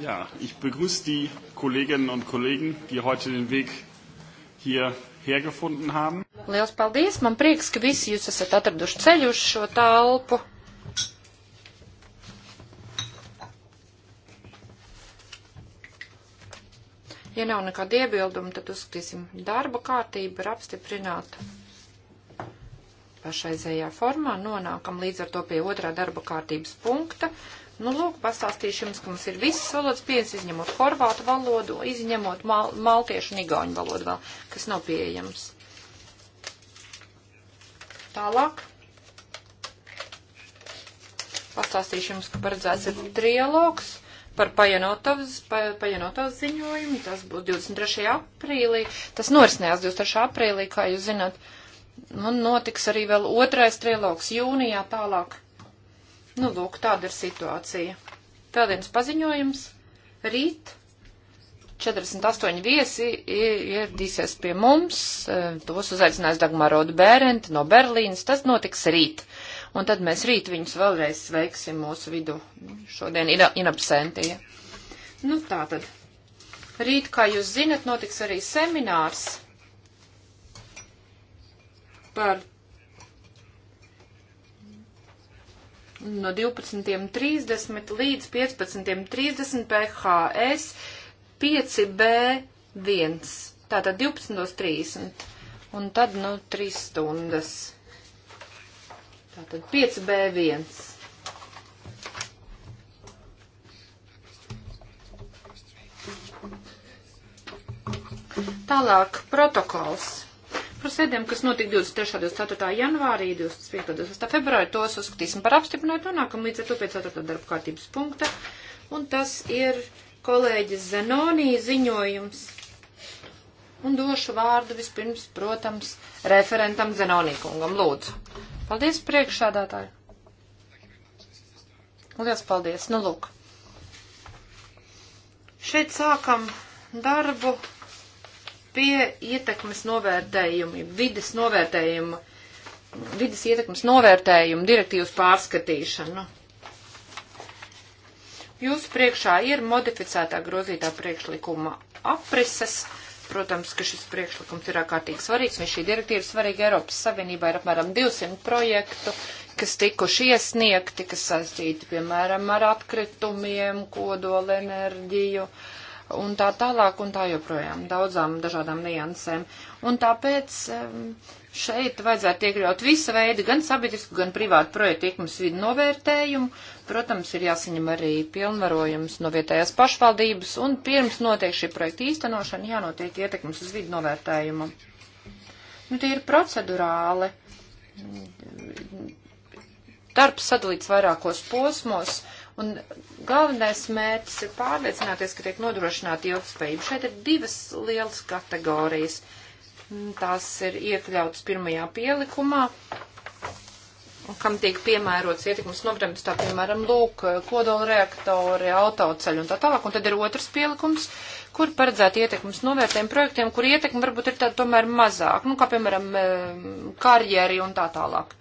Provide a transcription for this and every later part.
Ja, ich begrüße die Kolleginnen und Kollegen, die heute den Weg hierher gefunden haben. Liels paldies! Man prieks, ka visi jūs esat atraduši ceļu uz šo telpu. Ja nav nekāda iebilduma, tad uzskatīsim darba kārtību ir apstiprināta pašreizējā formā. Nonākam līdz ar to pie otrā darba kārtības punkta Nu, lūk, pastāstīšu jums, ka mums ir visas valodas pieejas, izņemot horvātu valodu, izņemot mal maltiešu un igauņu valodu vēl, kas nav pieejams. Tālāk. Pastāstīšu jums, ka paredzēts ir trialogs par Pajanotovas, pa, Pajanotovas ziņojumu. Tas būs 23. aprīlī. Tas norisinājās 23. aprīlī, kā jūs zināt. Un notiks arī vēl otrais trialogs jūnijā tālāk Nu, lūk, tāda ir situācija. Vēl viens paziņojums. Rīt 48 viesi ieradīsies pie mums. E, tos uzaicinās Dagmaroda Bērenta no Berlīnas. Tas notiks rīt. Un tad mēs rīt viņus vēlreiz sveiksim mūsu vidu. Šodien ir inabsentie. Nu, tā tad. Rīt, kā jūs zinat, notiks arī seminārs par no 12.30 līdz 15.30 PHS 5B1. Tātad 12.30. Un tad, nu, 3 stundas. Tātad 5B1. Tālāk protokols par sēdēm, kas notika 23. 24. janvārī, 25. 26. februārī, tos uzskatīsim par apstiprinātu un nākam līdz ar to pie 4. darba kārtības punkta. Un tas ir kolēģis Zenonī ziņojums. Un došu vārdu vispirms, protams, referentam Zenonī kungam. Lūdzu. Paldies priekšādātāji. Lielas paldies. Nu, lūk. Šeit sākam darbu pie ietekmes novērtējuma, vides novērtējuma, vides ietekmes novērtējuma direktīvas pārskatīšanu. Jūsu priekšā ir modificētā grozītā priekšlikuma aprises. Protams, ka šis priekšlikums ir ārkārtīgi svarīgs, un šī direktīva ir svarīga Eiropas Savienībā. Ir apmēram 200 projektu, kas tikuši iesniegti, kas saistīti, piemēram, ar atkritumiem, kodolenerģiju. enerģiju un tā tālāk un tā joprojām daudzām dažādām niansēm. Un tāpēc šeit vajadzētu iekļaut visa veida gan sabiedrisku, gan privātu projektu ikmas vidu novērtējumu. Protams, ir jāsaņem arī pilnvarojums no vietējās pašvaldības un pirms notiek šī projekta īstenošana jānotiek ietekmes uz vidu novērtējumu. Nu, tie ir procedurāli. Darbs sadalīts vairākos posmos. Uh, Un galvenais mērķis ir pārliecināties, ka tiek nodrošināta ilgspējība. Šeit ir divas lielas kategorijas. Tās ir iekļautas pirmajā pielikumā, kam tiek piemērots ietekmes novērtējums, tā piemēram, lūk, kodola reaktori, autoceļi un tā tālāk. Un tad ir otrs pielikums, kur paredzēta ietekmes novērtējuma projektiem, kur ietekme varbūt ir tāda tomēr mazāk, nu, kā piemēram, eh, karjeri un tā tālāk.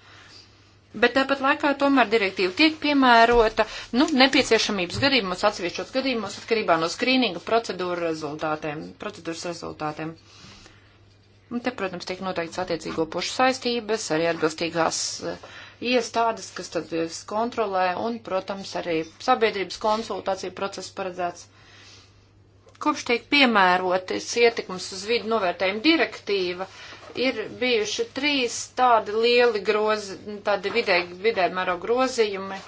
Bet tāpat laikā tomēr direktīva tiek piemērota, nu, nepieciešamības gadījumos, atsevišķos gadījumos, atkarībā no skrīninga procedūra rezultātiem, procedūras rezultātiem. Un te, protams, tiek noteikts attiecīgo pušu saistības, arī atbilstīgās eh, iestādes, kas tad eh, kontrolē, un, protams, arī sabiedrības konsultācija process paredzēts. Kopš tiek piemērotas ietekmes uz vidu novērtējuma direktīva, uh, ir bijuši trīs tādi lieli grozi, tādi vidē, vidē mēro grozījumi.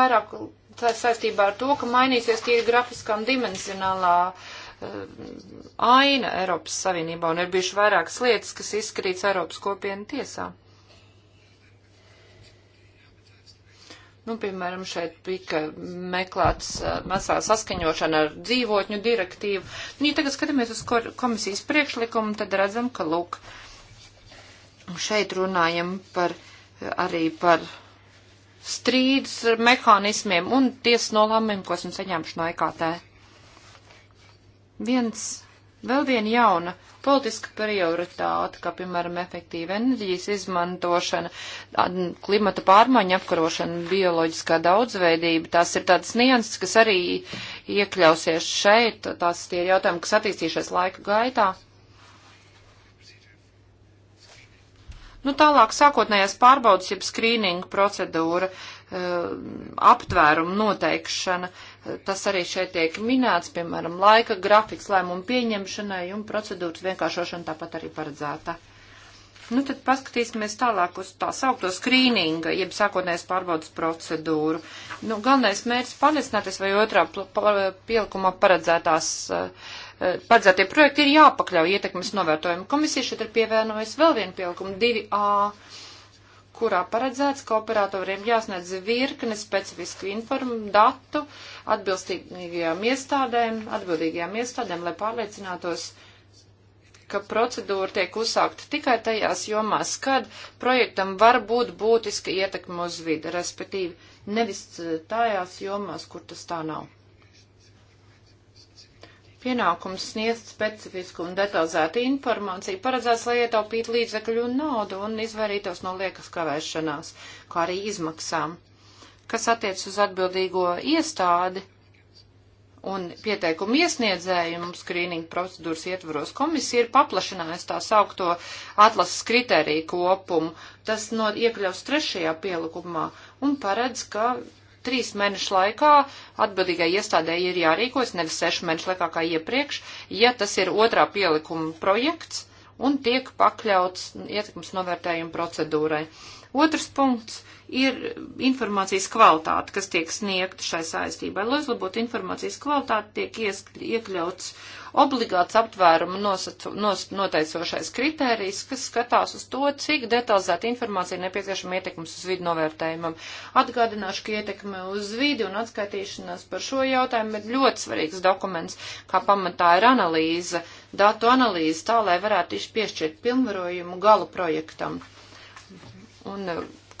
Vairāk tā saistībā ar to, ka mainīsies tīri grafiskā un dimensionālā uh, aina Eiropas Savienībā un ir bijuši vairākas lietas, kas izskatīts Eiropas kopienu tiesā. Nu, piemēram, šeit tika meklēts masā eh, saskaņošana ar dzīvotņu direktīvu. Nu, ja tagad skatāmies uz komisijas priekšlikumu, tad redzam, ka, lūk, šeit runājam par, arī par strīdus mehānismiem un tiesas nolēmumiem, ko esam saņēmuši no IKT. E Viens, vēl viena jauna politiska prioritāte, kā piemēram efektīva enerģijas izmantošana, klimata pārmaiņa apkarošana, bioloģiskā daudzveidība. Tās ir tādas nianses, kas arī iekļausies šeit. Tās tie ir jautājumi, kas attīstīšies laika gaitā. Nu, tālāk sākotnējās pārbaudas, jeb skrīninga procedūra. Uh, Eh, aptvērumu noteikšana. Tas arī šeit tiek minēts, piemēram, laika grafiks lēmumu pieņemšanai un procedūras vienkāršošana tāpat arī paredzēta. Nu, tad paskatīsimies tālāk uz tā saukto skrīninga, jeb sākotnējas pārbaudas procedūru. Nu, galvenais mērķis pārliecināties, vai otrā pielikumā paredzētās, eh, paredzētie projekti ir jāpakļauj ietekmes novērtojumu. Komisija šeit ir pievienojusi vēl vienu pielikumu 2A kurā paredzēts, ka operatoriem jāsniedz virkne specifisku informu datu atbilstīgajām iestādēm, atbildīgajām iestādēm, lai pārliecinātos, ka procedūra tiek uzsākta tikai tajās jomās, kad projektam var būt būtiska ietekme uz vidi, respektīvi nevis tajās jomās, kur tas tā nav pienākums sniegt specifisku un detalizētu informāciju, paredzēts, lai ietaupītu līdzekļu un naudu un izvairītos no liekas kavēšanās, kā arī izmaksām. Kas attiec uz atbildīgo iestādi un pieteikumu iesniedzēju mums skrīninga procedūras ietvaros, komisija ir paplašinājusi tā saukto atlases kritēriju kopumu. Tas no iekļaus trešajā pielikumā un paredz, ka trīs mēnešu laikā atbildīgai iestādēji ir jārīkojas, nevis sešu mēnešu laikā kā iepriekš, ja tas ir otrā pielikuma projekts un tiek pakļauts ietekmes novērtējuma procedūrai. Otrs punkts ir informācijas kvalitāte, kas tiek sniegta šai saistībai. Lai uzlabotu informācijas kvalitāti, tiek ieskļ, iekļauts obligāts aptvērumu nosacu, nos, noteicošais kritērijs, kas skatās uz to, cik detalizēta informācija ir nepieciešama ietekmes uz vidu novērtējumam. Atgādināšu, ka ietekme uz vidi un atskaitīšanās par šo jautājumu ir ļoti svarīgs dokuments, kā pamatā ir analīze, datu analīze, tā lai varētu piešķirt pilnvarojumu galu projektam. Un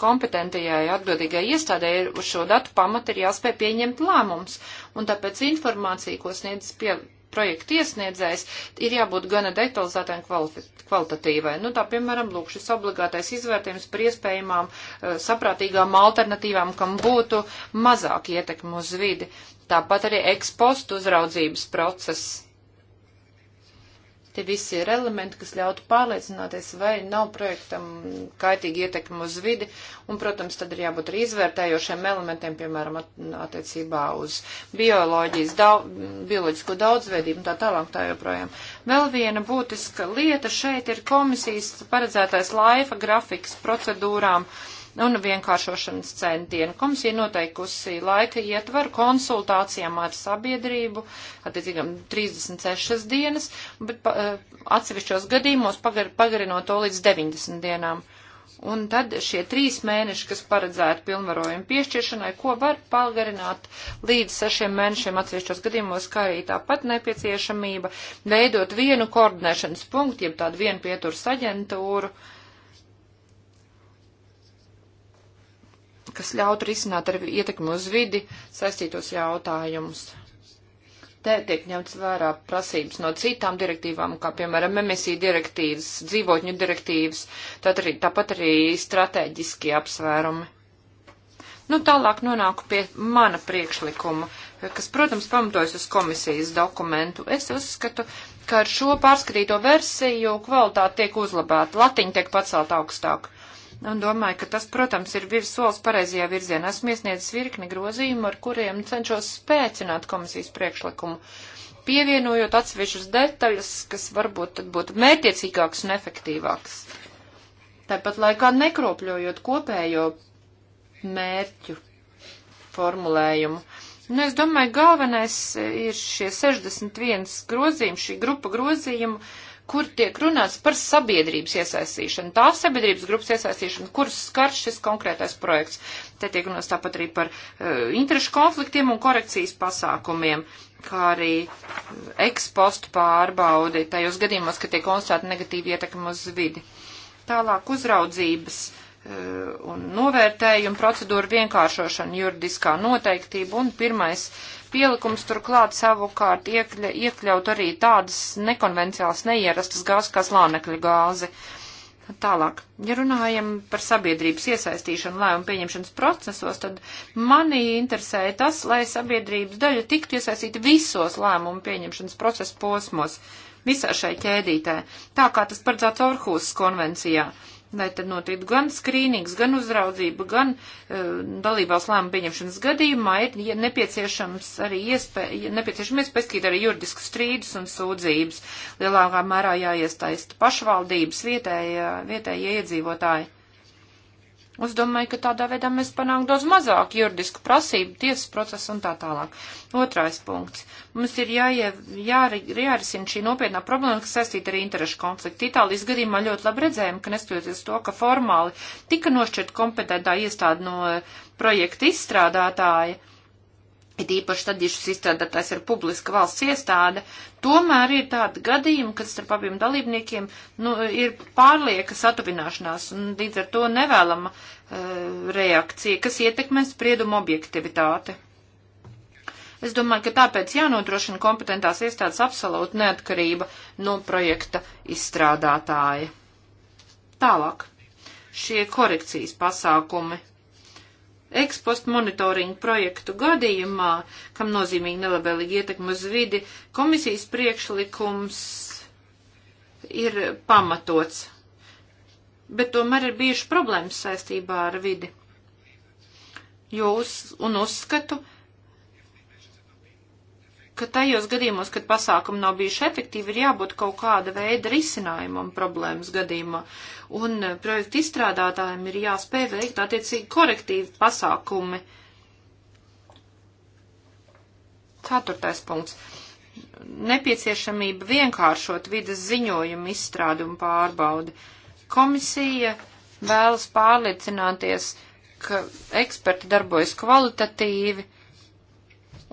kompetentajai atbildīgai iestādē ir uz šo datu pamata ir jāspēj pieņemt lēmums, un tāpēc informācija, ko sniedz pie projekta iesniedzējs, ir jābūt gana detalizētai un kvalit kvalitatīvai. Nu, tā, piemēram, lūk, šis obligātais izvērtējums par iespējamām eh, saprātīgām alternatīvām, kam būtu mazāk ietekmi uz vidi. Tāpat arī ekspostu uzraudzības process Tie visi ir elementi, kas ļautu pārliecināties, vai nav projektam kaitīgi ietekmi uz vidi, un, protams, tad ir jābūt arī izvērtējošiem elementiem, piemēram, attiecībā uz bioloģijas, daudz, bioloģisko daudzveidību un tā tālāk tā joprojām. Vēl viena būtiska lieta šeit ir komisijas paredzētais laifa grafiks procedūrām. Uh, un vienkāršošanas centienu. Komisija noteikusi laika ietvaru konsultācijām ar sabiedrību, attiecīgam 36 dienas, bet pa, eh, atsevišķos gadījumos pagar, pagarinot to līdz 90 dienām. Un tad šie trīs mēneši, kas paredzēti pilnvarojumu piešķiršanai, ko var pagarināt līdz sešiem mēnešiem atsevišķos gadījumos, kā arī tāpat nepieciešamība veidot vienu koordinēšanas punktu, jeb tādu vienu pieturas aģentūru, uh, kas ļautu risināt ar ietekmi uz vidi saistītos jautājumus. Te tiek ņemts vērā prasības no citām direktīvām, kā piemēram emisiju direktīvas, dzīvotņu direktīvas, tad arī, tāpat arī strateģiskie apsvērumi. Nu, tālāk nonāku pie mana priekšlikuma, kas, protams, pamatojas uz komisijas dokumentu. Es uzskatu, ka ar šo pārskatīto versiju kvalitāte tiek uzlabēta, latiņa tiek pacelt augstāk un domāju, ka tas, protams, ir virs solis pareizajā virzienā. Esmu iesniedzis virkni grozījumu, ar kuriem cenšos spēcināt komisijas priekšlikumu, pievienojot atsevišķas detaļas, kas varbūt tad būtu mērķiecīgāks un efektīvāks. Tāpat laikā nekropļojot kopējo mērķu formulējumu. Nu, es domāju, galvenais ir šie 61 grozījumi, šī grupa grozījumu, uh, kur tiek runāts par sabiedrības iesaistīšanu, tās sabiedrības grupas iesaistīšanu, kuras skar šis konkrētais projekts. Te tiek runāts tāpat arī par uh, interešu konfliktiem un korekcijas pasākumiem, kā arī ekspostu eh, pārbaudi tajos gadījumos, ka tiek konstatēta negatīva ietekme uz vidi. Tālāk uzraudzības uh, un novērtējuma procedūra vienkāršošana, juridiskā noteiktība un pirmais uh, Pielikums turklāt savukārt iekļa, iekļaut arī tādas nekonvenciālas, neierastas gāzes kā slānekļa gāzi. Tālāk, ja runājam par sabiedrības iesaistīšanu lēmumu pieņemšanas procesos, tad mani interesēja tas, lai sabiedrības daļa tiktu iesaistīta visos lēmumu pieņemšanas procesu posmos, visā šai ķēdītē, tā kā tas paredzēts Orhusas konvencijā lai tad notiek gan skrīnings, gan uzraudzība, gan uh, dalībās lēma pieņemšanas gadījumā ir nepieciešams arī iespēja, nepieciešamies pēskīt arī juridisku strīdus un sūdzības. Lielākā mērā jāiesaista pašvaldības vietējie, vietējie iedzīvotāji. Es domāju, ka tādā veidā mēs panāk daudz mazāk juridisku prasību, tiesas procesu un tā tālāk. Otrais punkts. Mums ir jāie, jā, jārisina šī nopietnā problēma, kas saistīta ar interešu konfliktu. Itālijas gadījumā ļoti labi redzējām, ka neskatoties to, ka formāli tika nošķirt kompetentā iestāde no projekta izstrādātāja, it īpaši tad, ja šis izstrādātājs ir publiska valsts iestāde, tomēr ir tādi gadījumi, kad starp abiem dalībniekiem nu, ir pārlieka satuvināšanās un līdz ar to nevēlama uh, reakcija, kas ietekmē spriedumu objektivitāti. Es domāju, ka tāpēc jānodrošina kompetentās iestādes absolūta neatkarība no projekta izstrādātāja. Tālāk. Šie korekcijas pasākumi Ekspost monitoringa projektu gadījumā, kam nozīmīgi nelabēlīgi ietekma uz vidi, komisijas priekšlikums ir pamatots, bet tomēr ir bijuši problēmas saistībā ar vidi. Jo uz, un uzskatu, ka tajos gadījumos, kad pasākumi nav bijuši efektīvi, ir jābūt kaut kāda veida risinājumam problēmas gadījumā un projektu izstrādātājiem ir jāspēj veikt attiecīgi korektīvi pasākumi. Ceturtais punkts. Nepieciešamība vienkāršot vidas ziņojumu izstrādi un pārbaudi. Komisija vēlas pārliecināties, ka eksperti darbojas kvalitatīvi,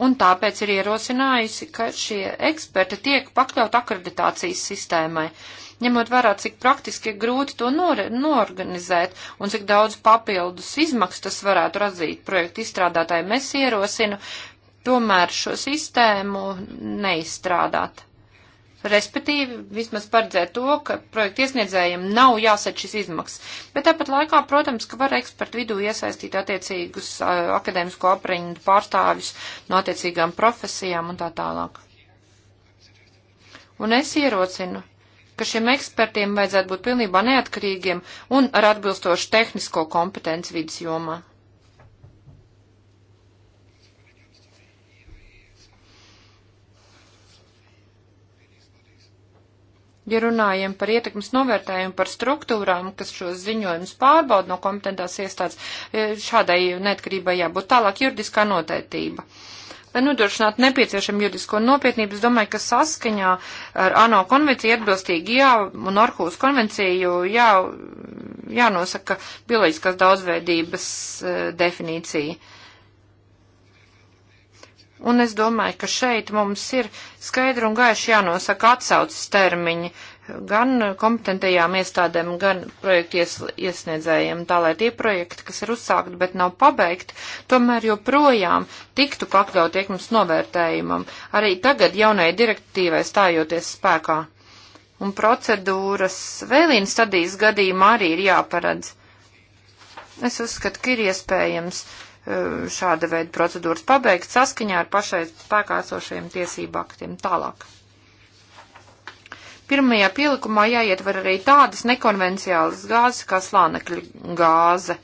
un tāpēc ir ierosinājusi, ka šie eksperti tiek pakļaut akreditācijas sistēmai. Uh, ņemot vērā, cik praktiski ir grūti to nor norganizēt un cik daudz papildus izmaksas tas varētu razīt projektu izstrādātāji, mēs ierosinu tomēr šo sistēmu neizstrādāt. Respektīvi, vismaz paredzēt to, ka projekta iesniedzējiem nav jāsaķ šis izmaksas. Bet tāpat laikā, protams, ka var ekspertu vidū iesaistīt attiecīgus uh, akadēmisko apriņu pārstāvjus no attiecīgām profesijām un tā tālāk. Un es ierocinu ka šiem ekspertiem vajadzētu būt pilnībā neatkarīgiem un ar atbilstošu tehnisko kompetenci vidas jomā. Ja runājam par ietekmes novērtējumu, par struktūrām, kas šos ziņojumus pārbauda no kompetentās iestādes, e, šādai neatkarībai jābūt tālāk juridiskā noteiktība. Uh, Lai nodrošinātu nepieciešamu juridisko nopietnību, es domāju, ka saskaņā ar ANO konvenciju atbilstīgi jā, un Orhus konvenciju jā, jānosaka bioloģiskās daudzveidības uh, definīcija. Un es domāju, ka šeit mums ir skaidri un gaiši jānosaka atsaucas termiņi, uh, gan kompetentajām iestādēm, gan projektu ies, iesniedzējiem, tā lai tie projekti, kas ir uzsākti, bet nav pabeigti, tomēr joprojām tiktu pakļaut iekams novērtējumam, arī tagad jaunai direktīvai stājoties spēkā. Un procedūras vēlīna stadijas gadījumā arī ir jāparedz. Es uzskatu, ka ir iespējams e, šāda veida procedūras pabeigt saskaņā ar pašai spēkā esošajiem tiesību aktiem tālāk. Pirmajā pielikumā jāietver arī tādas nekonvenciālas gāzes kā slānekļa gāze.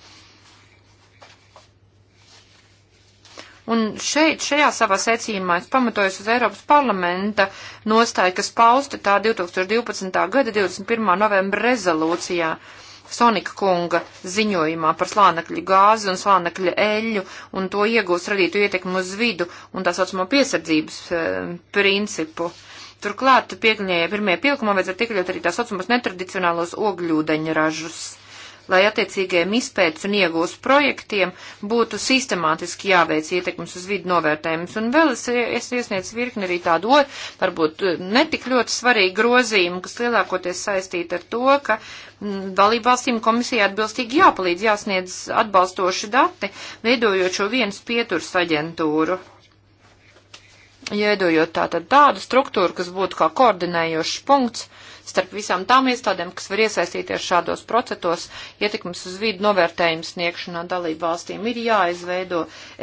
Un šeit, šajā savā secījumā es pamatojos uz Eiropas parlamenta nostāju, kas pausta tā 2012. gada 21. novembra rezolūcijā Sonika kunga ziņojumā par slānekļu gāzi un slānekļu eļļu un to iegūst radītu ietekmu uz vidu un tā saucamo piesardzības e, principu. Uh, Turklāt piekļņēja pirmie pielikuma vajadzētu iekļaut arī tā saucamos netradicionālos ogļūdeņu ražus lai attiecīgajiem izpētes un iegūst projektiem būtu sistemātiski jāveic ietekmes uz vidu novērtējums. Un vēl es, es iesniedzu virkni arī tādu, varbūt eh, netik ļoti svarīgu grozījumu, kas lielākoties saistīta ar to, ka mm, dalībvalstīm komisija atbilstīgi jāpalīdz jāsniedz atbalstoši dati, veidojot šo vienas pieturas aģentūru. Iedojot tātad tādu struktūru, kas būtu kā koordinējošs punkts starp visām tām iestādēm, kas var iesaistīties šādos procesos, ietekmes uz vidu novērtējumu sniegšanā dalību valstīm, ir jāizveido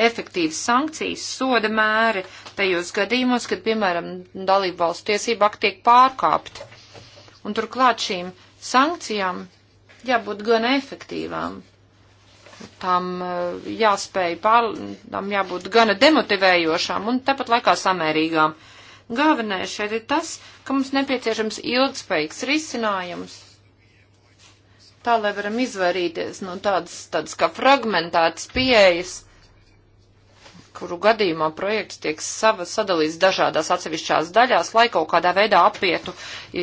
efektīvas sankcijas, soda mēri tajos gadījumos, kad, piemēram, dalību valstu tiesība akti tiek pārkāpti. Un turklāt šīm sankcijām jābūt gan efektīvām Tām eh, jāspēj, pār, tām jābūt gana demotivējošām un tāpat laikā samērīgām. Galvenais šeit ir tas, ka mums nepieciešams ilgspējīgs risinājums. Tā, lai varam izvairīties no tādas, tādas kā fragmentētas pieejas kuru gadījumā projekts tiek sadalīts dažādās atsevišķās daļās, lai kaut kādā veidā apietu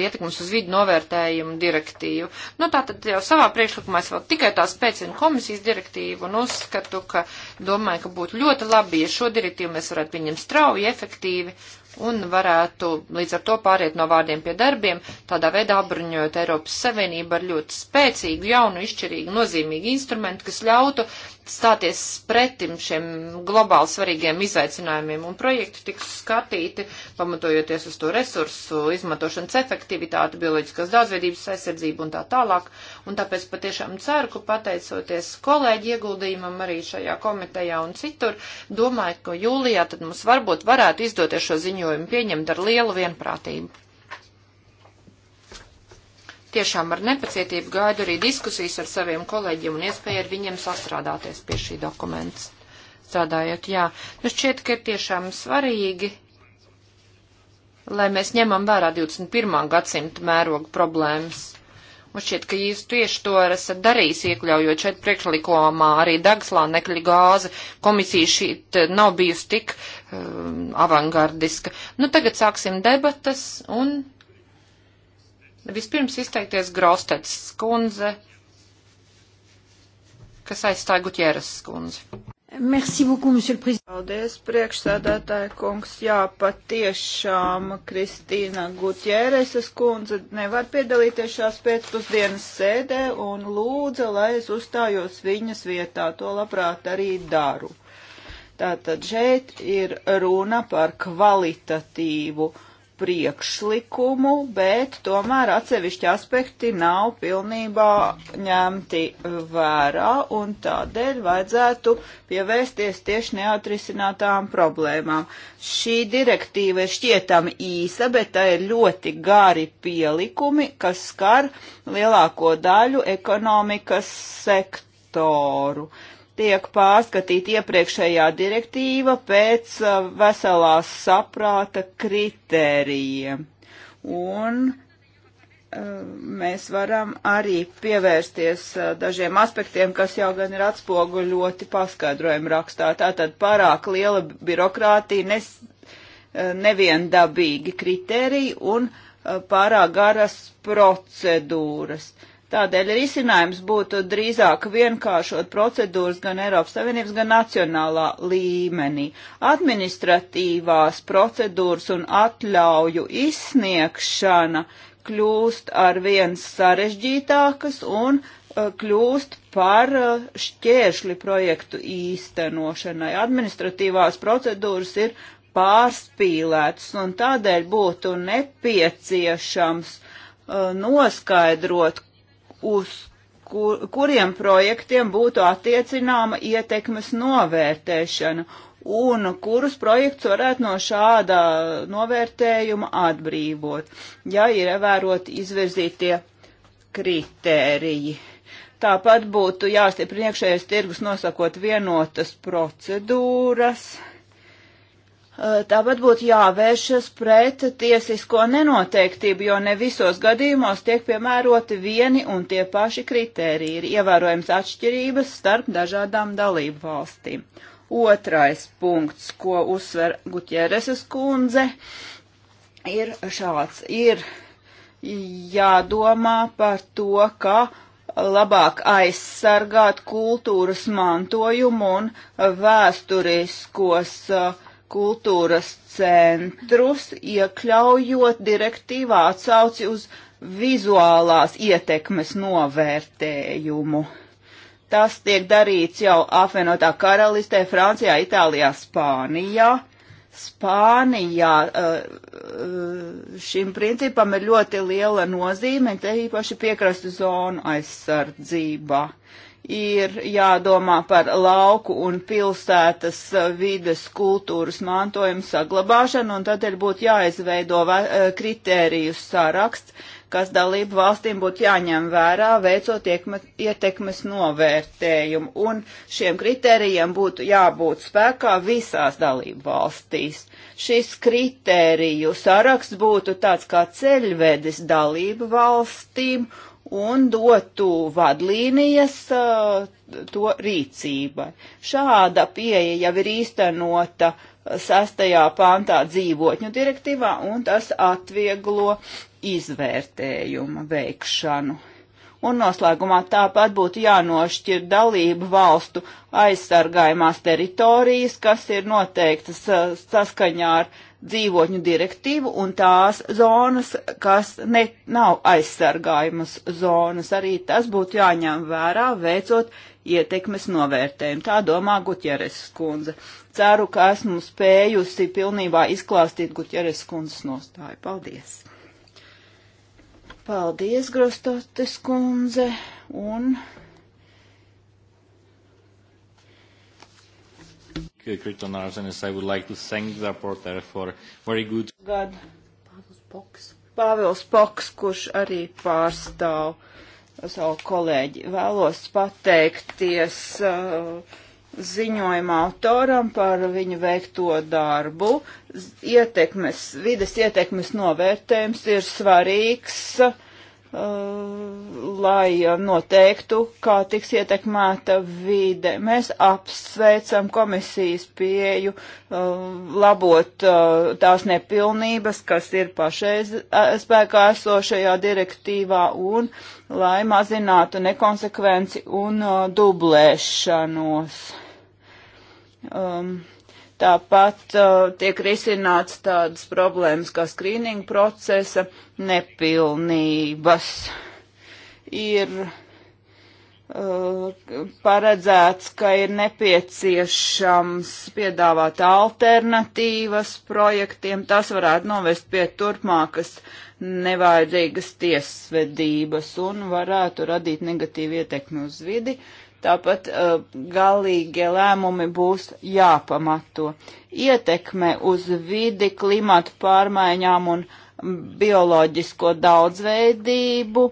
ietekmes uz vidu novērtējumu direktīvu. Nu, tātad jau savā priekšlikumā es vēl tikai tā spēcinu komisijas direktīvu un uzskatu, ka domāju, ka būtu ļoti labi, ja šo direktīvu mēs varētu pieņemt strauji, efektīvi un varētu līdz ar to pāriet no vārdiem pie darbiem, tādā veidā apbruņojot Eiropas Savienību ar ļoti spēcīgu, jaunu, izšķirīgu, nozīmīgu instrumentu, kas ļautu stāties pretim šiem globāli svarīgiem izaicinājumiem, un projekti tiks skatīti, pamatojoties uz to resursu, izmantošanas efektivitāti, bioloģiskās daudzveidības aizsardzību un tā tālāk, un tāpēc patiešām ceru, ka pateicoties kolēģi ieguldījumam arī šajā komitejā un citur, domāju, ka jūlijā tad mums varbūt varētu izdoties šo ziņu ziņojumu pieņemt ar lielu vienprātību. Tiešām ar nepacietību gaidu arī diskusijas ar saviem kolēģiem un iespēju ar viņiem sastrādāties pie šī dokumenta. Strādājot, jā. Nu šķiet, ka ir tiešām svarīgi lai mēs ņemam vērā 21. gadsimta mēroga problēmas. Un šķiet, ka jūs tieši to esat darījis, iekļaujot šeit priekšlikumā arī Dagslāna nekļa gāzi. Komisija šī nav bijusi tik um, avangardiska. Nu, tagad sāksim debatas un vispirms izteikties Grostets skundze, kas aizstāja Gutjeras skundzi. Merci beaucoup, monsieur le président. Paldies, priekšsēdētāja kungs. Jā, patiešām Kristīna Gutjēreses kundze nevar piedalīties šās pēcpusdienas sēdē un lūdza, lai es uzstājos viņas vietā. To labprāt arī daru. Tātad šeit ir runa par kvalitatīvu uh, priekšlikumu, bet tomēr atsevišķi aspekti nav pilnībā ņemti vērā un tādēļ vajadzētu pievērsties tieši neatrisinātām problēmām. Šī direktīva ir šķietami īsa, bet tā ir ļoti gari pielikumi, kas skar lielāko daļu ekonomikas sektoru. Uh, tiek pārskatīta iepriekšējā direktīva pēc uh, veselās saprāta kritērijiem. Un uh, mēs varam arī pievērsties uh, dažiem aspektiem, kas jau gan ir atspoguļoti paskaidrojumu rakstā. Tātad pārāk liela birokrātija, nes, neviendabīgi kriteriji un pārāk garas procedūras. Uh, Tādēļ risinājums būtu drīzāk vienkāršot procedūras gan Eiropas Savienības, gan nacionālā līmenī. Administratīvās procedūras un atļauju izsniegšana kļūst ar vien sarežģītākas un uh, kļūst par uh, šķēršļi projektu īstenošanai. Administratīvās procedūras ir pārspīlētas un tādēļ būtu nepieciešams uh, noskaidrot, uz kur, kuriem projektiem būtu attiecināma ietekmes novērtēšana un kurus projekts varētu no šāda novērtējuma atbrīvot, ja ir ievērot izvirzītie kritēriji. Tāpat būtu jāstiprina iekšējais tirgus nosakot vienotas procedūras Eh, tāpat būtu jāvēršas pret tiesisko nenoteiktību, jo ne visos gadījumos tiek piemēroti vieni un tie paši kritēriji. Ir ievērojams atšķirības starp dažādām dalību valstīm. Otrais punkts, ko uzsver Guķereses kundze, ir šāds. Ir jādomā par to, ka labāk aizsargāt kultūras mantojumu un vēsturiskos uh, kultūras centrus, iekļaujot direktīvā atsauci uz vizuālās ietekmes novērtējumu. Tas tiek darīts jau apvienotā karalistē, Francijā, Itālijā, Spānijā. Spānijā eh, šim principam ir ļoti liela nozīme, te īpaši piekrastu zonu aizsardzībā. Uh, ir jādomā par lauku un pilsētas eh, vides kultūras mantojumu saglabāšanu, un tad ir būtu jāizveido eh, kritēriju saraksts, kas dalību valstīm būtu jāņem vērā, veicot ietekmes novērtējumu, un šiem kritērijiem būtu jābūt spēkā visās dalību valstīs. Šis kritēriju saraksts būtu tāds kā ceļvedis dalību valstīm, un dotu vadlīnijas uh, to rīcībai. Šāda pieeja jau ir īstenota sastajā pāntā dzīvotņu direktīvā, un tas atvieglo izvērtējumu veikšanu. Un noslēgumā tāpat būtu jānošķir dalību valstu aizsargājumās teritorijas, kas ir noteiktas uh, saskaņā ar dzīvotņu direktīvu un tās zonas, kas ne, nav aizsargājumas zonas. Arī tas būtu jāņem vērā, veicot ietekmes novērtējumu. Tā domā Guķeres skundze. Ceru, ka esmu spējusi pilnībā izklāstīt Guķeres skundzes nostāju. Paldies! Paldies, Grostotes kundze! Un Uh, Kriton Arsenis. I would like to thank the reporter for very good. God. Pāvils Poks. Pāvils Poks, kurš arī pārstāv savu kolēģi. Vēlos pateikties uh, ziņojuma autoram par viņu veikto darbu. Ietekmes, vides ietekmes novērtējums ir svarīgs. Uh, Uh, lai noteiktu, kā tiks ietekmēta vide. Mēs apsveicam komisijas pieju uh, labot uh, tās nepilnības, kas ir pašreiz spēkā esošajā direktīvā, un lai mazinātu nekonsekvenci un dublēšanos. Um, Tāpat uh, tiek risināts tādas problēmas kā skrīninga procesa nepilnības. Ir uh, paredzēts, ka ir nepieciešams piedāvāt alternatīvas projektiem. Tas varētu novest pie turpmākas nevajadzīgas tiesvedības un varētu radīt negatīvu ietekmi uz vidi. Uh, Tāpat uh, galīgie lēmumi būs jāpamato. Ietekme uz vidi, klimatu pārmaiņām un bioloģisko daudzveidību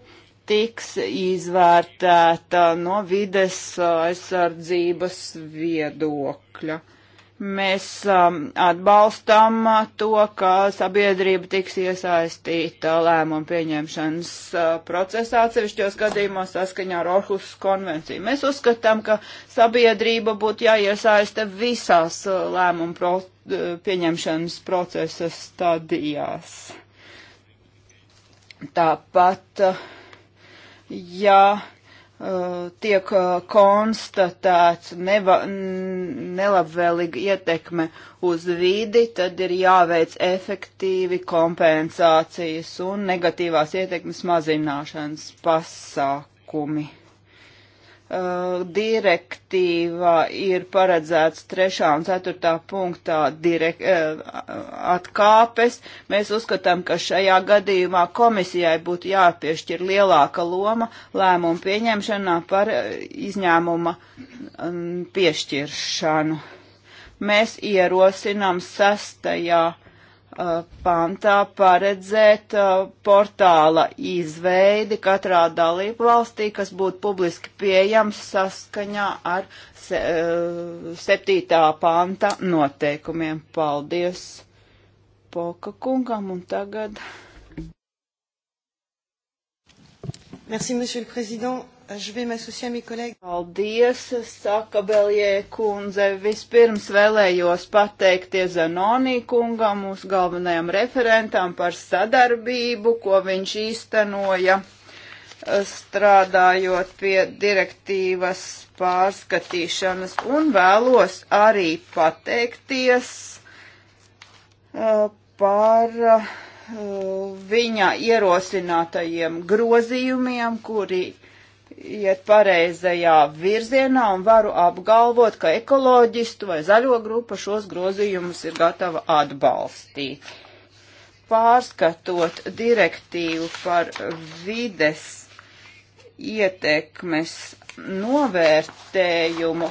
tiks izvērtēta no vides uh, aizsardzības viedokļa. Uh, Mēs um, atbalstam uh, to, ka sabiedrība tiks iesaistīta lēmumu pieņemšanas uh, procesā atsevišķos gadījumos saskaņā ar Orhusas konvenciju. Mēs uzskatām, ka sabiedrība būtu jāiesaista visās uh, lēmumu pro, uh, pieņemšanas procesa stadijās. Tāpat, uh, ja tiek uh, konstatēts neva, nelabvēlīga ietekme uz vidi, tad ir jāveic efektīvi kompensācijas un negatīvās ietekmes mazināšanas pasākumi. Uh, direktīvā ir paredzēts 3. un 4. punktā direk, uh, atkāpes. Mēs uzskatām, ka šajā gadījumā komisijai būtu jāpiešķir lielāka loma lēmumu pieņemšanā par uh, izņēmuma um, piešķiršanu. Mēs ierosinām sastajā Uh, pantā paredzēt uh, portāla izveidi katrā dalību valstī, kas būtu publiski pieejams saskaņā ar se, uh, septītā panta noteikumiem. Paldies Poka kungam un tagad. Merci, monsieur le président. Paldies, saka Belie kundze. Vispirms vēlējos pateikties Zanonī kungam, mūsu galvenajam referentam, par sadarbību, ko viņš īstenoja eh, strādājot pie direktīvas pārskatīšanas. Un vēlos arī pateikties uh, par uh, viņa ierosinātajiem grozījumiem, kuri iet pareizajā virzienā un varu apgalvot, ka ekoloģistu vai zaļo grupa šos grozījumus ir gatava atbalstīt. Pārskatot direktīvu par vides ietekmes novērtējumu,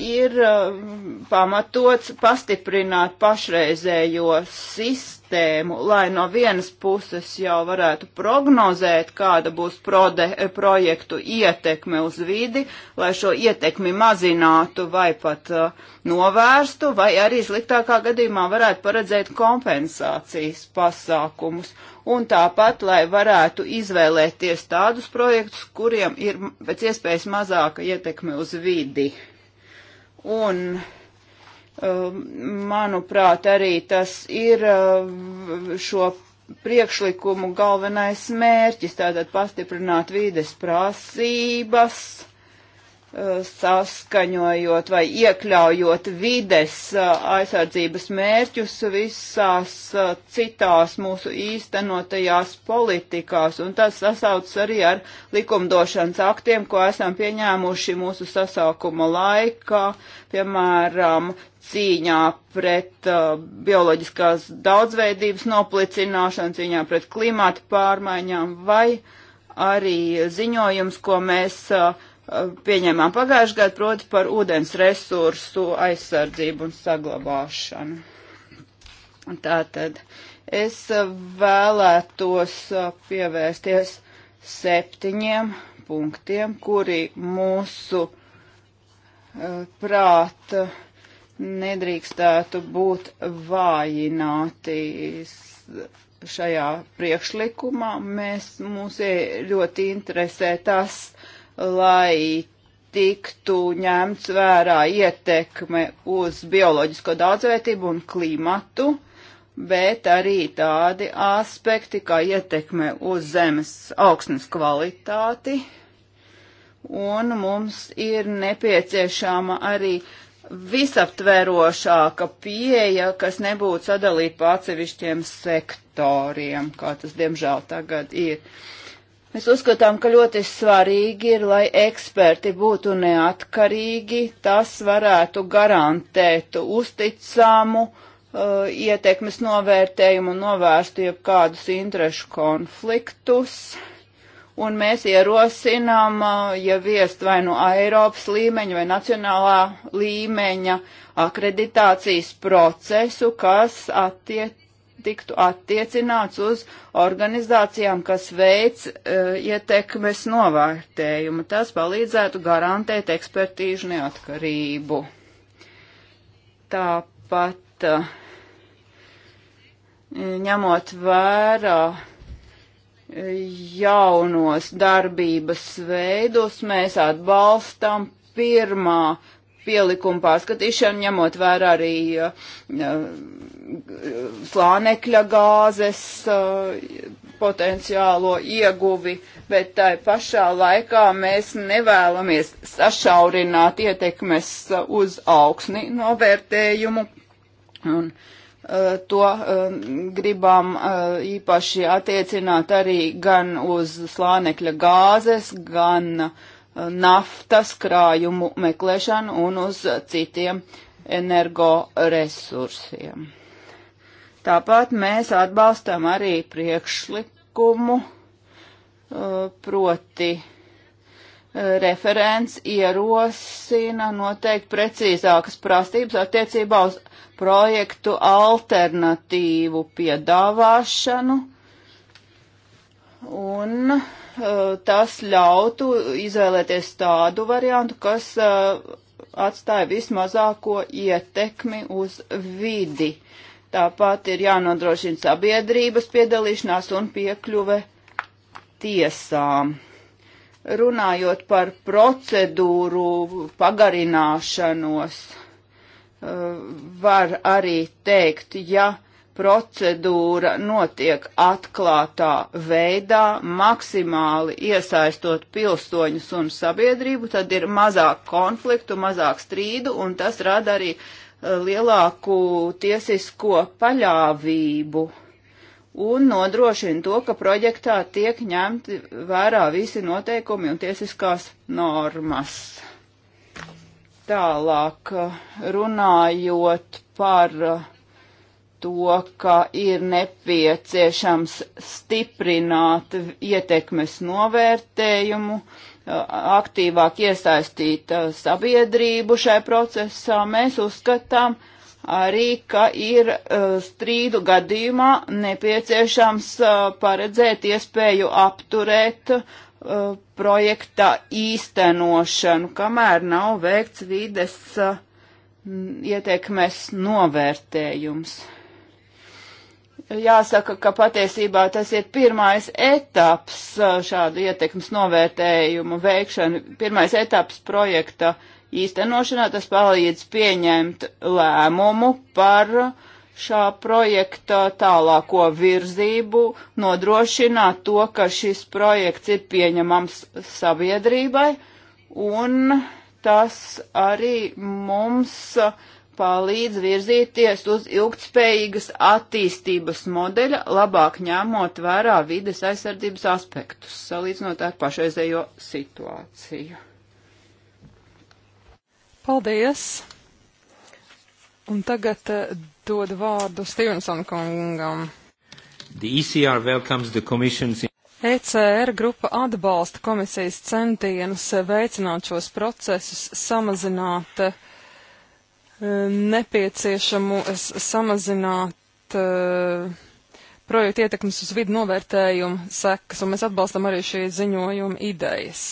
ir um, pamatots pastiprināt pašreizējo sistēmu sistēmu, lai no vienas puses jau varētu prognozēt, kāda būs prode, projektu ietekme uz vidi, lai šo ietekmi mazinātu vai pat uh, novērstu, vai arī sliktākā gadījumā varētu paredzēt kompensācijas pasākumus. Un tāpat, lai varētu izvēlēties tādus projektus, kuriem ir pēc iespējas mazāka ietekme uz vidi. Un Um, manuprāt, arī tas ir uh, šo priekšlikumu galvenais mērķis, tātad pastiprināt vīdes prasības saskaņojot vai iekļaujot vides uh, aizsardzības mērķus visās uh, citās mūsu īstenotajās politikās. Un tas sasaucas arī ar likumdošanas aktiem, ko esam pieņēmuši mūsu sasaukuma laikā, piemēram, cīņā pret uh, bioloģiskās daudzveidības noplicināšanu, cīņā pret klimatu pārmaiņām vai arī ziņojums, ko mēs uh, pieņēmām pagājušajā gadā, proti par ūdens resursu aizsardzību un saglabāšanu. Tātad es vēlētos pievērsties septiņiem punktiem, kuri mūsu eh, prāt nedrīkstētu būt vājināti šajā priekšlikumā. Mēs mūs ļoti interesē tas, uh, lai tiktu ņemts vērā ietekme uz bioloģisko daudzveitību un klimatu, bet arī tādi aspekti kā ietekme uz zemes augsnes kvalitāti. Un mums ir nepieciešama arī visaptverošāka pieeja, kas nebūtu sadalīta pa atsevišķiem sektoriem, kā tas diemžēl tagad ir. Uh, Mēs uzskatām, ka ļoti svarīgi ir, lai eksperti būtu neatkarīgi, tas varētu garantēt uzticamu uh, ietekmes novērtējumu un novērstu jebkādus interešu konfliktus. Un mēs ierosinām, uh, ja viest vai nu no Eiropas līmeņa vai nacionālā līmeņa akreditācijas procesu, kas attiec tiktu attiecināts uz organizācijām, kas veic uh, ietekmes novērtējumu. Tas palīdzētu garantēt ekspertīžu neatkarību. Tāpat uh, ņemot vērā jaunos darbības veidus, mēs atbalstam pirmā pielikuma pārskatīšanu, ņemot vērā arī uh, slānekļa gāzes potenciālo ieguvi, bet tai pašā laikā mēs nevēlamies sašaurināt ietekmes uz augsni novērtējumu. Un, To gribam īpaši attiecināt arī gan uz slānekļa gāzes, gan naftas krājumu meklēšanu un uz citiem energoresursiem. Tāpat mēs atbalstam arī priekšlikumu, uh, proti uh, referents ierosina noteikti precīzākas prasības attiecībā uz projektu alternatīvu piedāvāšanu, un uh, tas ļautu izvēlēties tādu variantu, kas atstāja vismazāko ietekmi uz vidi. Uh, Tāpat ir jānodrošina sabiedrības piedalīšanās un piekļuve tiesām. Runājot par procedūru pagarināšanos, eh, var arī teikt, ja procedūra notiek atklātā veidā, maksimāli iesaistot pilsoņus un sabiedrību, tad ir mazāk konfliktu, mazāk strīdu, un tas rada arī uh, lielāku tiesisko paļāvību un nodrošina to, ka projektā tiek ņemti vērā visi noteikumi un tiesiskās normas. Tālāk runājot par to, ka ir nepieciešams stiprināt ietekmes novērtējumu, uh, aktīvāk iesaistīt uh, sabiedrību šai procesā. Mēs uzskatām arī, ka ir uh, strīdu gadījumā nepieciešams uh, paredzēt iespēju apturēt projekta īstenošanu, kamēr nav veikts vides ietekmes novērtējums. Jāsaka, ka patiesībā tas ir pirmais etaps uh, šādu ietekmes novērtējumu veikšana, pirmais etaps projekta īstenošanā, tas palīdz pieņemt lēmumu par šā projekta tālāko virzību, nodrošināt to, ka šis projekts ir pieņemams sabiedrībai, un tas arī mums uh, palīdz virzīties uz ilgtspējīgas attīstības modeļa, labāk ņemot vērā vides aizsardzības aspektus, salīdzinot ar pašreizējo situāciju. Paldies! Un tagad uh, dod vārdu Stevensona kungam. The ECR welcomes the Commission's ECR grupa atbalsta komisijas centienus veicināt šos procesus, samazināt uh, Eh, nepieciešamu samazināt uh, projektu ietekmes uz vidu novērtējumu sekas, un mēs atbalstam arī šī ziņojuma idejas.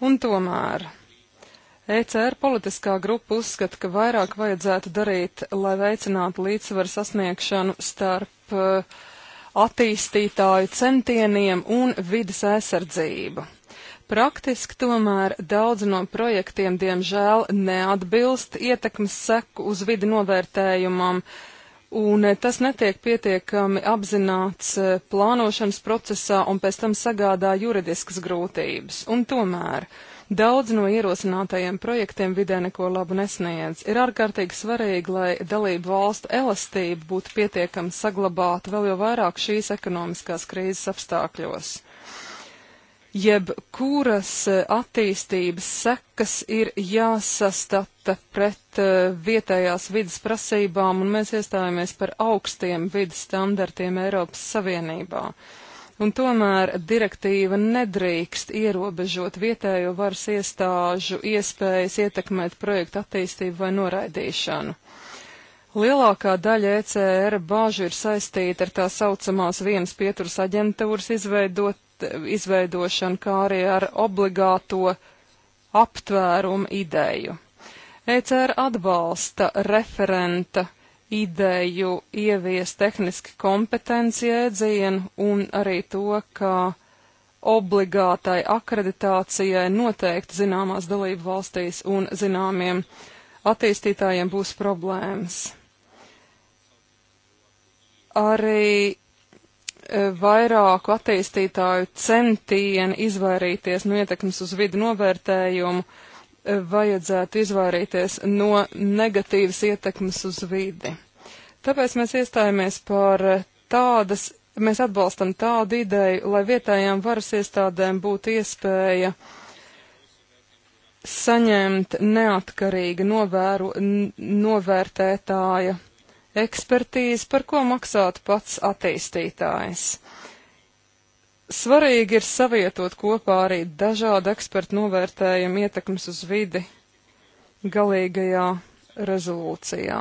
Un tomēr ECR politiskā grupa uzskata, ka vairāk vajadzētu darīt, lai veicinātu līdzsvaru sasniegšanu starp uh, attīstītāju centieniem un vidas aizsardzību. Praktiski tomēr daudz no projektiem, diemžēl, neatbilst ietekmes seku uz vidi novērtējumam, un eh, tas netiek pietiekami apzināts eh, plānošanas procesā un pēc tam sagādā juridiskas grūtības. Un tomēr daudz no ierosinātajiem projektiem vidē neko labu nesniedz. Ir ārkārtīgi svarīgi, lai dalību valstu elastība būtu pietiekami saglabāta vēl jau vairāk šīs ekonomiskās krīzes apstākļos jebkuras eh, attīstības sekas ir jāsastata pret eh, vietējās vidas prasībām, un mēs iestājāmies par augstiem vidas standartiem Eiropas Savienībā. Un tomēr direktīva nedrīkst ierobežot vietējo varas iestāžu iespējas ietekmēt projektu attīstību vai noraidīšanu. Lielākā daļa ECR bāžu ir saistīta ar tā saucamās vienas pieturas aģentūras izveidot, izveidošanu, kā arī ar obligāto aptvērumu ideju. ECR atbalsta referenta ideju ievies tehniski kompetenci jēdzienu un arī to, ka obligātai akreditācijai noteikti zināmās dalību valstīs un zināmiem attīstītājiem būs problēmas. Arī E, vairāku attīstītāju centieni izvairīties no ietekmes uz vidu novērtējumu, e, vajadzētu izvairīties no negatīvas ietekmes uz vidi. Tāpēc mēs iestājāmies par tādas, mēs atbalstam tādu ideju, lai vietējām varas iestādēm būtu iespēja saņemt neatkarīga novēru, novērtētāja ekspertīzi, par ko maksātu pats attīstītājs. Svarīgi ir savietot kopā arī dažādu ekspertu novērtējumu ietekmes uz vidi galīgajā rezolūcijā.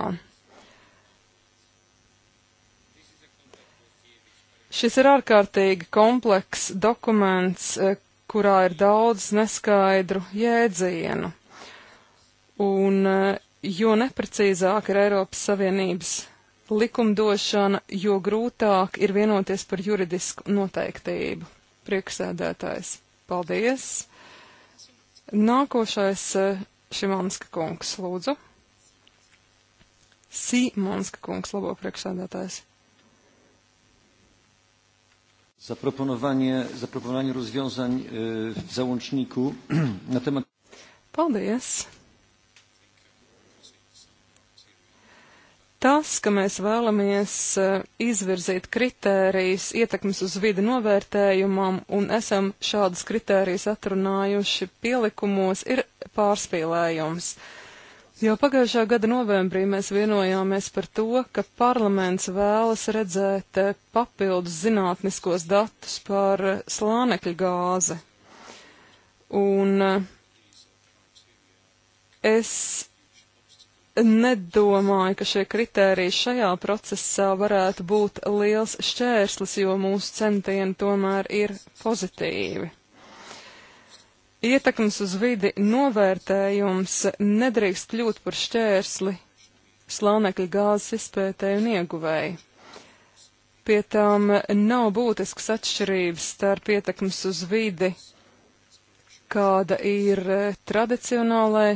Šis ir ārkārtīgi komplekss dokuments, eh, kurā ir daudz neskaidru jēdzienu. Un eh, jo neprecīzāk ir Eiropas Savienības likumdošana, jo grūtāk ir vienoties par juridisku noteiktību. Prieksēdētājs, paldies! Nākošais eh, Šimanska kungs, lūdzu. Simonska kungs, labo priekšsēdētājs. Zaproponowanie, zaproponowanie rozwiązań e, w załączniku na temat. Paldies! Tas, ka mēs vēlamies eh, izvirzīt kritērijas ietekmes uz vidi novērtējumam un esam šādas kritērijas atrunājuši pielikumos, ir pārspīlējums. Jau pagājušā gada novembrī mēs vienojāmies par to, ka parlaments vēlas redzēt eh, papildus zinātniskos datus par eh, slānekļa gāzi. Un es nedomāju, ka šie kritēriji šajā procesā varētu būt liels šķērslis, jo mūsu centieni tomēr ir pozitīvi. Ietekmes uz vidi novērtējums nedrīkst kļūt par šķērsli slānekļa gāzes izpētēju un ieguvēju. Pie tām nav būtisks atšķirības starp ietekmes uz vidi, kāda ir tradicionālai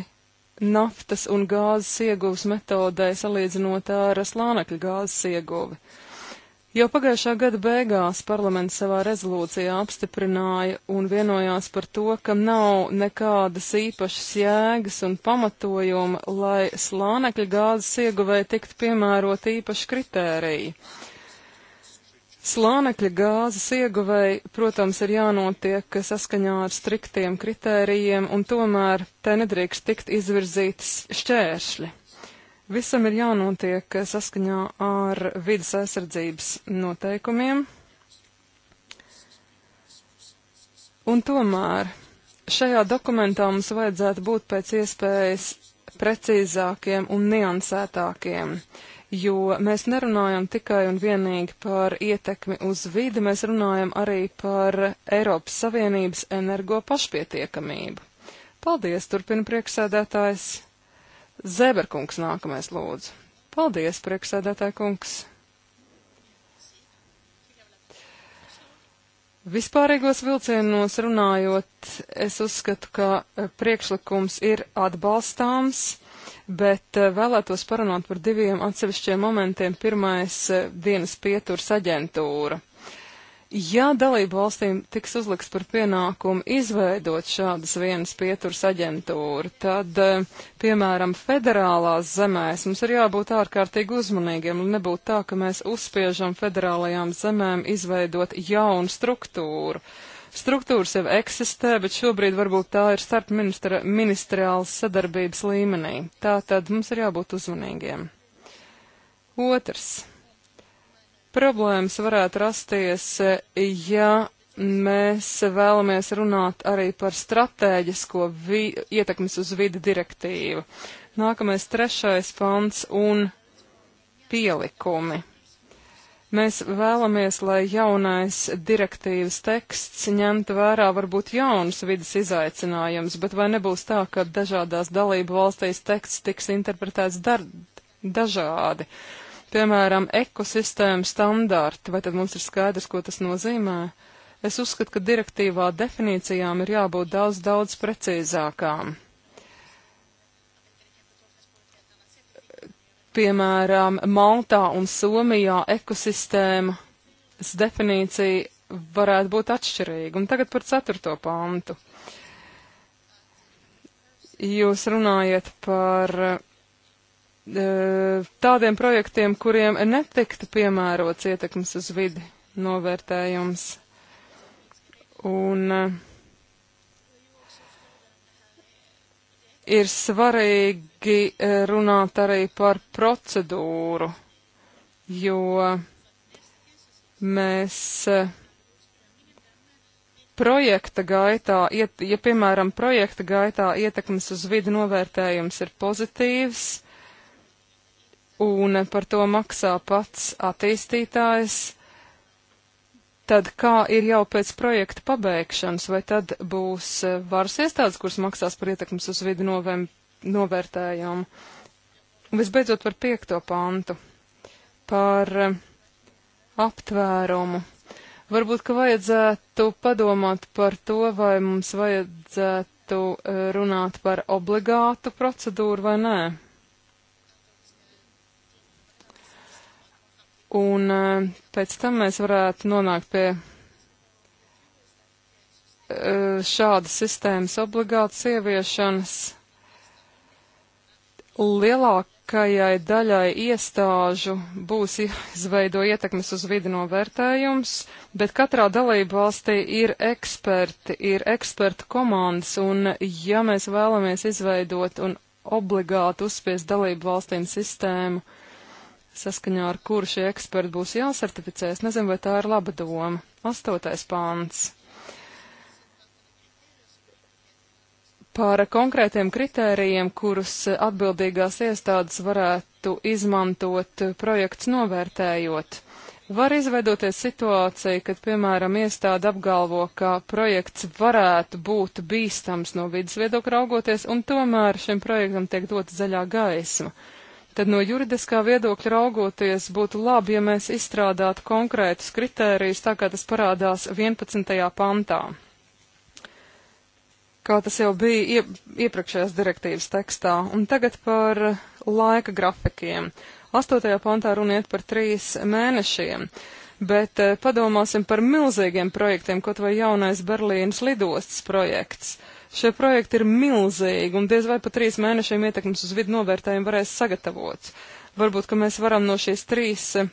naftas un gāzes ieguvas metodē salīdzinot ar slānekļa gāzes ieguvi. Jau pagājušā gada beigās parlaments savā rezolūcijā apstiprināja un vienojās par to, ka nav nekādas īpašas jēgas un pamatojuma, lai slānekļa gāzes ieguvēja tiktu piemērot īpaši kritēriji. Slānekļa gāzes ieguvēji, protams, ir jānotiek saskaņā ar striktiem kritērijiem, un tomēr te nedrīkst tikt izvirzītas šķēršļi. Visam ir jānotiek saskaņā ar vidas aizsardzības noteikumiem. Un tomēr šajā dokumentā mums vajadzētu būt pēc iespējas precīzākiem un niansētākiem. Uh, jo mēs nerunājam tikai un vienīgi par ietekmi uz vidi, mēs runājam arī par Eiropas Savienības energo pašpietiekamību. Paldies, turpina priekšsēdētājs. Zeberkungs nākamais lūdzu. Paldies, priekšsēdētāja kungs. Vispārīgos vilcienos runājot, es uzskatu, ka priekšlikums ir atbalstāms bet eh, vēlētos parunāt par diviem atsevišķiem momentiem. Pirmais eh, - dienas pieturs aģentūra. Ja dalību valstīm tiks uzlikts par pienākumu izveidot šādas vienas pieturas aģentūru, tad, eh, piemēram, federālās zemēs mums ir jābūt ārkārtīgi uzmanīgiem, lai nebūtu tā, ka mēs uzspiežam federālajām zemēm izveidot jaunu struktūru. Uh, Struktūras jau eksistē, bet šobrīd varbūt tā ir starp ministra, ministeriāls sadarbības līmenī. Tā tad mums ir jābūt uzmanīgiem. Otrs. Problēmas varētu rasties, ja mēs vēlamies runāt arī par stratēģisko vi, ietekmes uz vidi direktīvu. Nākamais trešais pants un pielikumi. Mēs vēlamies, lai jaunais direktīvas teksts ņemtu vērā varbūt jaunus vidas izaicinājumus, bet vai nebūs tā, ka dažādās dalību valstīs teksts tiks interpretēts dar dažādi? Piemēram, ekosistēma standarti, vai tad mums ir skaidrs, ko tas nozīmē? Es uzskatu, ka direktīvā definīcijām ir jābūt daudz, daudz precīzākām. piemēram, Maltā un Somijā ekosistēmas definīcija varētu būt atšķirīga. Un tagad par ceturto pantu. Jūs runājat par e, tādiem projektiem, kuriem netiktu piemērots ietekmes uz vidi novērtējums. Un e, ir svarīgi svarīgi eh, runāt arī par procedūru, jo mēs eh, projekta gaitā, iet, ja piemēram projekta gaitā ietekmes uz vidu novērtējums ir pozitīvs un par to maksā pats attīstītājs, tad kā ir jau pēc projekta pabeigšanas, vai tad būs eh, varas iestādes, kuras maksās par ietekmes uz vidu novem, novērtējām. Visbeidzot par piekto pantu, par eh, aptvērumu. Varbūt, ka vajadzētu padomāt par to, vai mums vajadzētu eh, runāt par obligātu procedūru vai nē. Un eh, pēc tam mēs varētu nonākt pie šādas sistēmas obligātas ieviešanas Lielākajai daļai iestāžu būs jāizveido ietekmes uz vidi novērtējums, bet katrā dalība valstī ir eksperti, ir eksperta komandas, un ja mēs vēlamies izveidot un obligāti uzspies dalību valstīm sistēmu, saskaņā ar kuru šie eksperti būs jāsertificē, es nezinu, vai tā ir laba doma. Astotais pāns. par konkrētiem kritērijiem, kurus atbildīgās iestādes varētu izmantot projekts novērtējot. Var izveidoties situācija, kad, piemēram, iestāde apgalvo, ka projekts varētu būt bīstams no vidas viedokļa raugoties, un tomēr šim projektam tiek dota zaļā gaisma. Tad no juridiskā viedokļa raugoties būtu labi, ja mēs izstrādātu konkrētus kritērijus, tā kā tas parādās 11. pantā kā tas jau bija iepriekšējās direktīvas tekstā. Un tagad par laika grafikiem. Astotajā pantā runiet par trīs mēnešiem, bet eh, padomāsim par milzīgiem projektiem, kaut vai jaunais Berlīnas lidostas projekts. Šie projekti ir milzīgi, un diez vai pa trīs mēnešiem ietekmes uz vidu novērtējumu varēs sagatavot. Varbūt, ka mēs varam no šīs trīs eh,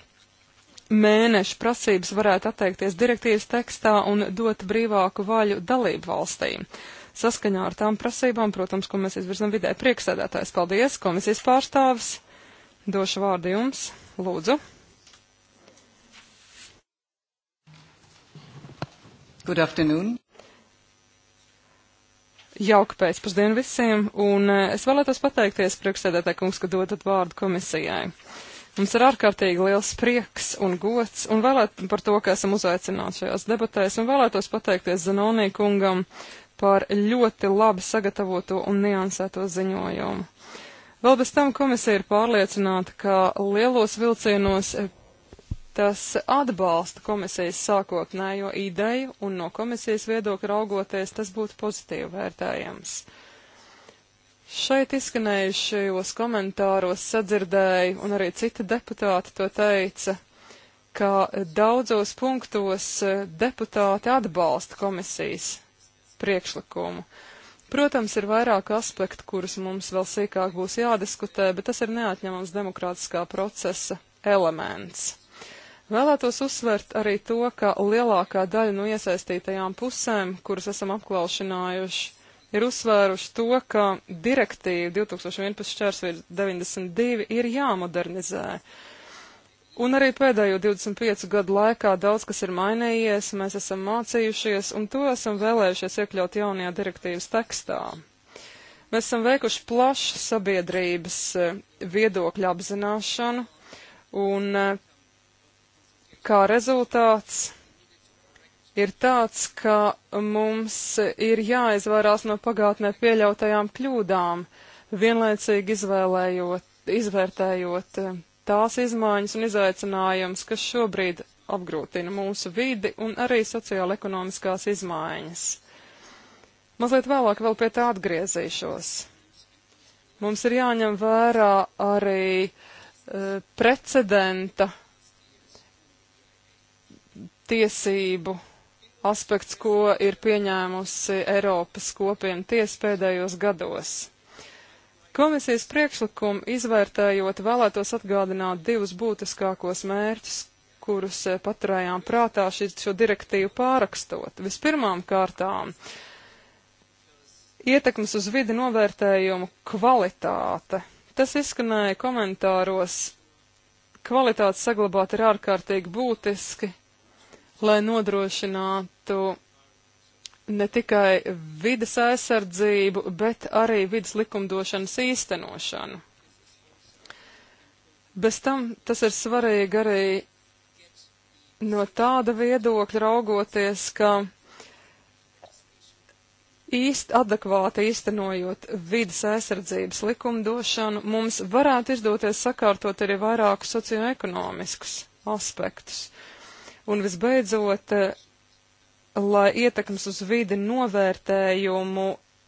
mēnešu prasības varētu atteikties direktīvas tekstā un dot brīvāku vaļu dalību valstīm saskaņā ar tām prasībām, protams, ko mēs izvirzam vidē. Prieksēdētājs, paldies, komisijas pārstāvis, došu vārdu jums, lūdzu. Good afternoon. Jauka pēcpusdiena visiem, un eh, es vēlētos pateikties priekšsēdētāj kungs, ka dodat vārdu komisijai. Mums ir ārkārtīgi liels prieks un gods, un vēlēt par to, ka esam uzaicināti šajās debatēs, un vēlētos pateikties Zanonī kungam par ļoti labi sagatavoto un niansēto ziņojumu. Vēl bez tam komisija ir pārliecināta, ka lielos vilcienos eh, tas atbalsta komisijas sākotnējo ideju un no komisijas viedokļa raugoties tas būtu pozitīvi vērtējams. Šeit izskanējušajos komentāros sadzirdēju, un arī citi deputāti to teica, ka daudzos punktos eh, deputāti atbalsta komisijas priekšlikumu. Protams, ir vairāk aspektu, kurus mums vēl sīkāk būs jādiskutē, bet tas ir neatņemams demokrātiskā procesa elements. Vēlētos uzsvert arī to, ka lielākā daļa no iesaistītajām pusēm, kuras esam apklaušinājuši, ir uzsvēruši to, ka direktīva 2011.92 ir jāmodernizē. Un arī pēdējo 25 gadu laikā daudz kas ir mainījies, mēs esam mācījušies un to esam vēlējušies iekļaut jaunajā direktīvas tekstā. Mēs esam veikuši plašu sabiedrības eh, viedokļu apzināšanu un eh, kā rezultāts ir tāds, ka mums ir jāizvairās no pagātnē pieļautajām kļūdām, vienlaicīgi izvēlējot, izvērtējot eh, tās izmaiņas un izaicinājums, kas šobrīd apgrūtina mūsu vidi un arī sociāla-ekonomiskās izmaiņas. Mazliet vēlāk vēl pie tā atgriezīšos. Mums ir jāņem vērā arī uh, precedenta tiesību aspekts, ko ir pieņēmusi Eiropas kopiena tiesa pēdējos gados. Komisijas priekšlikumu izvērtējot vēlētos atgādināt divus būtiskākos mērķus, kurus eh, paturējām prātā šis, šo direktīvu pārakstot. Vispirmām kārtām ietekmes uz vidi novērtējumu kvalitāte. Tas izskanēja komentāros. Kvalitātes saglabāt ir ārkārtīgi būtiski, lai nodrošinātu ne tikai vidas aizsardzību, bet arī vidas likumdošanas īstenošanu. Bez tam tas ir svarīgi arī no tāda viedokļa raugoties, ka īsti adekvāti īstenojot vidas aizsardzības likumdošanu, mums varētu izdoties sakārtot arī vairākus socioekonomiskus aspektus. Un visbeidzot, lai ietekmes uz vidi novērtējumu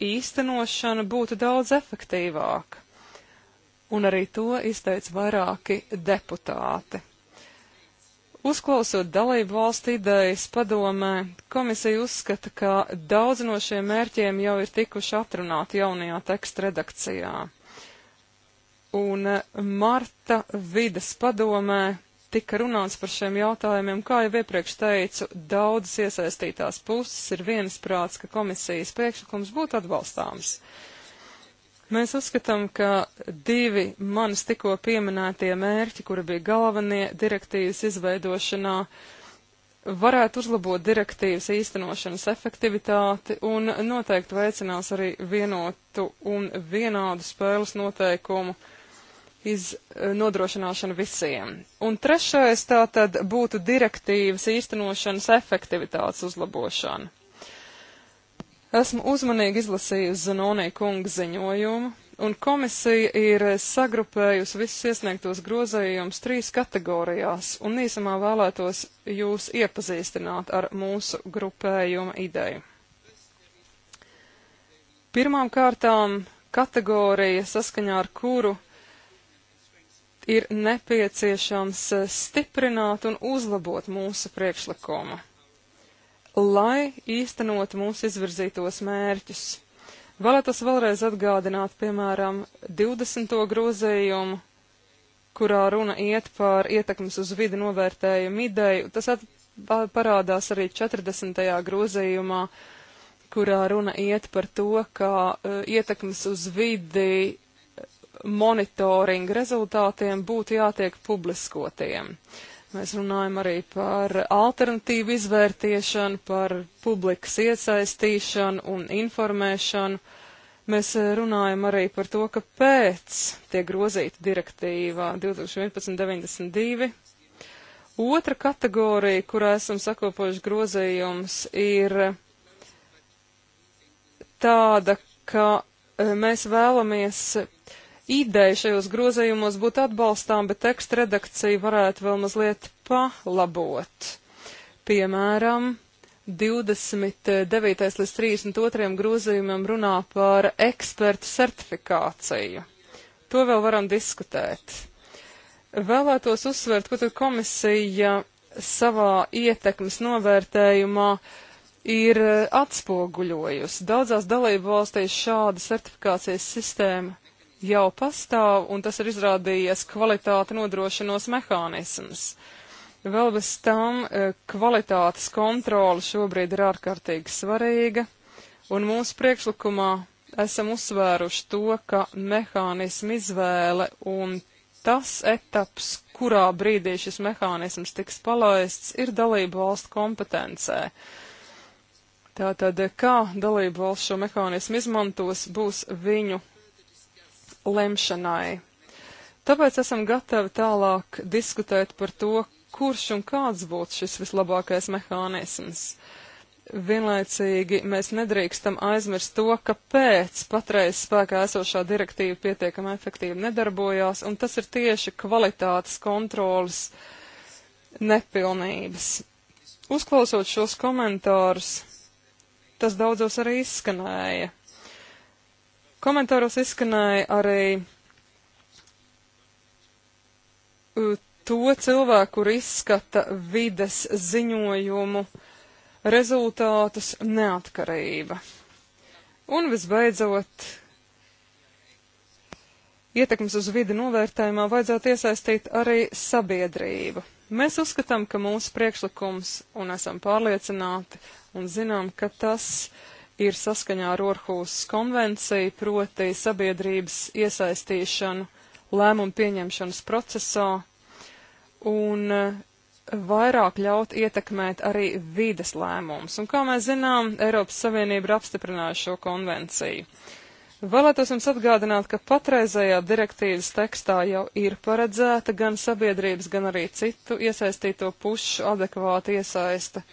īstenošana būtu daudz efektīvāka. Un arī to izteica vairāki deputāti. Uzklausot dalību valstu idejas padomē, komisija uzskata, ka daudz no šiem mērķiem jau ir tikuši atrunāti jaunajā teksta redakcijā. Un Marta vides padomē tika runāts par šiem jautājumiem. Kā jau iepriekš teicu, daudzas iesaistītās puses ir viensprāts, ka komisijas priekšlikums būtu atbalstāms. Mēs uzskatām, ka divi manis tikko pieminētie mērķi, kuri bija galvenie direktīvas izveidošanā, varētu uzlabot direktīvas īstenošanas efektivitāti un noteikti veicinās arī vienotu un vienādu spēles noteikumu uh, iz, eh, nodrošināšanu visiem. Un trešais tā tad būtu direktīvas īstenošanas efektivitātes uzlabošana. Esmu uzmanīgi izlasījusi Zanonī kunga ziņojumu, un komisija ir sagrupējusi visus iesniegtos grozējumus trīs kategorijās, un īsumā vēlētos jūs iepazīstināt ar mūsu grupējuma ideju. Pirmām kārtām kategorija, saskaņā ar kuru ir nepieciešams eh, stiprināt un uzlabot mūsu priekšlikumu, lai īstenot mūsu izvirzītos mērķus. Vēlētos vēlreiz atgādināt, piemēram, 20. grozējumu, kurā runa iet par ietekmes uz vidi novērtējumu ideju. Tas parādās arī 40. grozējumā, kurā runa iet par to, ka uh, ietekmes uz vidi monitoringa rezultātiem būtu jātiek publiskotiem. Mēs runājam arī par alternatīvu izvērtiešanu, par publikas iesaistīšanu un informēšanu. Mēs runājam arī par to, ka pēc tiek grozīta direktīvā 2011.92. Otra kategorija, kurā esam sakopojuši grozījums, ir tāda, ka e, mēs vēlamies ideja šajos grozījumos būtu atbalstām, bet teksta redakcija varētu vēl mazliet palabot. Piemēram, 29. līdz 32. grozījumam runā par ekspertu certifikāciju. To vēl varam diskutēt. Vēlētos uzsvērt, ko tad komisija savā ietekmes novērtējumā ir atspoguļojusi. Daudzās dalību valstīs šāda certifikācijas sistēma jau pastāv, un tas ir izrādījies kvalitāti nodrošinos mehānisms. Vēl bez tam e, kvalitātes kontrola šobrīd ir ārkārtīgi svarīga, un mūsu priekšlikumā esam uzsvēruši to, ka mehānismu izvēle un tas etaps, kurā brīdī šis mehānisms tiks palaists, ir dalību valstu kompetencē. Tātad, e, kā dalību valsts šo mehānismu izmantos, būs viņu lemšanai. Tāpēc esam gatavi tālāk diskutēt par to, kurš un kāds būtu šis vislabākais mehānisms. Vienlaicīgi mēs nedrīkstam aizmirst to, ka pēc patreiz spēkā esošā direktīva pietiekami efektīvi nedarbojās, un tas ir tieši kvalitātes kontrolas nepilnības. Uzklausot šos komentārus, tas daudzos arī izskanēja. Komentāros izskanēja arī to cilvēku, kur izskata vides ziņojumu rezultātus neatkarība. Un visbeidzot, ietekmes uz vidi novērtējumā vajadzētu iesaistīt arī sabiedrību. Mēs uzskatām, ka mūsu priekšlikums, un esam pārliecināti un zinām, ka tas uh, ir saskaņā ar Orhūsas konvenciju, proti sabiedrības iesaistīšanu lēmumu pieņemšanas procesā un eh, vairāk ļaut ietekmēt arī vides lēmumus. Un kā mēs zinām, Eiropas Savienība ir apstiprinājusi šo konvenciju. Vēlētos jums atgādināt, ka patreizējā direktīvas tekstā jau ir paredzēta gan sabiedrības, gan arī citu iesaistīto pušu adekvāta iesaista,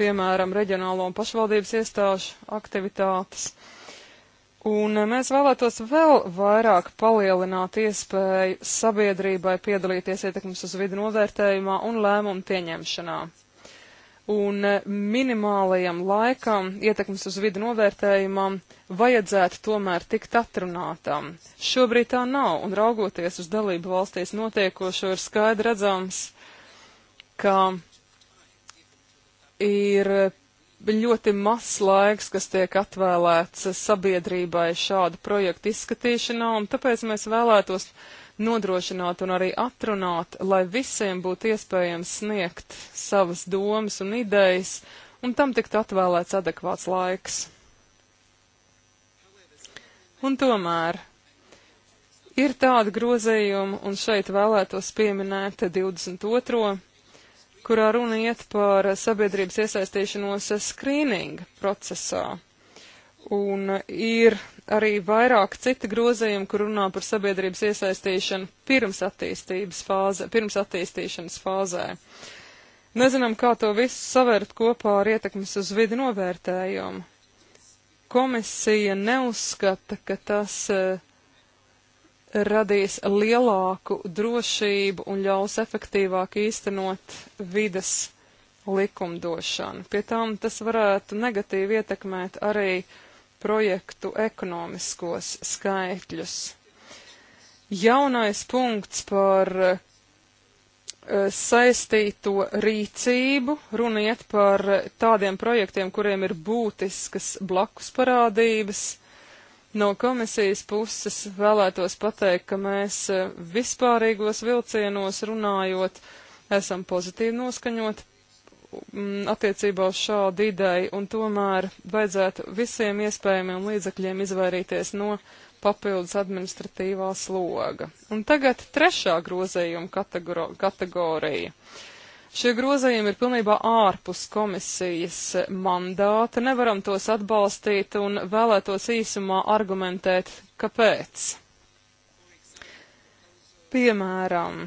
piemēram, reģionālo un pašvaldības iestāžu aktivitātes. Un mēs vēlētos vēl vairāk palielināt iespēju sabiedrībai piedalīties ietekmes uz vidu novērtējumā un lēmumu pieņemšanā un eh, minimālajam laikam ietekmes uz vidu novērtējumam vajadzētu tomēr tikt atrunātam. Šobrīd tā nav, un raugoties uz dalību valstīs notiekošo ir skaidri redzams, ka ir ļoti mazs laiks, kas tiek atvēlēts sabiedrībai šādu projektu izskatīšanā, un tāpēc mēs vēlētos uh, nodrošināt un arī atrunāt, lai visiem būtu iespējams sniegt savas domas un idejas, un tam tiktu atvēlēts adekvāts laiks. Un tomēr ir tāda grozījuma, un šeit vēlētos pieminēt 22 kurā runa iet par sabiedrības iesaistīšanos skrīninga procesā. Un ir arī vairāk citi grozījumi, kur runā par sabiedrības iesaistīšanu pirms, fāze, pirms attīstīšanas fāzē. Nezinām, kā to visu savērt kopā ar ietekmes uz vidi novērtējumu. Komisija neuzskata, ka tas eh, radīs lielāku drošību un ļaus efektīvāk īstenot vides likumdošanu. Pie tām tas varētu negatīvi ietekmēt arī uh, projektu ekonomiskos skaitļus. Jaunais punkts par e, saistīto rīcību, runiet par tādiem projektiem, kuriem ir būtiskas blakus parādības. No komisijas puses vēlētos pateikt, ka mēs e, vispārīgos vilcienos runājot esam pozitīvi noskaņoti Mm, attiecībā uz šādu ideju, un tomēr vajadzētu visiem iespējamiem līdzekļiem izvairīties no papildus administratīvā sloga. Un tagad trešā grozējuma kategorija. Šie grozējumi ir pilnībā ārpus komisijas mandāta, nevaram tos atbalstīt un vēlētos īsumā argumentēt, kāpēc. Piemēram,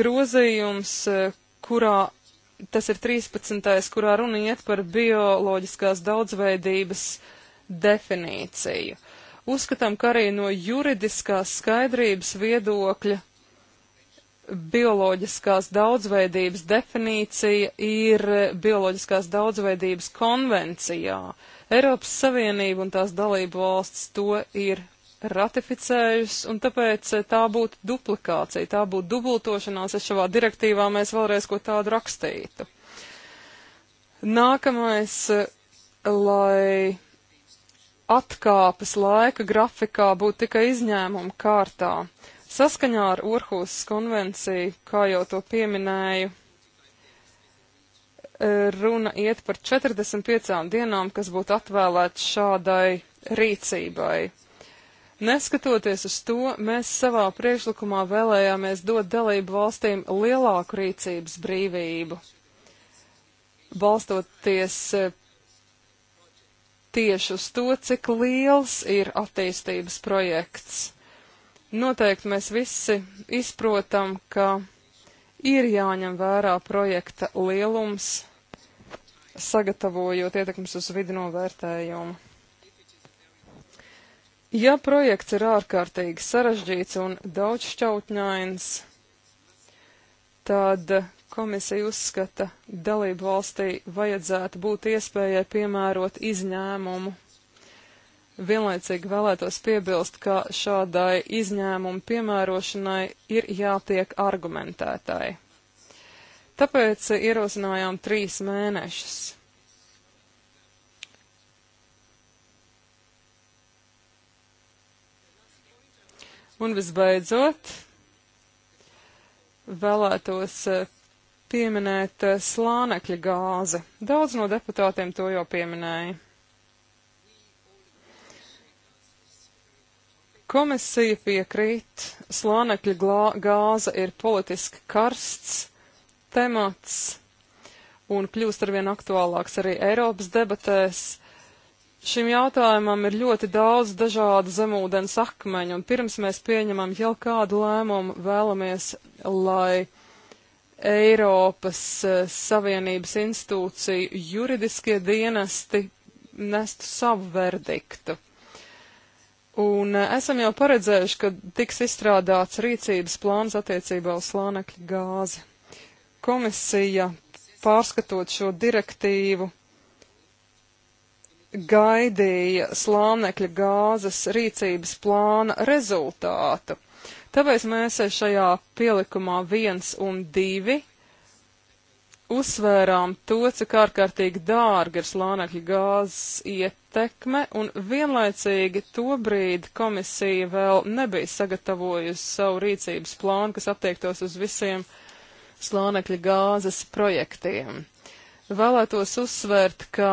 grozījums, kurā Tas ir 13. kurā runa iet par bioloģiskās daudzveidības definīciju. Uzskatām, ka arī no juridiskās skaidrības viedokļa bioloģiskās daudzveidības definīcija ir bioloģiskās daudzveidības konvencijā. Eiropas Savienība un tās dalību valsts to ir ratificējusi, un tāpēc eh, tā būtu duplikācija, tā būtu dubultošanās, ja šajā direktīvā mēs vēlreiz ko tādu rakstītu. Nākamais, eh, lai atkāpes laika grafikā būtu tikai izņēmuma kārtā. Saskaņā ar Orhusas konvenciju, kā jau to pieminēju, eh, runa iet par 45 dienām, kas būtu atvēlēts šādai rīcībai. Neskatoties uz to, mēs savā priekšlikumā vēlējāmies dot dalību valstīm lielāku rīcības brīvību, balstoties eh, tieši uz to, cik liels ir attīstības projekts. Noteikti mēs visi izprotam, ka ir jāņem vērā projekta lielums, sagatavojot ietekmes uz vidi novērtējumu. Ja projekts ir ārkārtīgi sarežģīts un daudzšķautņains, tad komisija uzskata dalību valstī vajadzētu būt iespējai piemērot izņēmumu Vienlaicīgi vēlētos piebilst, ka šādai izņēmumu piemērošanai ir jātiek argumentētai. Tāpēc ierosinājām trīs mēnešus. Un visbeidzot, vēlētos eh, pieminēt eh, slānekļa gāzi. Daudz no deputātiem to jau pieminēja. Komisija piekrīt, slānekļa gāze ir politiski karsts temats un kļūst arvien aktuālāks arī Eiropas debatēs. Šim jautājumam ir ļoti daudz dažādu zemūdens akmeņu, un pirms mēs pieņemam jau kādu lēmumu, vēlamies, lai Eiropas eh, Savienības institūciju juridiskie dienesti nestu savu verdiktu. Un eh, esam jau paredzējuši, ka tiks izstrādāts rīcības plāns attiecībā uz slānekļa gāzi. Komisija, pārskatot šo direktīvu, gaidīja slānekļa gāzes rīcības plāna rezultātu. Tāpēc mēs šajā pielikumā viens un divi uzsvērām to, cik ārkārtīgi dārgi ir slānekļa gāzes ietekme, un vienlaicīgi to brīdi komisija vēl nebija sagatavojusi savu rīcības plānu, kas attiektos uz visiem slānekļa gāzes projektiem. Vēlētos uzsvērt, ka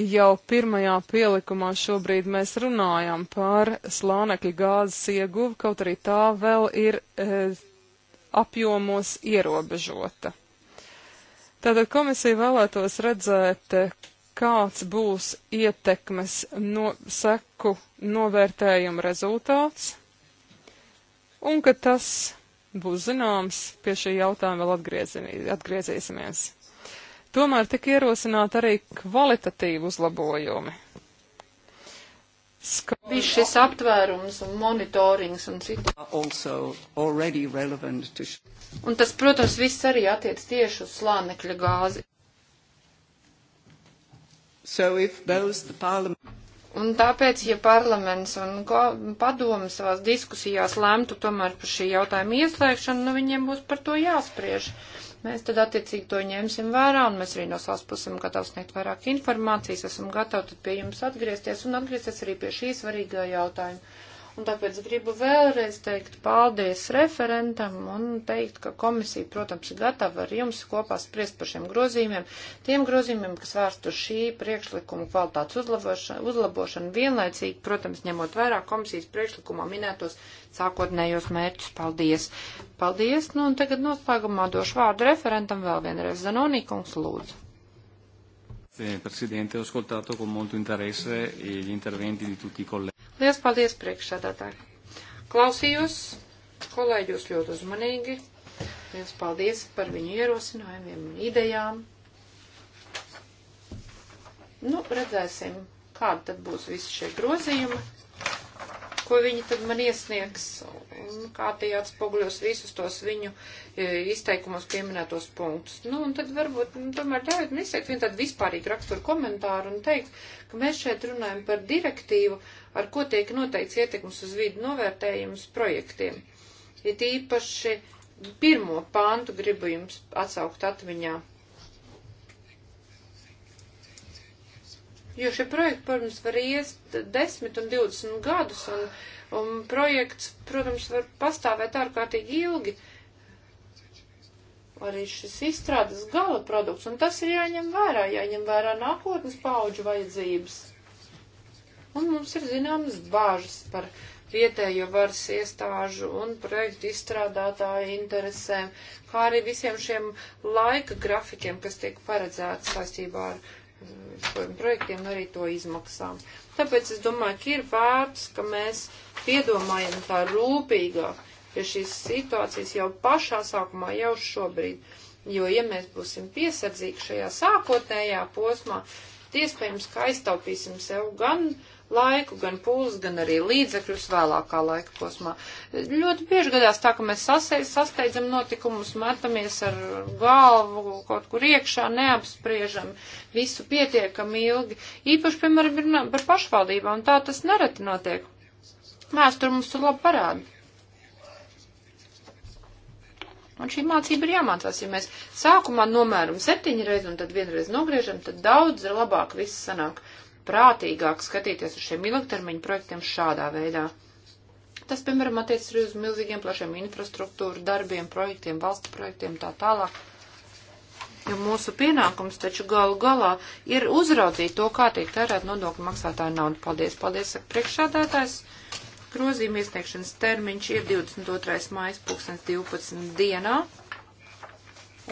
Jau pirmajā pielikumā šobrīd mēs runājam par slānekļa gāzes ieguvu, kaut arī tā vēl ir e, apjomos ierobežota. Tātad komisija vēlētos redzēt, kāds būs ietekmes no seku novērtējuma rezultāts, un ka tas būs zināms, pie šī jautājuma vēl atgriezīsimies. Tomēr tika ierosināt arī kvalitatīvi uzlabojumi. Ska... Viss šis aptvērums un monitorings un citi. To... Un tas, protams, viss arī attiec tieši uz slānekļa gāzi. So if those the parliament... Un tāpēc, ja parlaments un padomu savās diskusijās lemtu tomēr par šī jautājuma ieslēgšanu, nu viņiem būs par to jāspriež. Uh, Mēs tad attiecīgi to ņemsim vērā, un mēs arī no savas puses esam gatavi sniegt vairāk informācijas, esam gatavi tad pie jums atgriezties un atgriezties arī pie šī svarīgā jautājuma. Un tāpēc gribu vēlreiz teikt paldies referentam un teikt, ka komisija, protams, ir gatava ar jums kopā spriest par šiem grozījumiem, tiem grozījumiem, kas vērst uz šī priekšlikuma kvalitātes uzlabošanu, uzlabošanu vienlaicīgi, protams, ņemot vērā komisijas priekšlikumā minētos sākotnējos mērķus. Paldies! Paldies! Nu, un tagad noslēgumā došu vārdu referentam vēl vienreiz. Zanonī, kungs, lūdzu! Presidente, ho ascoltato con molto interesse gli interventi di tutti i colleghi. Lielas paldies priekšsādātāji. Klausījos kolēģus ļoti uzmanīgi. Lielas paldies par viņu ierosinājumiem un idejām. Nu, redzēsim, kāda tad būs visi šie grozījumi ko viņi tad man iesniegs un kā tie atspoguļos visus tos viņu e, izteikumos pieminētos punktus. Nu, un tad varbūt nu, tomēr ļaujiet nu, man izteikt vienu tādu vispārīgu raksturu komentāru un teikt, ka mēs šeit runājam par direktīvu, ar ko tiek noteikts ietekmes uz vidu novērtējums projektiem. Ir ja īpaši pirmo pāntu gribu jums atsaukt atmiņā Jo šie projekti, protams, var iest 10 un 20 gadus, un, un projekts, protams, var pastāvēt ārkārtīgi ilgi. Arī šis izstrādes gala produkts, un tas ir jāņem vērā, jāņem vērā nākotnes pauģu vajadzības. Un mums ir zināmas bāžas par vietējo varas iestāžu un projektu izstrādātāju interesēm, kā arī visiem šiem laika grafikiem, kas tiek paredzēts saistībā ar projektiem, arī to izmaksām. Tāpēc es domāju, ka ir vērts, ka mēs piedomājam tā rūpīgāk pie šīs situācijas jau pašā sākumā, jau šobrīd. Jo, ja mēs būsim piesardzīgi šajā sākotnējā posmā, iespējams, ka aiztaupīsim sev gan laiku, gan pūles, gan arī līdzekļus vēlākā laika posmā. Ļoti bieži gadās tā, ka mēs sasteidzam notikumus, metamies ar galvu kaut kur iekšā, neapspriežam visu pietiekami ilgi. Īpaši, piemēram, par pašvaldībām tā tas nereti notiek. Vēsture mums tur labi parāda. Un šī mācība ir jāmācās, ja mēs sākumā nomēram septiņreiz un tad vienreiz nogriežam, tad daudz labāk viss sanāk prātīgāk skatīties uz šiem ilgtermiņu projektiem šādā veidā. Tas, piemēram, attiecas arī uz milzīgiem plašiem infrastruktūru darbiem, projektiem, valsts projektiem tā tālāk. Jo mūsu pienākums taču galu galā ir uzraudzīt to, kā tiek tērēt nodokļu maksātāju naudu. Paldies, paldies, saka priekšsādātājs. Grozījuma iesniegšanas termiņš ir 22. mājas 2012. dienā.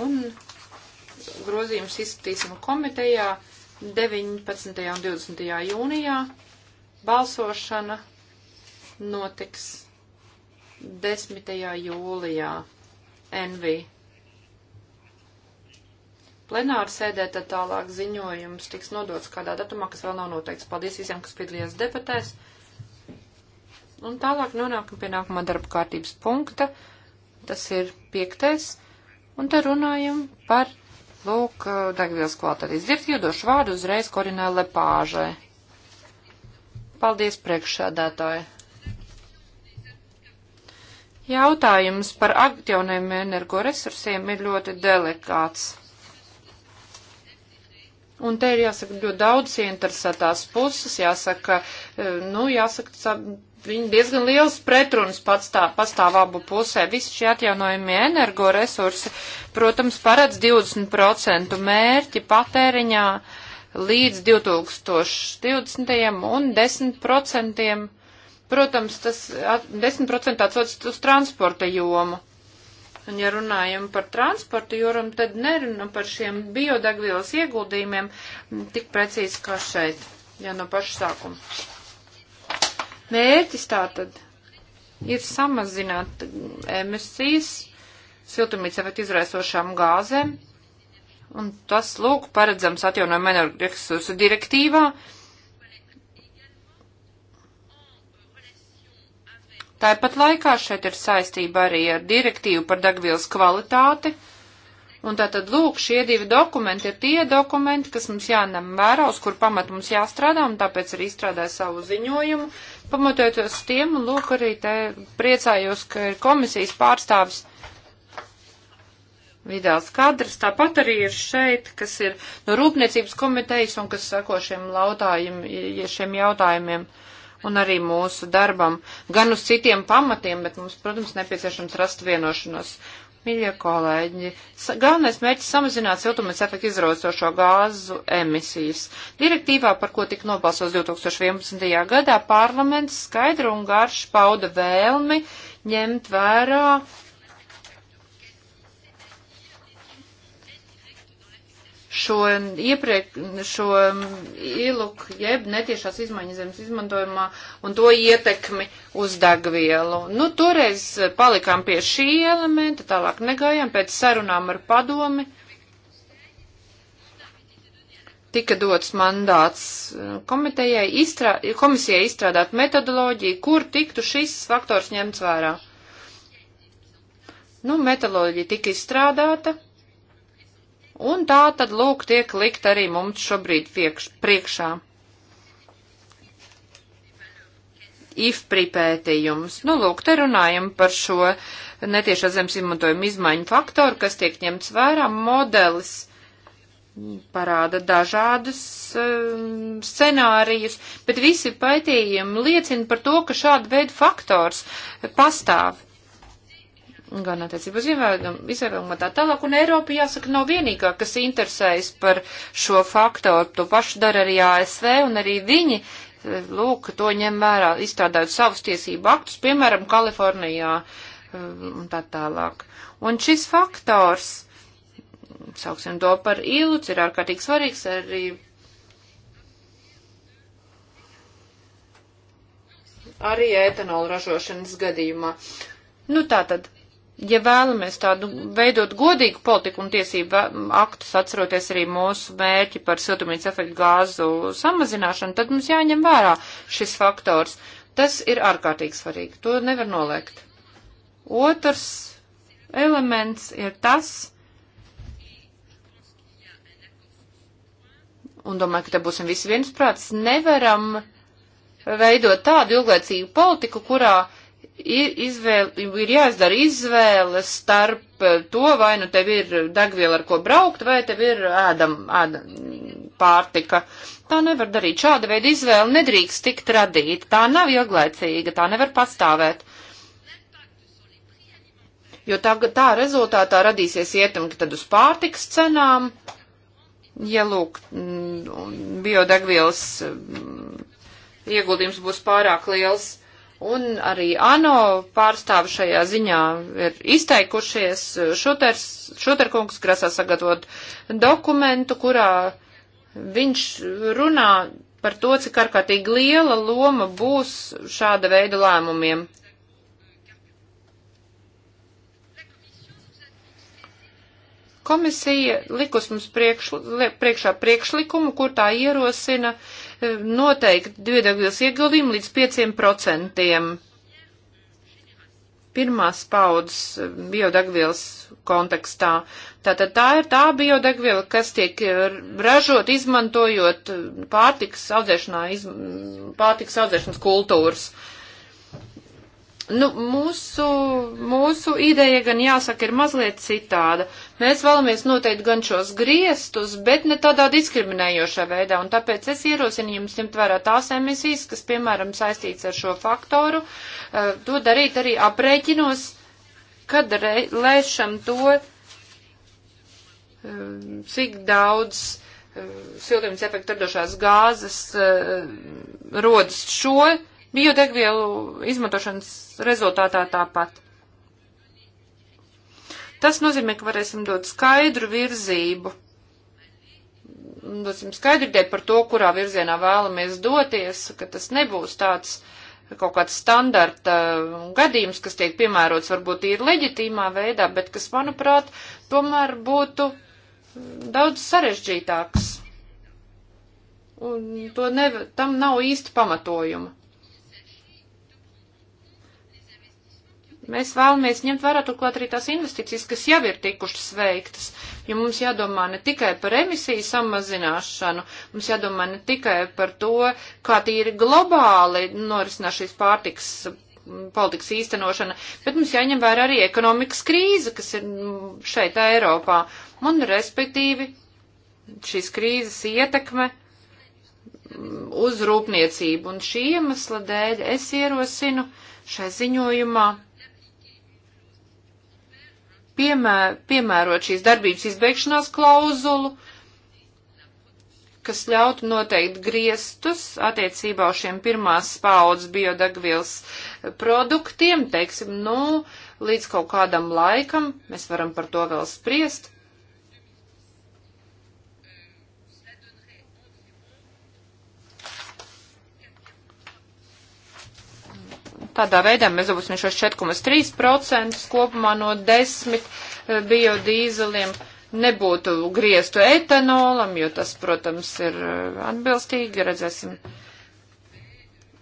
Un grozījums izskatīsim komitejā 19. un 20. jūnijā balsošana notiks 10. jūlijā NV. Plenāra sēdē tad tālāk ziņojums tiks nodots kādā datumā, kas vēl nav noteikts. Paldies visiem, kas piedalījās debatēs. Un tālāk nonākam pie nākamā darba kārtības punkta. Tas ir piektais. Un te runājam par Lūk, eh, degvielas kvalitātes direktīva došu vārdu uzreiz Korinai Lepāžai. Paldies, priekšsēdētāji. Jautājums par aktīviem energoresursiem ir ļoti delikāts. Un te ir jāsaka ļoti daudz interesētās puses, jāsaka, eh, nu, jāsaka, viņi diezgan liels pretruns pastāv, pastāv abu pusē. Visi šie atjaunojumie energoresursi, protams, paredz 20% mērķi patēriņā līdz 2020. un 10%, protams, tas 10% atsots uz transporta jomu. Un ja runājam par transportu jūram, tad nerunam par šiem biodegvielas ieguldījumiem tik precīzi kā šeit, ja no paša sākuma. Mērķis tātad ir samazināt emisijas siltumnīca efektu izraisošām gāzēm, un tas, lūk, paredzams atjaunojumu energoresursu direktīvā. Tāpat laikā šeit ir saistība arī ar direktīvu par degvielas kvalitāti. Un tātad, lūk, šie divi dokumenti ir tie dokumenti, kas mums jāņem vērā, uz kur pamat mums jāstrādā, un tāpēc arī izstrādāja savu ziņojumu, pamatojoties tiem, un lūk, arī te priecājos, ka ir komisijas pārstāvis Vidāls kadrs, tāpat arī ir šeit, kas ir no rūpniecības komitejas un kas sako šiem, ja šiem jautājumiem un arī mūsu darbam, gan uz citiem pamatiem, bet mums, protams, nepieciešams rast vienošanos. Mīļie kolēģi, galvenais mērķis samazināt siltumnīca efektu izraucošo gāzu emisijas. Direktīvā, par ko tika nobalsos 2011. gadā, parlaments skaidri un garš pauda vēlmi ņemt vērā šo iepriek, šo iluk, jeb netiešās izmaiņas zemes izmantojumā un to ietekmi uz degvielu. Nu, toreiz palikām pie šī elementa, tālāk negājām pēc sarunām ar padomi. Tika dots mandāts uh, izstrā, komisijai izstrādāt metodoloģiju, kur tiktu šis faktors ņemts vērā. Nu, metodoloģija tika izstrādāta, Un tā tad, lūk, tiek likt arī mums šobrīd piekš, priekšā. IFPRI pētījums. Nu, lūk, te runājam par šo netiešā zemes izmantojuma izmaiņu faktoru, kas tiek ņemts vērā. Modelis parāda dažādas um, scenārijus, bet visi pētījumi liecina par to, ka šāda veida faktors pastāv gan attiecībā uz izvēlēm, gan tā tālāk. Un Eiropa, jāsaka, nav vienīgā, kas interesējas par šo faktoru. To pašu dara arī ASV, un arī viņi, e, lūk, to ņem vērā, izstrādājot savus tiesību aktus, piemēram, Kalifornijā e, un tā tālāk. Un šis faktors, sauksim to par ilūci, ir ārkārtīgi svarīgs arī arī etanola ražošanas gadījumā. Nu tā tad ja vēlamies tādu veidot godīgu politiku un tiesību aktus, atceroties arī mūsu mērķi par siltumnīca efektu gāzu samazināšanu, tad mums jāņem vērā šis faktors. Tas ir ārkārtīgi svarīgi, to nevar noliegt. Otrs elements ir tas, un domāju, ka te būsim visi viensprāts, nevaram veidot tādu ilglaicīgu politiku, kurā uh, ir, izvēle, ir jāizdara izvēle starp eh, to, vai nu tev ir degviela, ar ko braukt, vai tev ir ēdam, ēdam pārtika. Tā nevar darīt. Šāda veida izvēle nedrīkst tikt radīta. Tā nav ilglaicīga, tā nevar pastāvēt. Jo tā, tā rezultātā radīsies ietekme tad uz pārtikas cenām, ja lūk, mm, biodegvielas mm, ieguldījums būs pārāk liels Un arī ANO pārstāvi šajā ziņā ir izteikušies. Šuters, šuterkungs grasās sagatavot dokumentu, kurā viņš runā par to, cik ārkārtīgi liela loma būs šāda veida lēmumiem. Komisija likus mums priekš, priekšā priekšlikumu, kur tā ierosina uh, noteikti biodegvielas ieguldījumu līdz 5%. Pirmās paudzes eh, biodegvielas kontekstā. Tātad tā ir tā biodegviela, kas tiek eh, ražot, izmantojot eh, pārtikas audzēšanā, iz, pārtikas audzēšanas kultūras. Uh, Nu, mūsu, mūsu ideja gan jāsaka ir mazliet citāda. Mēs vēlamies noteikt gan šos griestus, bet ne tādā diskriminējošā veidā, un tāpēc es ierosinu jums ņemt vērā tās emisijas, kas, piemēram, saistīts ar šo faktoru, eh, to darīt arī aprēķinos, kad lēšam to, eh, cik daudz eh, siltumnīca efekta radošās gāzes rodas šo Biodegvielu izmantošanas rezultātā tāpat. Tas nozīmē, ka varēsim dot skaidru virzību, dosim skaidru ideju par to, kurā virzienā vēlamies doties, ka tas nebūs tāds kaut kāds standarta gadījums, kas tiek piemērots varbūt ir leģitīmā veidā, bet kas, manuprāt, tomēr būtu daudz sarežģītāks. Un to ne, tam nav īsti pamatojuma. Mēs vēlamies ņemt vērā turklāt arī tās investīcijas, kas jau ir tikušas veiktas, jo mums jādomā ne tikai par emisiju samazināšanu, mums jādomā ne tikai par to, kā tīri globāli norisinās šīs pārtiks politikas īstenošana, bet mums jāņem vērā arī ekonomikas krīze, kas ir šeit Eiropā, un respektīvi šīs krīzes ietekme uz rūpniecību. Un šī iemesla dēļ es ierosinu šai ziņojumā piemēr, piemērot šīs darbības izbeigšanās klauzulu, kas ļautu noteikt griestus attiecībā uz šiem pirmās paudzes biodegvielas produktiem, teiksim, nu, līdz kaut kādam laikam, mēs varam par to vēl spriest, Tādā veidā mēs dabūsim šos 4,3% kopumā no 10 eh, biodīzeliem. Nebūtu griestu etanolam, jo tas, protams, ir eh, atbilstīgi, redzēsim.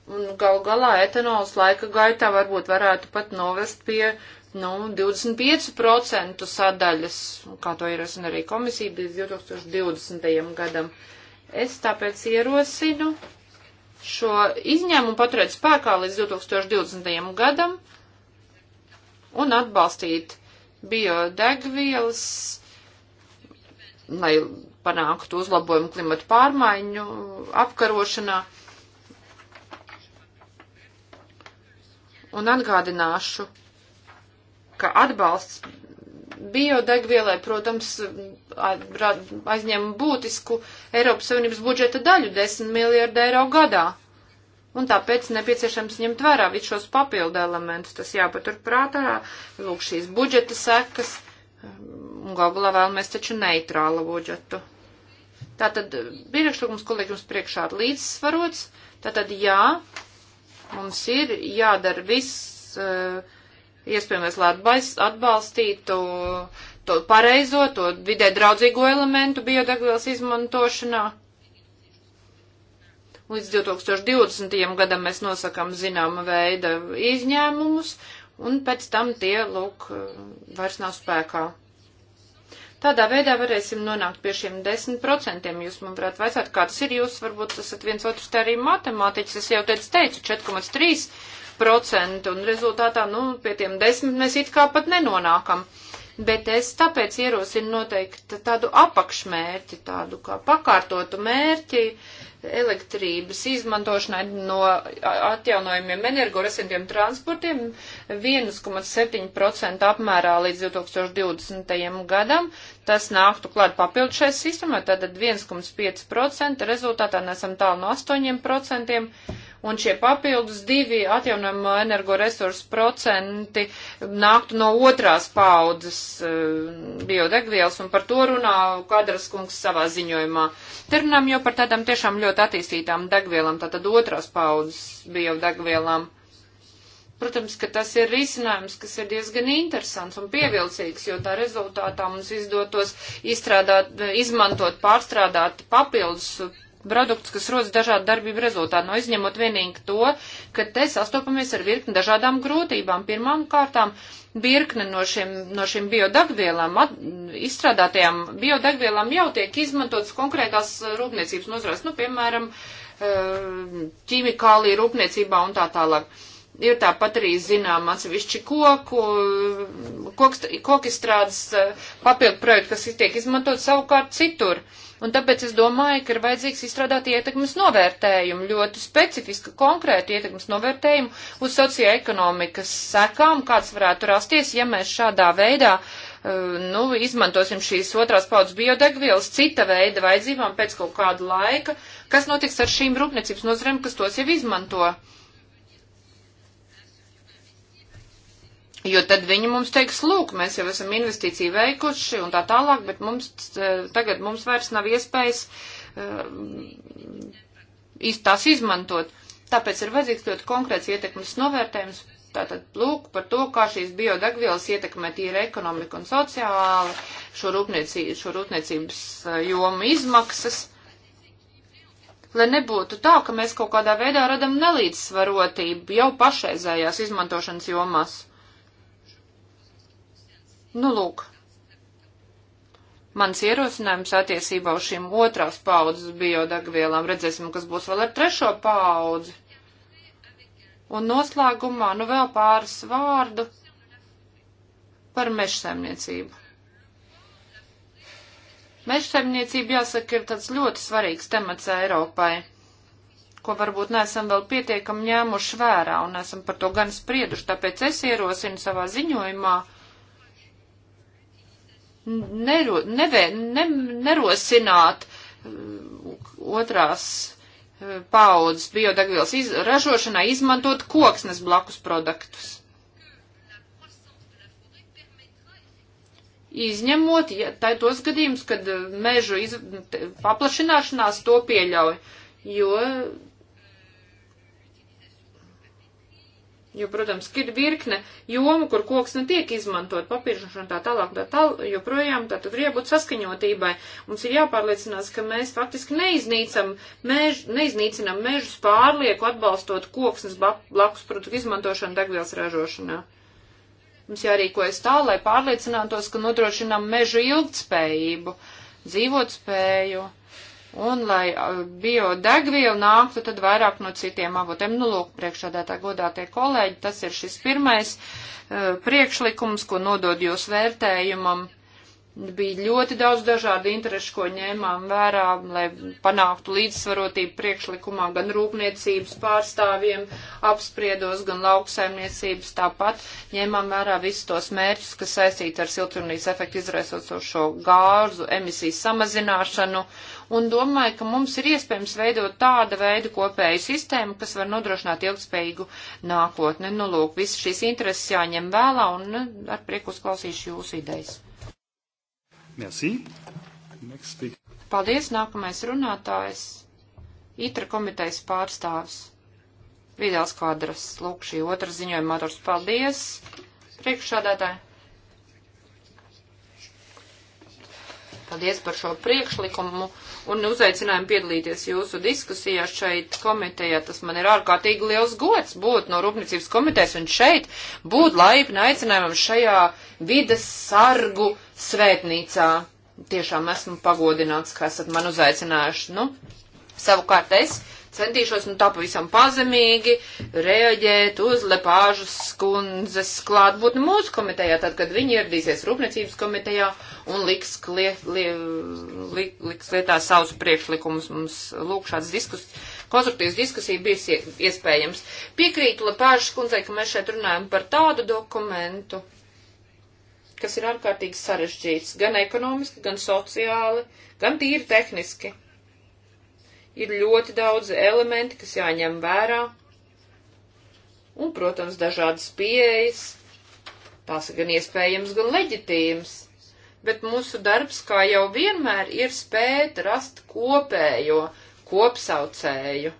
Un gal galā etanols laika gaitā varbūt varētu pat novest pie, nu, 25% sadaļas, kā to ir arī komisija līdz 2020. gadam. Es tāpēc ierosinu šo izņēmumu paturēt spēkā līdz 2020. gadam un atbalstīt biodegvielas, lai panāktu uzlabojumu klimatu pārmaiņu apkarošanā. Un atgādināšu, ka atbalsts Biodegvielai, protams, aizņem būtisku Eiropas Savienības budžeta daļu - 10 miljārdu eiro gadā. Un tāpēc nepieciešams ņemt vērā visus šos papildu elementus. Tas jāpatur prātā, lūk, šīs budžeta sekas. Un gal galā vēlamies taču neitrālu budžetu. Tātad priekšlikums, ko liek jums priekšā, ir līdzsvarots. Tātad jā, mums ir jādara viss. Uh, iespējamais, lai atbalstītu to pareizo, to vidē draudzīgo elementu biodegvielas izmantošanā. Līdz 2020. gadam mēs nosakam zināma veida izņēmumus, un pēc tam tie, lūk, vairs nav spēkā. Tādā veidā varēsim nonākt pie šiem 10%. Jūs man varētu vaicāt, kā tas ir. Jūs varbūt esat viens otrs te arī matemātiķis. Es jau teicu, teicu 4,3 10%, un rezultātā, nu, pie tiem 10 mēs it kā pat nenonākam. Bet es tāpēc ierosinu noteikti tādu apakšmērķi, tādu kā pakārtotu mērķi elektrības izmantošanai no atjaunojumiem energoresentiem transportiem 1,7% apmērā līdz 2020. gadam. Tas nāktu klāt papildu šai sistēmai, tātad 1,5% rezultātā nesam tālu no 8% un šie papildus divi atjaunojamo energoresursu procenti nāktu no otrās paudzes e, biodegvielas, un par to runā Kadras kungs savā ziņojumā. Te runām jau par tādām tiešām ļoti attīstītām degvielām, tātad otrās paudzes biodegvielām. Protams, ka tas ir risinājums, kas ir diezgan interesants un pievilcīgs, jo tā rezultātā mums izdotos izstrādāt, izmantot, pārstrādāt papildus produktus, kas rodas dažādu darbību rezultātā, no nu, izņemot vienīgi to, ka te sastopamies ar virkni dažādām grūtībām. Pirmām kārtām virkne no šiem, no šiem biodagvielām, at, izstrādātajām biodagvielām jau tiek izmantotas konkrētās eh, rūpniecības nozarēs, nu, piemēram, eh, ķīmikālija rūpniecībā un tā tālāk ir tāpat arī zinām atsevišķi koku, kokstrādes eh, papildu projektu, kas tiek izmantot savukārt citur. Uh, Un tāpēc es domāju, ka ir vajadzīgs izstrādāt ietekmes novērtējumu, ļoti specifisku konkrētu ietekmes novērtējumu uz socioekonomikas sekām, kāds varētu rasties, ja mēs šādā veidā eh, nu, izmantosim šīs otrās paudzes biodegvielas cita veida vajadzībām pēc kaut kāda laika, kas notiks ar šīm rūpniecības nozarēm, kas tos jau izmanto. Uh, Jo tad viņi mums teiks, lūk, mēs jau esam investīciju veikuši un tā tālāk, bet mums eh, tagad mums vairs nav iespējas uh, tās izmantot. Tāpēc ir vajadzīgs ļoti konkrēts ietekmes novērtējums. Tātad lūk par to, kā šīs biodegvielas ietekmē tīri ekonomiku un sociāli, šo, rūpniecī, šo rūpniecības eh, jomu izmaksas. Lai nebūtu tā, ka mēs kaut kādā veidā radam nelīdzsvarotību jau pašreizējās izmantošanas jomās. Nu, lūk, mans ierosinājums attiecībā uz šīm otrās paudzes biodegvielām. Redzēsim, kas būs vēl ar trešo paudzi. Un noslēgumā, nu, vēl pāris vārdu par mežsaimniecību. Mežsaimniecība, jāsaka, ir tāds ļoti svarīgs temats Eiropai, ko varbūt neesam vēl pietiekam ņēmuši vērā un esam par to gan sprieduši, tāpēc es ierosinu savā ziņojumā nero, nevē, ne, nerosināt um, otrās uh, paudzes biodegvielas iz, ražošanai izmantot koksnes blakus produktus. Izņemot, ja tā ir tos gadījums, kad uh, mežu iz, te, paplašināšanās to pieļauj, jo Jo, protams, ir virkne jomu, kur koks netiek nu izmantot, papīršana tā tālāk, tā tālāk, joprojām, tā tad ir jābūt saskaņotībai. Mums ir jāpārliecinās, ka mēs faktiski neiznīcam mēž, neiznīcinam mežus pārlieku atbalstot koksnes blakus produktu izmantošanu degvielas ražošanā. Mums jārīkojas tā, lai pārliecinātos, ka nodrošinām mežu ilgtspējību, dzīvotspēju un lai biodegviela nāktu tad vairāk no citiem avotiem. Nu, lūk, priekšādātā godā tie kolēģi, tas ir šis pirmais uh, priekšlikums, ko nodod jūs vērtējumam. Bija ļoti daudz dažādu interešu, ko ņēmām vērā, lai panāktu līdzsvarotību priekšlikumā gan rūpniecības pārstāvjiem apspriedos, gan lauksaimniecības tāpat. Ņēmām vērā visus tos mērķus, kas saistīti ar siltumnīcas efektu izraisošo gāzu emisiju samazināšanu un domāju, ka mums ir iespējams veidot tāda veida kopēju sistēmu, kas var nodrošināt ilgspējīgu nākotni. Nu, lūk, visas šīs intereses jāņem vēlā un nu, ar prieku uzklausīšu jūsu idejas. Merci. Next speaker. Paldies, nākamais runātājs. ITRA komitejas pārstāvis. Vidāls kvadras. Lūk, šī otra ziņojuma autors. Paldies. Priekšsādātāji. Paldies par šo priekšlikumu un uzaicinājumu piedalīties jūsu diskusijā šeit komitejā. Tas man ir ārkārtīgi liels gods būt no Rūpniecības komitejas un šeit būt laipni aicinājumam šajā vides sargu svētnīcā. Tiešām esmu pagodināts, ka esat man uzaicinājuši. Nu, savukārt es centīšos, nu tā pavisam pazemīgi, reaģēt uz Lepāžas skundzes klātbūtni mūsu komitejā, tad, kad viņi ieradīsies Rūpniecības komitejā un liks, klie, li, li, liks lietā savus priekšlikumus. Mums lūk šāds diskus, konstruktīvs diskusija bija iespējams. Piekrītu Lepāžas skundzei, ka mēs šeit runājam par tādu dokumentu kas ir ārkārtīgi sarežģīts, gan ekonomiski, gan sociāli, gan tīri tehniski ir ļoti daudz elementi, kas jāņem vērā, un, protams, dažādas pieejas, tās gan iespējams, gan leģitīmas, bet mūsu darbs, kā jau vienmēr, ir spēt rast kopējo, kopsaucēju,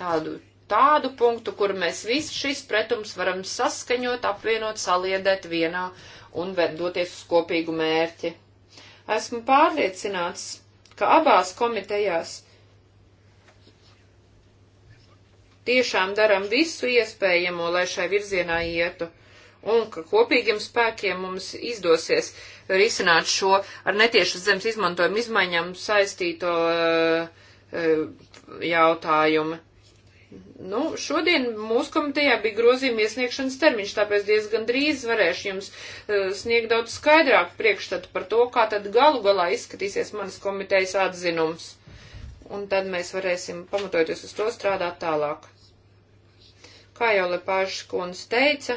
tādu, tādu punktu, kur mēs visu šis pretums varam saskaņot, apvienot, saliedēt vienā un doties uz kopīgu mērķi. Esmu pārliecināts, ka abās komitejās tiešām daram visu iespējamo, lai šai virzienā ietu, un ka kopīgiem spēkiem mums izdosies risināt šo ar netiešu zemes izmantojumu izmaiņām saistīto uh, uh, jautājumu. Nu, šodien mūsu komitejā bija grozījuma iesniegšanas termiņš, tāpēc diezgan drīz varēšu jums uh, sniegt daudz skaidrāku priekšstatu par to, kā tad galu galā izskatīsies manas komitejas atzinums un tad mēs varēsim pamatoties uz to strādāt tālāk. Kā jau Lepāžas kundze teica,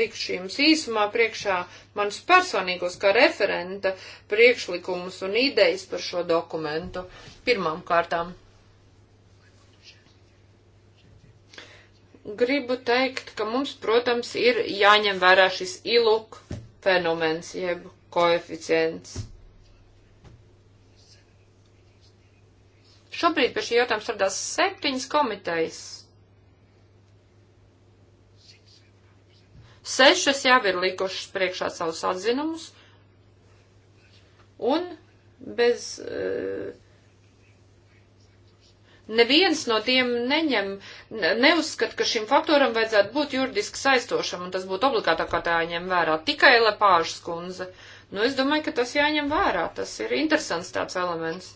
likšu jums īsumā priekšā manus personīgos kā referenta priekšlikumus un idejas par šo dokumentu. Pirmām kārtām. Gribu teikt, ka mums, protams, ir jāņem vērā šis iluk fenomens jeb koeficients Šobrīd pie šī jautājuma strādās septiņas komitejas. Sešas jau ir likušas priekšā savus atzinumus, un bez. Uh, neviens no tiem neņem, neuzskat, ka šim faktoram vajadzētu būt juridiski saistošam, un tas būtu obligātā kārtā jāņem vērā. Tikai Lepāžas kundze. Nu, es domāju, ka tas jāņem vērā. Tas ir interesants tāds elements.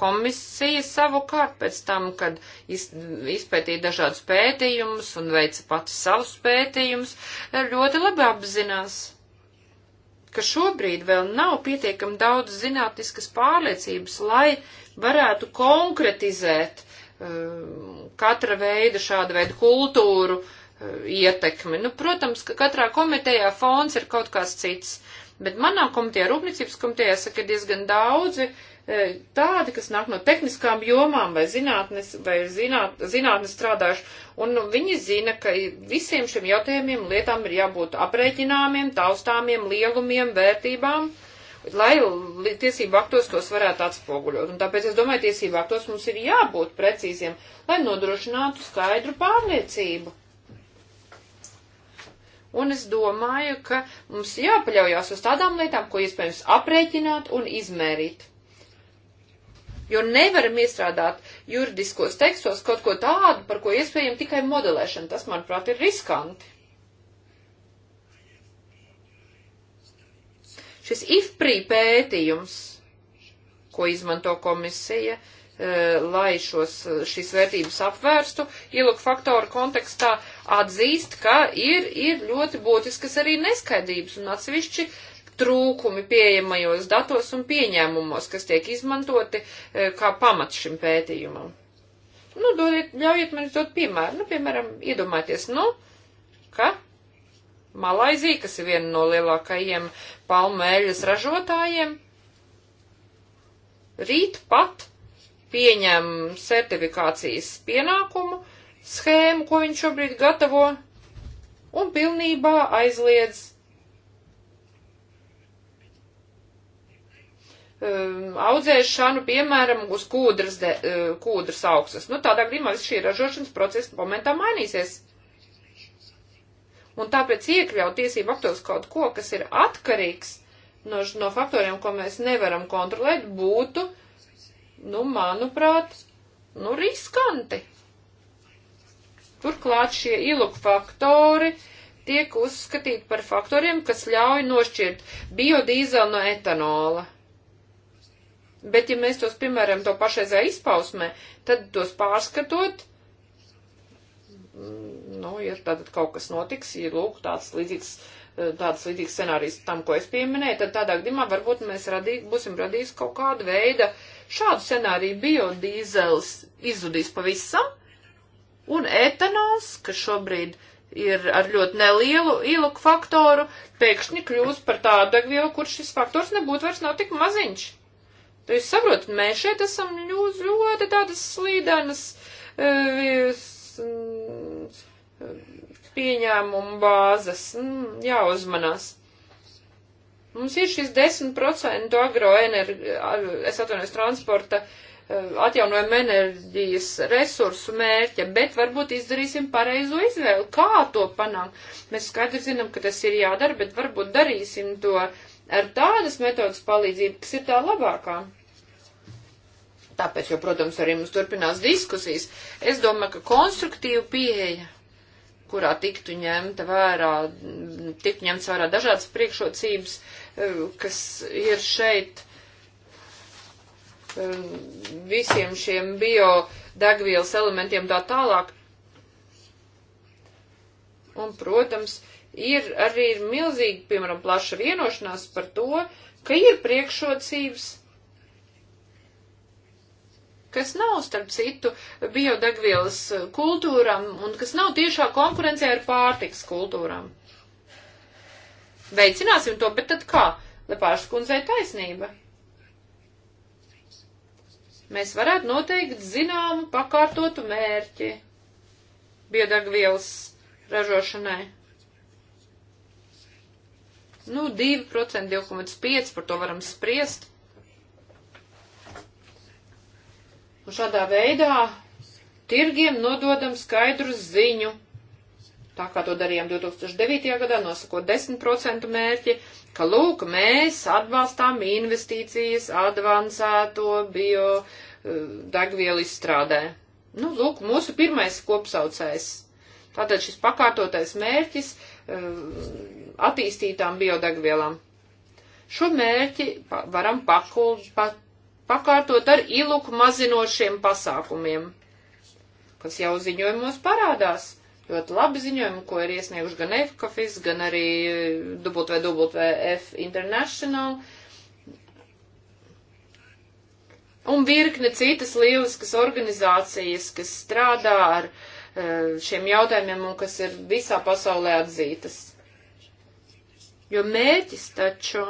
Komisija savukārt pēc tam, kad izpētīja dažādus pētījumus un veica pati savus pētījumus, ļoti labi apzinās, ka šobrīd vēl nav pietiekami daudz zinātniskas pārliecības, lai varētu konkretizēt uh, katra veida šāda veida kultūru uh, ietekmi. Nu, protams, ka katrā komitejā fons ir kaut kas cits, bet manā komitejā, rūpniecības komitejā, saka, diezgan daudzi uh, E, tādi, kas nāk no tehniskām jomām vai zinātnes, vai zināt, zinātnes strādājuši, un viņi zina, ka visiem šiem jautājumiem lietām ir jābūt aprēķināmiem, taustāmiem, lielumiem, vērtībām, lai tiesību aktos tos varētu atspoguļot. Un tāpēc es domāju, tiesību aktos mums ir jābūt precīziem, lai nodrošinātu skaidru pārliecību. Un es domāju, ka mums jāpaļaujās uz tādām lietām, ko iespējams aprēķināt un izmērīt jo nevaram iestrādāt juridiskos tekstos kaut ko tādu, par ko iespējam tikai modelēšana. Tas, manuprāt, ir riskanti. Šis IFPRI pētījums, ko izmanto komisija, eh, lai šos, šīs vērtības apvērstu, ielūk faktoru kontekstā atzīst, ka ir, ir ļoti būtiskas arī neskaidrības un atsevišķi uh, trūkumi pieejamajos datos un pieņēmumos, kas tiek izmantoti e, kā pamats šim pētījumam. Nu, dodiet, ļaujiet man dot piemēru. Nu, piemēram, iedomājieties, nu, ka Malaizija, kas ir viena no lielākajiem palmu eļas ražotājiem, rīt pat pieņem certifikācijas pienākumu schēmu, ko viņš šobrīd gatavo, un pilnībā aizliedz um, audzēšanu, piemēram, uz kūdras, de, uh, kūdras augstas. Nu, tādā gadījumā viss šī ražošanas procesa momentā mainīsies. Un tāpēc iekļaut tiesību aktos kaut ko, kas ir atkarīgs no, no faktoriem, ko mēs nevaram kontrolēt, būtu, nu, manuprāt, nu, riskanti. Turklāt šie ilgu faktori tiek uzskatīti par faktoriem, kas ļauj nošķirt biodīzelu no etanola. Bet, ja mēs tos, piemēram, to pašreizē izpausmē, tad tos pārskatot, mm, nu, ja tad kaut kas notiks, ja lūk, tāds līdzīgs, eh, tāds līdzīgs scenārijs tam, ko es pieminēju, tad tādā gadījumā varbūt mēs radī, būsim radījis kaut kādu veidu šādu scenāriju biodīzels izzudīs pavisam, un etanols, kas šobrīd ir ar ļoti nelielu iluku faktoru, pēkšņi kļūs par tādu degvielu, kur šis faktors nebūtu vairs nav tik maziņš. Nu, jūs saprotat, mēs šeit esam ļoti, ļoti tādas slīdenas e, mm, pieņēmumu bāzes. Mm, jāuzmanās. Mums ir šis 10% agroenerģijas, es atvainojos, transporta e, atjaunojama enerģijas resursu mērķa, bet varbūt izdarīsim pareizo izvēli. Kā to panākt? Mēs skaidri zinām, ka tas ir jādara, bet varbūt darīsim to ar tādas metodas palīdzību, kas ir tā labākā tāpēc, jo, protams, arī mums turpinās diskusijas. Es domāju, ka konstruktīva pieeja, kurā tiktu ņemta vērā, tiktu ņemts vērā dažādas priekšrocības, eh, kas ir šeit eh, visiem šiem biodegvielas elementiem tā tālāk. Un, protams, ir arī ir milzīgi, piemēram, plaša vienošanās par to, ka ir priekšrocības kas nav starp citu biodegvielas kultūram un kas nav tiešā konkurencē ar pārtiks kultūram. Veicināsim to, bet tad kā? Lepāšas kundzei taisnība. Mēs varētu noteikt zināmu pakārtotu mērķi biodegvielas ražošanai. Nu, 2%, 2,5% par to varam spriest. Un šādā veidā tirgiem nododam skaidru ziņu. Tā kā to darījām 2009. gadā, nosakot 10% mērķi, ka lūk, mēs atbalstām investīcijas advancēto bio eh, degvielu izstrādē. Nu, lūk, mūsu pirmais kopsaucējs. Tātad šis pakārtotais mērķis eh, attīstītām biodegvielām. Šo mērķi varam pakult, pat pakārtot ar iluku mazinošiem pasākumiem, kas jau ziņojumos parādās. Ļoti labi ziņojumi, ko ir iesnieguši gan FKFIS, gan arī WWF International. Un virkne citas lieliskas organizācijas, kas strādā ar eh, šiem jautājumiem un kas ir visā pasaulē atzītas. Jo mērķis taču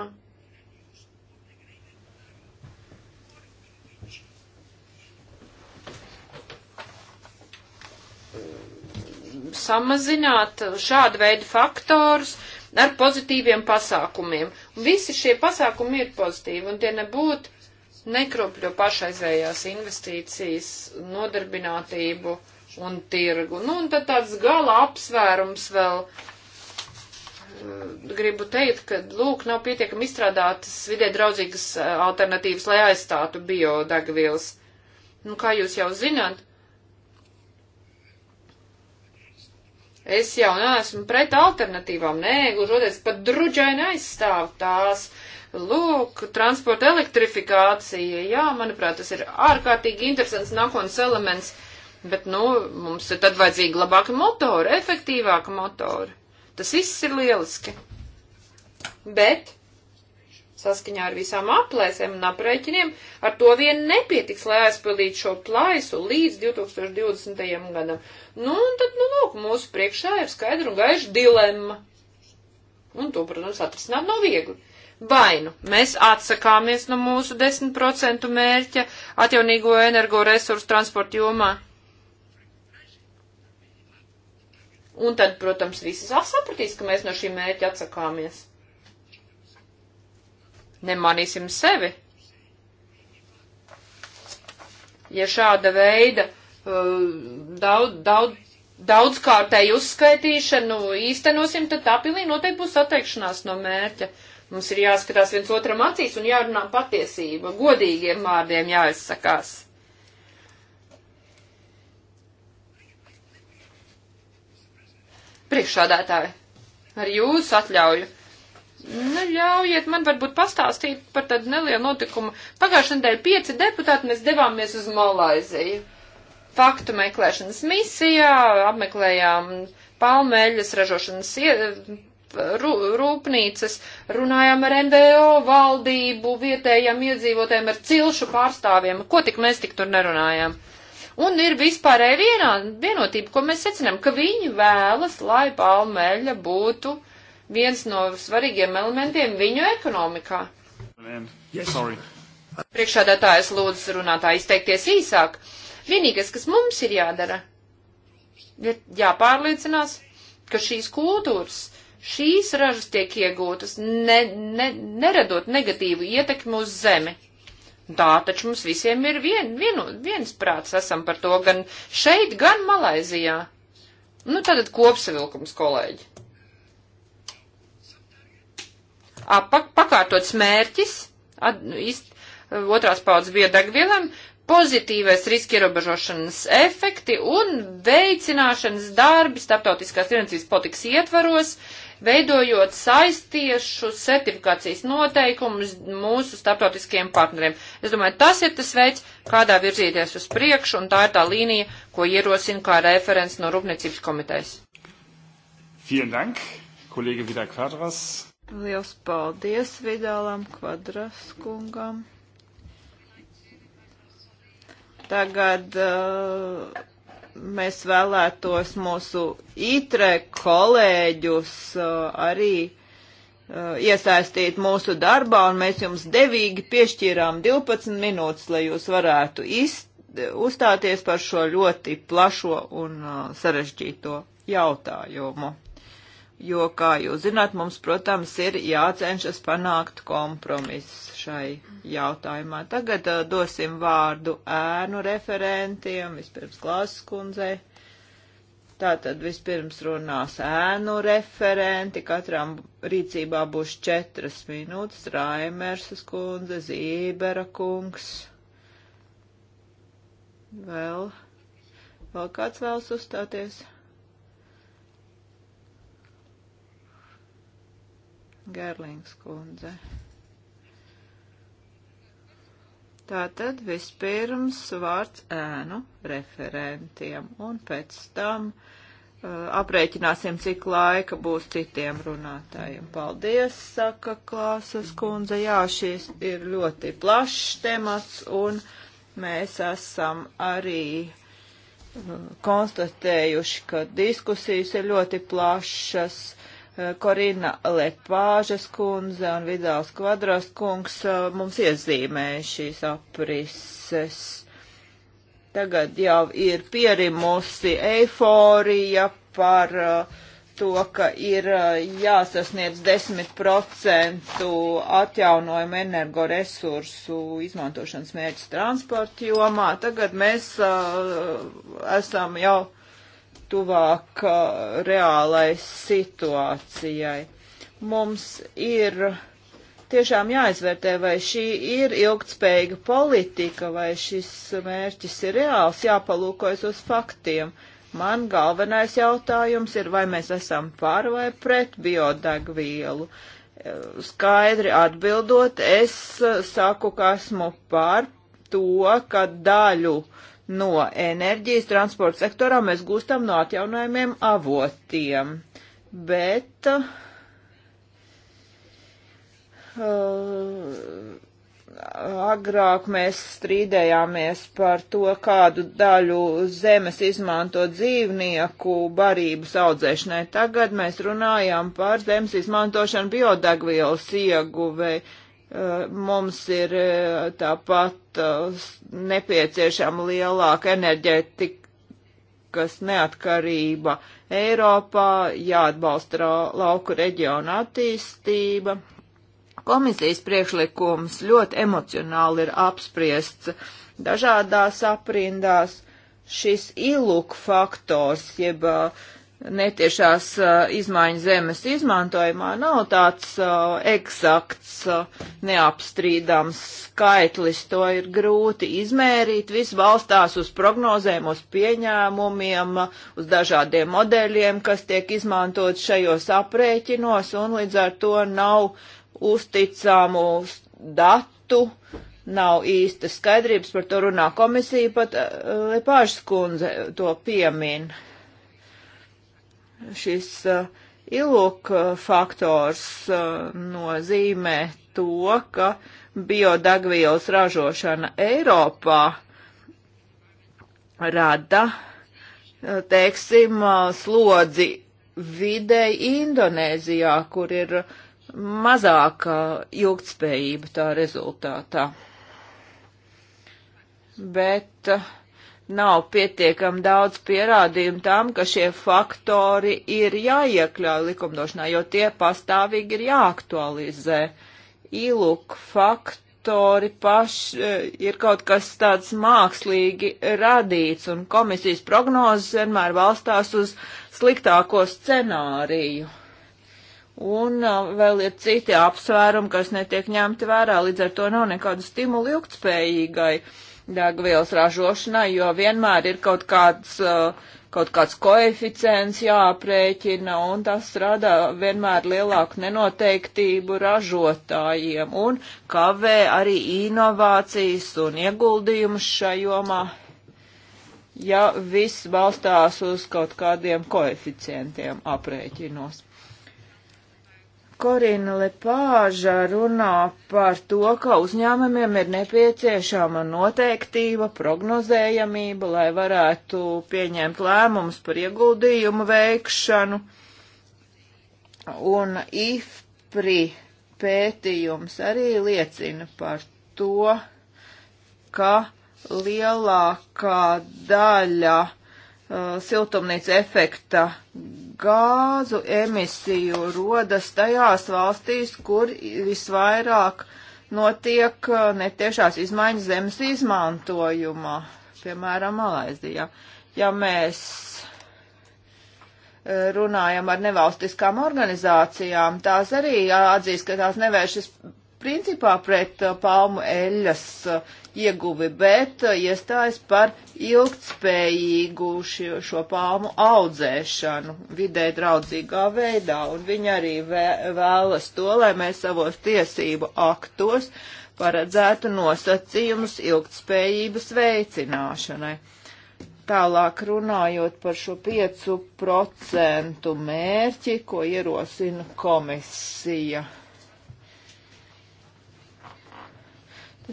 samazināt šādu veidu faktorus ar pozitīviem pasākumiem. Un visi šie pasākumi ir pozitīvi, un tie nebūtu nekropļo pašaizējās investīcijas, nodarbinātību un tirgu. Nu, un tad tāds gala apsvērums vēl eh, gribu teikt, ka, lūk, nav pietiekami izstrādātas vidē draudzīgas eh, alternatīvas, lai aizstātu biodegvielas. Nu, kā jūs jau zināt, Es jau neesmu pret alternatīvām, nē, gluži otrādi, pat druģaini aizstāv tās. Lūk, transporta elektrifikācija, jā, manuprāt, tas ir ārkārtīgi interesants nākotnes elements, bet, nu, mums ir tad vajadzīgi labāki motori, efektīvāki motori. Tas viss ir lieliski. Bet Saskaņā ar visām aplēsēm un aprēķiniem, ar to vien nepietiks, lai aizpildītu šo plaisu līdz 2020. gadam. Nu, un tad, nu, lūk, mūsu priekšā ir skaidra un gaiša dilemma. Un to, protams, atrisināt nav viegli. Vai nu mēs atsakāmies no mūsu 10% mērķa atjaunīgo energoresursu transporta jomā? Un tad, protams, visi sapratīs, ka mēs no šī mērķa atsakāmies nemanīsim sevi. Ja šāda veida uh, daudz, daudz, daudzkārtēju uzskaitīšanu īstenosim, tad tā pilnīgi noteikti būs atteikšanās no mērķa. Mums ir jāskatās viens otram acīs un jārunā patiesība, godīgiem vārdiem jāizsakās. Priekšādātāji, ar jūsu atļauju Nu, ļaujiet man varbūt pastāstīt par tādu nelielu notikumu. Pagājušajā nedēļā pieci deputāti mēs devāmies uz Malaiziju. Faktu meklēšanas misijā apmeklējām palmeļas ražošanas rūpnīcas, runājām ar NVO valdību, vietējiem iedzīvotājiem, ar cilšu pārstāvjiem. Ko tik mēs tik tur nerunājām? Un ir vispārēja vienotība, ko mēs secinām, ka viņi vēlas, lai palmeļa būtu uh, viens no svarīgiem elementiem viņu ekonomikā. Yes. Priekšādātājs lūdzu runātā izteikties īsāk. Vienīgais, kas mums ir jādara, ir jāpārliecinās, ka šīs kultūras, šīs ražas tiek iegūtas, ne, ne, neradot negatīvu ietekmi uz zemi. Tā taču mums visiem ir vien, vien, viens prāts, esam par to gan šeit, gan Malaizijā. Nu, tātad kopsavilkums, kolēģi. apak, pakārtots mērķis at, ist, otrās paudzes biodegvielām, pozitīvais riska ierobežošanas efekti un veicināšanas darbi starptautiskās finansijas politikas ietvaros, veidojot saistiešu certifikācijas noteikumus mūsu starptautiskajiem partneriem. Es domāju, tas ir tas veids, kādā virzīties uz priekšu, un tā ir tā līnija, ko ierosina kā referents no Rūpniecības komitejas. Vielen Dank, kolēģi Vida Kvadras. Liels paldies Vidālam Kvadraskungam. Tagad uh, mēs vēlētos mūsu itre kolēģus uh, arī uh, iesaistīt mūsu darbā, un mēs jums devīgi piešķīrām 12 minūtes, lai jūs varētu iz, uzstāties par šo ļoti plašo un uh, sarežģīto jautājumu jo, kā jūs zināt, mums, protams, ir jācenšas panākt kompromiss šai jautājumā. Tagad uh, dosim vārdu ēnu referentiem, vispirms klāsas kundzei. Tātad vispirms runās ēnu referenti, katram rīcībā būs četras minūtes, Raimersas kundze, Zībera kungs. Vēl, vēl kāds vēlas uzstāties? Gerlings kundze. Tātad vispirms vārds ēnu referentiem un pēc tam uh, aprēķināsim, cik laika būs citiem runātājiem. Paldies, saka klāsas kundze. Jā, šis ir ļoti plašs temats un mēs esam arī uh, konstatējuši, ka diskusijas ir ļoti plašas. Uh, Eh, Korina Lepāžas kundze un Vidāls Kvadros kungs eh, mums iezīmēja šīs aprises. Tagad jau ir pierimusi eiforija par uh, to, ka ir jāsasniedz 10% atjaunojumu energoresursu izmantošanas mērķis transporta jomā. Tagad mēs uh, esam jau tuvāk uh, reālai situācijai. Mums ir tiešām jāizvērtē, vai šī ir ilgtspējīga politika, vai šis mērķis ir reāls, jāpalūkojas uz faktiem. Man galvenais jautājums ir, vai mēs esam par vai pret biodegvielu. Uh, skaidri atbildot, es uh, saku, ka esmu par to, ka daļu uh, no enerģijas transporta sektorā mēs gūstam no atjaunojumiem avotiem. Bet uh, agrāk mēs strīdējāmies par to, kādu daļu zemes izmanto dzīvnieku barības audzēšanai. Tagad mēs runājam par zemes izmantošanu biodegvielas ieguvei. Uh, Mums ir e, tāpat e, nepieciešama lielāka enerģētikas neatkarība Eiropā, jāatbalsta lauku reģiona attīstība. Komisijas priekšlikums ļoti emocionāli ir apspriests dažādās aprindās. Šis ilūk faktors, jeb uh, netiešās uh, izmaiņas zemes izmantojumā nav tāds uh, eksakts, uh, neapstrīdams skaitlis. To ir grūti izmērīt. Viss balstās uz prognozēm, uz pieņēmumiem, uz dažādiem modeļiem, kas tiek izmantot šajos aprēķinos, un līdz ar to nav uzticāmu datu nav īsta skaidrības, par to runā komisija, pat Lepāžas kundze to piemina šis uh, ilūk uh, faktors uh, nozīmē to, ka biodegvielas ražošana Eiropā rada, teiksim, slodzi vidēji Indonēzijā, kur ir mazāka ilgtspējība tā rezultātā. Bet uh, nav pietiekam daudz pierādījumu tam, ka šie faktori ir jāiekļauj likumdošanā, jo tie pastāvīgi ir jāaktualizē. Ilūk, faktori paši eh, ir kaut kas tāds mākslīgi radīts, un komisijas prognozes vienmēr valstās uz sliktāko scenāriju. Un eh, vēl ir citi apsvērumi, kas netiek ņemti vērā, līdz ar to nav nekādu stimulu ilgtspējīgai uh, degvielas ražošanai, jo vienmēr ir kaut kāds, eh, kaut kāds koeficients jāprēķina, un tas rada vienmēr lielāku nenoteiktību ražotājiem un kavē arī inovācijas un ieguldījumus šajomā, ja viss balstās uz kaut kādiem koeficientiem aprēķinos. Korina Lepāža runā par to, ka uzņēmumiem ir nepieciešama noteiktība, prognozējamība, lai varētu pieņemt lēmumus par ieguldījumu veikšanu. Un IFPRI pētījums arī liecina par to, ka lielākā daļa Uh, siltumnīca efekta gāzu emisiju rodas tajās valstīs, kur visvairāk notiek uh, netiešās izmaiņas zemes izmantojumā, piemēram, Malaizijā. Ja mēs uh, runājam ar nevalstiskām organizācijām, tās arī atzīst, ka tās nevēršas principā pret uh, palmu eļas uh, ieguvi, bet uh, iestājas par ilgtspējīgu šo, šo palmu audzēšanu vidē draudzīgā veidā. Un viņi arī vēlas to, lai mēs savos tiesību aktos paredzētu nosacījumus ilgtspējības veicināšanai. Tālāk runājot par šo 5% mērķi, ko ierosina komisija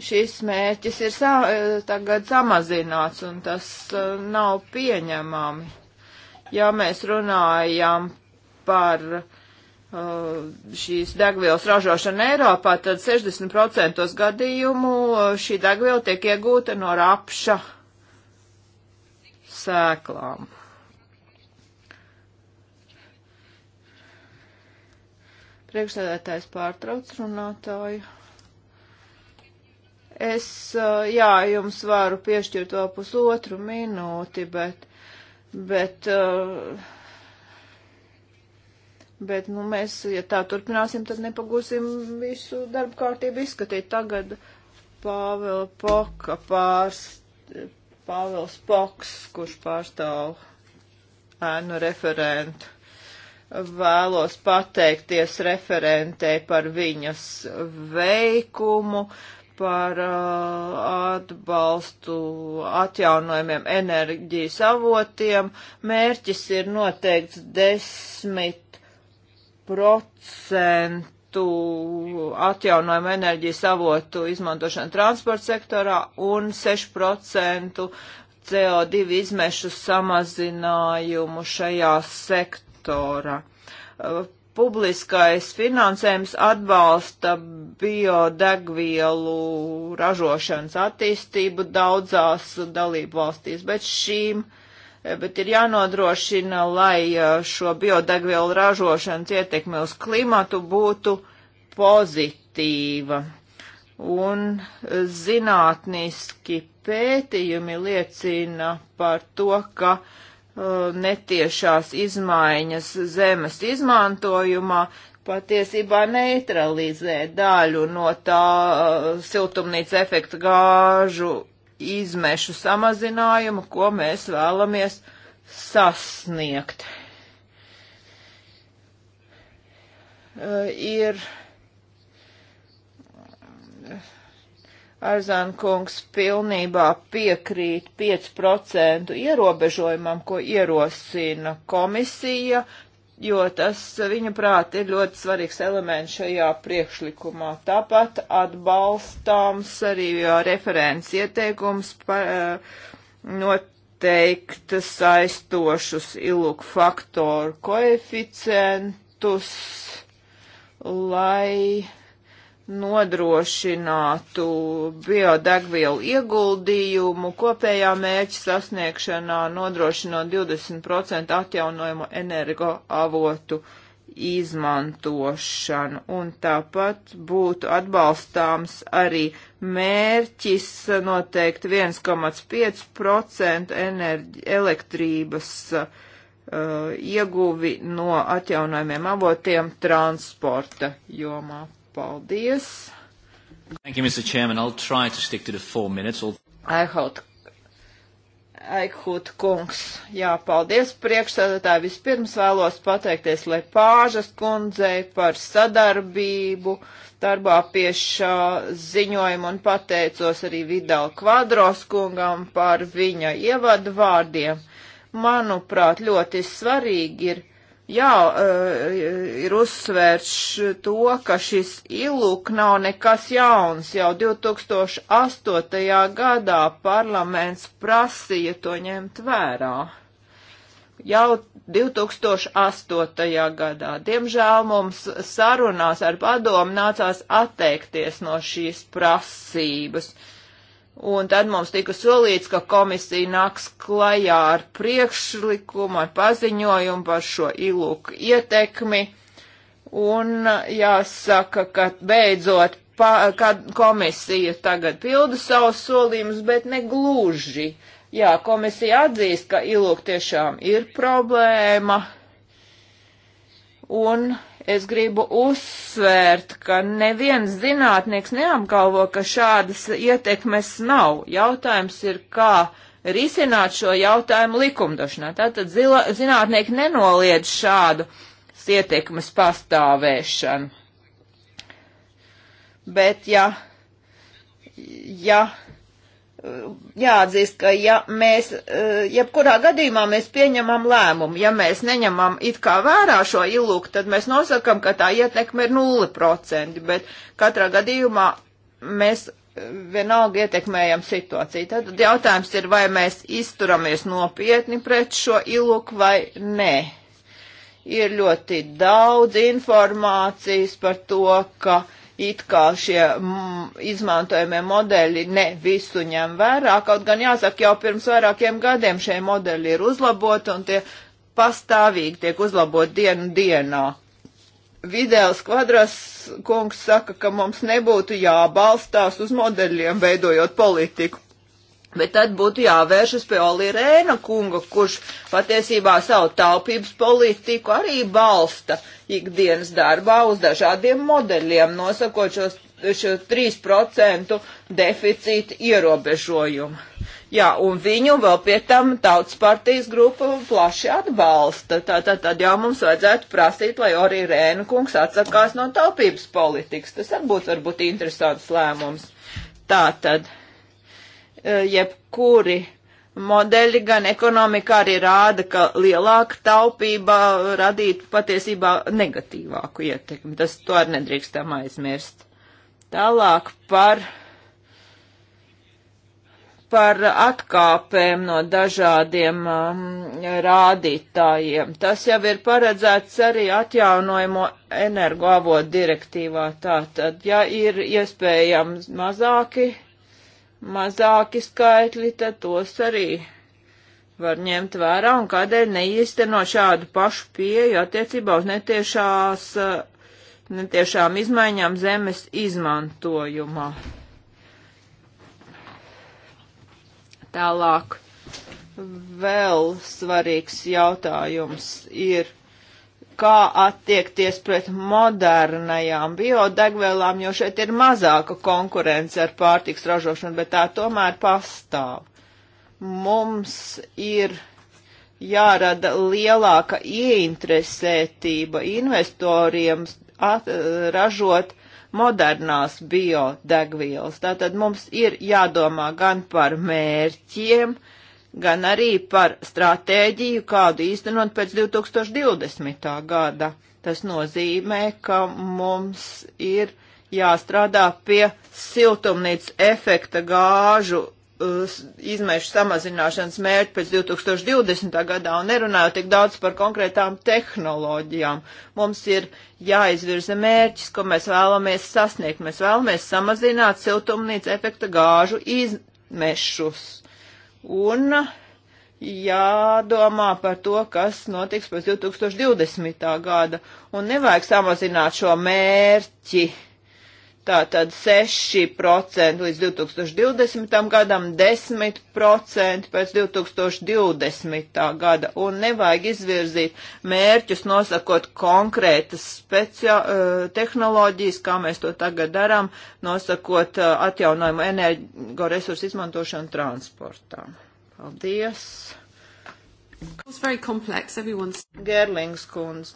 šis mērķis ir sa e, tagad samazināts un tas e, nav pieņemami. Ja mēs runājam par e, šīs degvielas ražošanu Eiropā, tad 60% gadījumu šī degviela tiek iegūta no rapša sēklām. Priekšsēdētājs pārtrauc runātāju. Es, uh, jā, jums varu piešķirt vēl pusotru minūti, bet, bet, uh, bet, nu, mēs, ja tā turpināsim, tad nepagūsim visu darbu kārtību izskatīt. Tagad Pāvela Poka pārst, Pāvils Poks, kurš pārstāv ēnu referentu. Vēlos pateikties referentei par viņas veikumu par uh, atbalstu atjaunojumiem enerģijas avotiem. Mērķis ir noteikts 10% atjaunojumu enerģijas avotu izmantošanu transporta sektorā un 6% CO2 izmešu samazinājumu šajā sektorā. Uh, publiskais finansējums atbalsta biodegvielu ražošanas attīstību daudzās dalību valstīs, bet šīm bet ir jānodrošina, lai e, šo biodegvielu ražošanas ietekme uz klimatu būtu pozitīva. Un zinātniski pētījumi liecina par to, ka uh, Uh, netiešās izmaiņas zemes izmantojumā patiesībā neutralizē daļu no tā uh, siltumnīca efekta gāžu izmešu samazinājumu, ko mēs vēlamies sasniegt. Uh, ir Arzankungs pilnībā piekrīt 5% ierobežojumam, ko ierosina komisija, jo tas, viņa prāt, ir ļoti svarīgs elements šajā priekšlikumā. Tāpat atbalstāms arī referents ieteikums par, eh, noteikt saistošus ilūku faktoru koeficientus, lai nodrošinātu biodegvielu ieguldījumu kopējā mērķa sasniegšanā, nodrošinot 20% atjaunojumu energoavotu izmantošanu. Un tāpat būtu atbalstāms arī mērķis noteikti 1,5% elektrības uh, ieguvi no atjaunojumiem avotiem transporta jomā Paldies! Thank you, Mr. Chairman. I'll try to stick to the four minutes. Eichhout, Eichhout kungs, jā, paldies priekšsēdētāji. Vispirms vēlos pateikties Lepāžas kundzei par sadarbību darbā pie šā ziņojuma un pateicos arī Vidal Kvadros kungam par viņa ievadu vārdiem. Manuprāt, ļoti svarīgi ir jā, eh, ir uzsvērts to, ka šis ilūk nav nekas jauns. Jau 2008. gadā parlaments prasīja to ņemt vērā. Jau 2008. gadā. Diemžēl mums sarunās ar padomu nācās atteikties no šīs prasības. Uh, Un tad mums tika solīts, ka komisija nāks klajā ar priekšlikumu, ar paziņojumu par šo ilūku ietekmi. Un uh, jāsaka, ka beidzot pa, kad komisija tagad pilda savus solījumus, bet ne gluži. Jā, komisija atzīst, ka ilūk tiešām ir problēma. Un Es gribu uzsvērt, ka neviens zinātnieks neapgalvo, ka šādas ietekmes nav. Jautājums ir, kā risināt šo jautājumu likumdošanā. Tātad zila, zinātnieki nenoliedz šādu ietekmes pastāvēšanu. Bet, ja, ja jāatzīst, ka ja mēs, eh, jebkurā gadījumā mēs pieņemam lēmumu, ja mēs neņemam it kā vērā šo ilūku, tad mēs nosakam, ka tā ietekme ir 0%, bet katrā gadījumā mēs eh, vienalga ietekmējam situāciju. Tad jautājums ir, vai mēs izturamies nopietni pret šo ilūku vai nē. Ir ļoti daudz informācijas par to, ka uh, it kā šie mm, izmantojamie modeļi ne visu ņem vērā, kaut gan jāsaka, jau pirms vairākiem gadiem šie modeļi ir uzlaboti un tie pastāvīgi tiek uzlabot dienu dienā. Vidēls kvadras kungs saka, ka mums nebūtu jābalstās uz modeļiem, veidojot politiku. Bet tad būtu jāvēršas pie Olī Rēna kunga, kurš patiesībā savu taupības politiku arī balsta ikdienas darbā uz dažādiem modeļiem, nosakot šos, šos 3% deficīta ierobežojumu. Jā, un viņu vēl pie tam tautas partijas grupa plaši atbalsta. Tātad tad jau mums vajadzētu prasīt, lai arī Rēna kungs atsakās no taupības politikas. Tas arī būtu varbūt interesants lēmums. Tātad. Eh, jebkuri modeļi gan ekonomikā arī rāda, ka lielāka taupība radītu patiesībā negatīvāku ietekmi. Tas to arī nedrīkstam aizmirst. Tālāk par, par atkāpēm no dažādiem um, rādītājiem. Tas jau ir paredzēts arī atjaunojumu energoavotu direktīvā. Tātad, ja ir iespējams mazāki mazāki skaitļi, tad tos arī var ņemt vērā un kādēļ neīsteno šādu pašu pieeju attiecībā uz netiešās, eh, netiešām izmaiņām zemes izmantojumā. Tālāk vēl svarīgs jautājums ir kā attiekties pret modernajām biodegvielām, jo šeit ir mazāka konkurence ar pārtiks ražošanu, bet tā tomēr pastāv. Mums ir jārada lielāka ieinteresētība investoriem at, ražot modernās biodegvielas. Tātad mums ir jādomā gan par mērķiem, uh, gan arī par stratēģiju, kādu īstenot pēc 2020. gada. Tas nozīmē, ka mums ir jāstrādā pie siltumnīca efekta gāžu uh, izmešu samazināšanas mērķi pēc 2020. gadā un nerunāju tik daudz par konkrētām tehnoloģijām. Mums ir jāizvirza mērķis, ko mēs vēlamies sasniegt. Mēs vēlamies samazināt siltumnīca efekta gāžu izmešus un jādomā par to, kas notiks pēc 2020. gada, un nevajag samazināt šo mērķi Tātad 6% līdz 2020. gadam, 10% pēc 2020. gada. Un nevajag izvirzīt mērķus, nosakot konkrētas speciā, eh, tehnoloģijas, kā mēs to tagad darām, nosakot eh, atjaunojumu energoresursu izmantošanu transportā. Paldies! Gerlings kundze.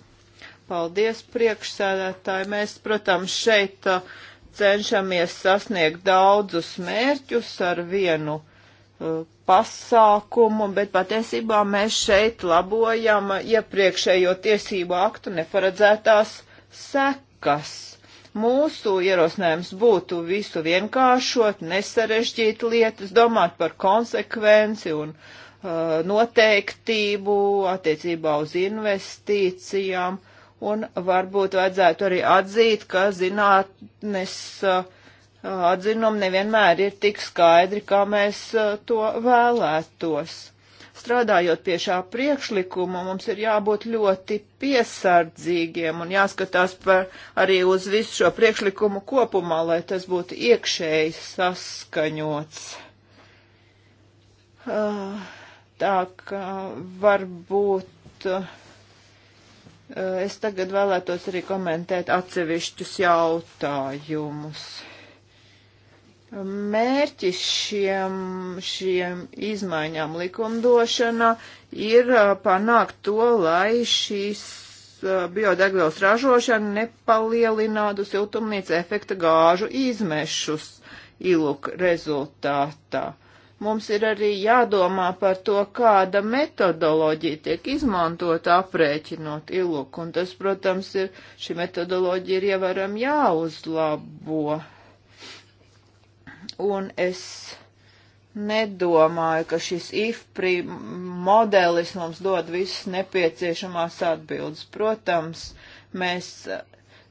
Paldies priekšsēdētāji. Mēs, protams, šeit uh, cenšamies sasniegt daudzus mērķus ar vienu uh, pasākumu, bet patiesībā mēs šeit labojam iepriekšējo tiesību aktu neparedzētās sekas. Mūsu ierosinājums būtu visu vienkāršot, nesarežģīt lietas, domāt par konsekvenci un uh, noteiktību attiecībā uz investīcijām. Uh, un varbūt vajadzētu arī atzīt, ka zinātnes uh, atzinumi nevienmēr ir tik skaidri, kā mēs uh, to vēlētos. Strādājot pie šā priekšlikuma, mums ir jābūt ļoti piesardzīgiem un jāskatās par arī uz visu šo priekšlikumu kopumā, lai tas būtu iekšēji saskaņots. Uh, tā kā varbūt. Uh, Eh, es tagad vēlētos arī komentēt atsevišķus jautājumus. Mērķis šiem, šiem izmaiņām likumdošanā ir eh, panākt to, lai šīs eh, biodegvielas ražošana nepalielinātu siltumnīca efekta gāžu izmešus iluk rezultātā. Mums ir arī jādomā par to, kāda metodoloģija tiek izmantota aprēķinot ilūku, un tas, protams, ir, šī metodoloģija ir ievaram jāuzlabo. Un es nedomāju, ka šis IFPRI modelis mums dod visas nepieciešamās atbildes. Protams, mēs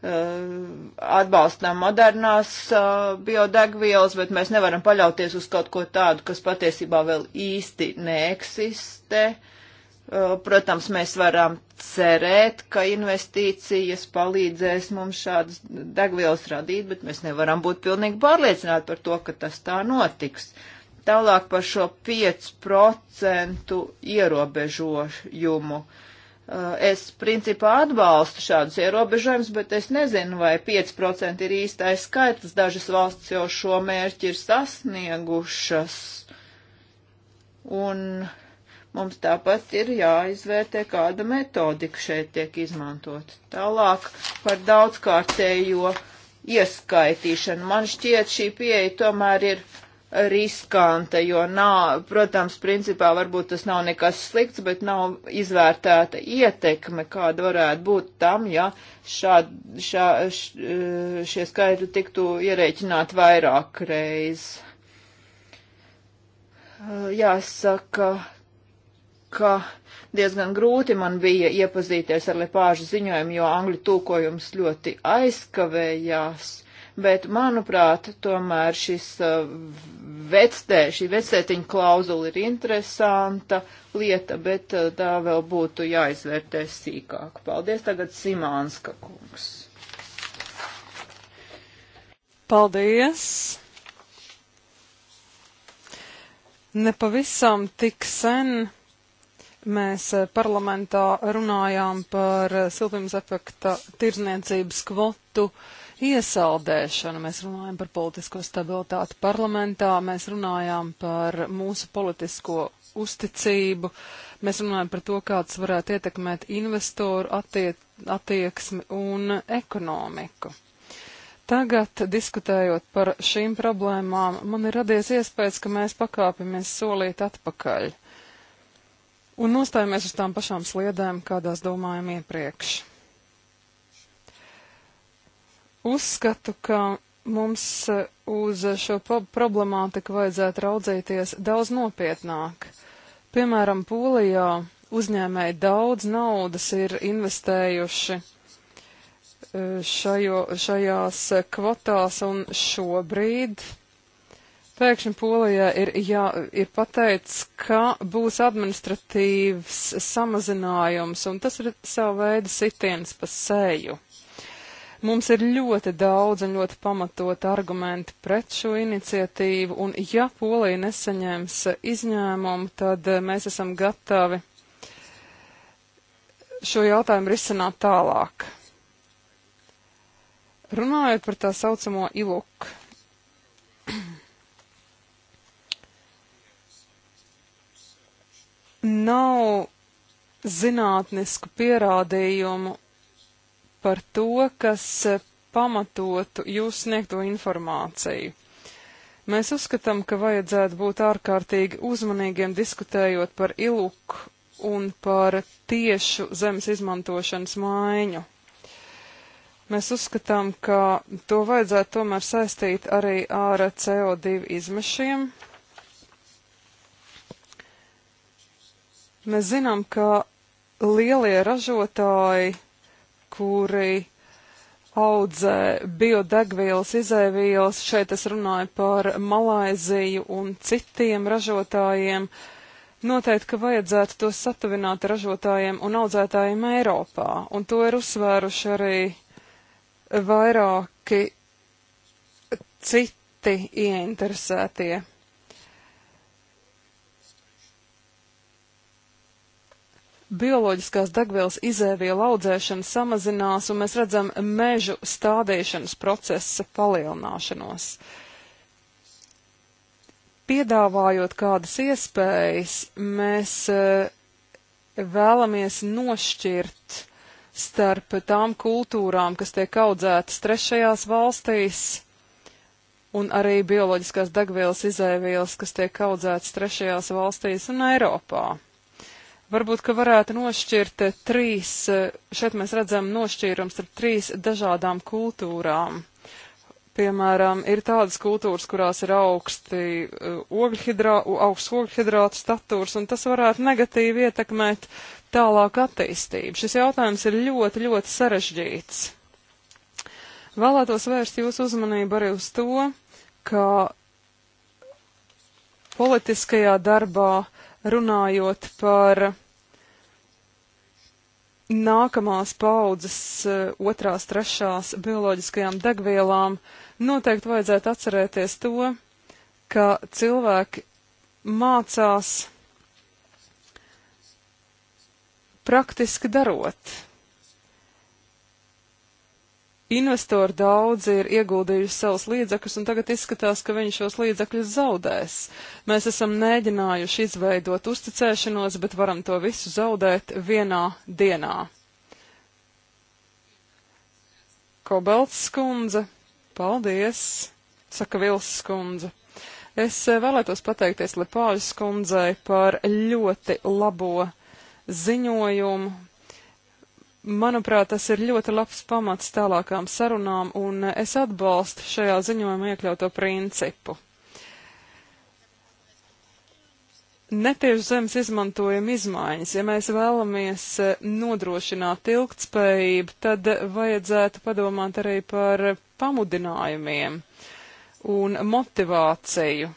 Uh, atbalstām modernās uh, biodegvielas, bet mēs nevaram paļauties uz kaut ko tādu, kas patiesībā vēl īsti neeksistē. Uh, protams, mēs varam cerēt, ka investīcijas palīdzēs mums šādas degvielas radīt, bet mēs nevaram būt pilnīgi pārliecināti par to, ka tas tā notiks. Tālāk par šo 5% ierobežojumu. Uh, Eh, es principā atbalstu šādus ierobežojumus, bet es nezinu, vai 5% ir īstais skaitlis. Dažas valsts jau šo mērķi ir sasniegušas. Un mums tāpat ir jāizvērtē, kāda metodika šeit tiek izmantot. Tālāk par daudzkārtējo ieskaitīšanu. Man šķiet, šī pieeja tomēr ir riskanta, jo nav, protams, principā varbūt tas nav nekas slikts, bet nav izvērtēta ietekme, kāda varētu būt tam, ja šā, šā, š, eh, šie skaitļi tiktu ierēķināt vairāk reiz. Eh, jāsaka, ka diezgan grūti man bija iepazīties ar lepāžu ziņojumu, jo angļu tūkojums ļoti aizkavējās bet, manuprāt, tomēr šis uh, vectē, šī vecētiņa klauzula ir interesanta lieta, bet uh, tā vēl būtu jāizvērtē sīkāk. Paldies tagad Simānska kungs. Paldies! Nepavisam tik sen mēs uh, parlamentā runājām par siltums efekta tirzniecības kvotu uh, iesaldēšanu. Mēs runājam par politisko stabilitāti parlamentā, mēs runājām par mūsu politisko uzticību, mēs runājam par to, kāds varētu ietekmēt investoru attie attieksmi un ekonomiku. Tagad, diskutējot par šīm problēmām, man ir radies iespējas, ka mēs pakāpjamies solīt atpakaļ un nostājamies uz tām pašām sliedēm, kādās domājam iepriekš. Uzskatu, ka mums eh, uz šo problemātiku vajadzētu raudzīties daudz nopietnāk. Piemēram, Polijā uzņēmēji daudz naudas ir investējuši eh, šajo, šajās kvotās, un šobrīd pēkšņi Polijā ir, jā, ir pateicis, ka būs administratīvs samazinājums, un tas ir savu veidu sitiens pa seju. Mums ir ļoti daudz un ļoti pamatot argumenti pret šo iniciatīvu, un ja Polija nesaņems izņēmumu, tad eh, mēs esam gatavi šo jautājumu risināt tālāk. Runājot par tā saucamo iluku. Nav zinātnisku pierādījumu par to, kas eh, pamatotu jūs sniegto informāciju. Mēs uzskatām, ka vajadzētu būt ārkārtīgi uzmanīgiem diskutējot par ilūku un par tiešu zemes izmantošanas maiņu. Mēs uzskatām, ka to vajadzētu tomēr saistīt arī ar CO2 izmešiem, Mēs zinām, ka lielie ražotāji kuri audzē biodegvielas izēvielas. Šeit es runāju par Malaiziju un citiem ražotājiem. Noteikti, ka vajadzētu to satavināt ražotājiem un audzētājiem Eiropā, un to ir uzsvēruši arī vairāki citi ieinteresētie. bioloģiskās degvielas izēvielu audzēšana samazinās, un mēs redzam mežu stādīšanas procesa palielināšanos. Piedāvājot kādas iespējas, mēs eh, vēlamies nošķirt starp tām kultūrām, kas tiek audzētas trešajās valstīs, un arī bioloģiskās degvielas izēvielas, kas tiek audzētas trešajās valstīs un Eiropā. Varbūt, ka varētu nošķirt eh, trīs, eh, šeit mēs redzam nošķīrums starp trīs dažādām kultūrām. Piemēram, ir tādas kultūras, kurās ir augsti eh, ogļhidrā, augsts ogļhidrātu statūrs, un tas varētu negatīvi ietekmēt tālāk attīstību. Šis jautājums ir ļoti, ļoti sarežģīts. Vēlētos vērst jūsu uzmanību arī uz to, ka politiskajā darbā runājot par nākamās paudzes eh, otrās, trešās bioloģiskajām degvielām, noteikti vajadzētu atcerēties to, ka cilvēki mācās praktiski darot investori daudzi ir ieguldījuši savus līdzekļus, un tagad izskatās, ka viņi šos līdzekļus zaudēs. Mēs esam mēģinājuši izveidot uzticēšanos, bet varam to visu zaudēt vienā dienā. Kobelts skundze, paldies, saka Vils skundze. Es eh, vēlētos pateikties Lepāžas skundzei par ļoti labo ziņojumu, Manuprāt, tas ir ļoti labs pamats tālākām sarunām, un es atbalstu šajā ziņojumā iekļauto principu. Netieši zemes izmantojuma izmaiņas. Ja mēs vēlamies e, nodrošināt ilgtspējību, tad vajadzētu padomāt arī par pamudinājumiem un motivāciju,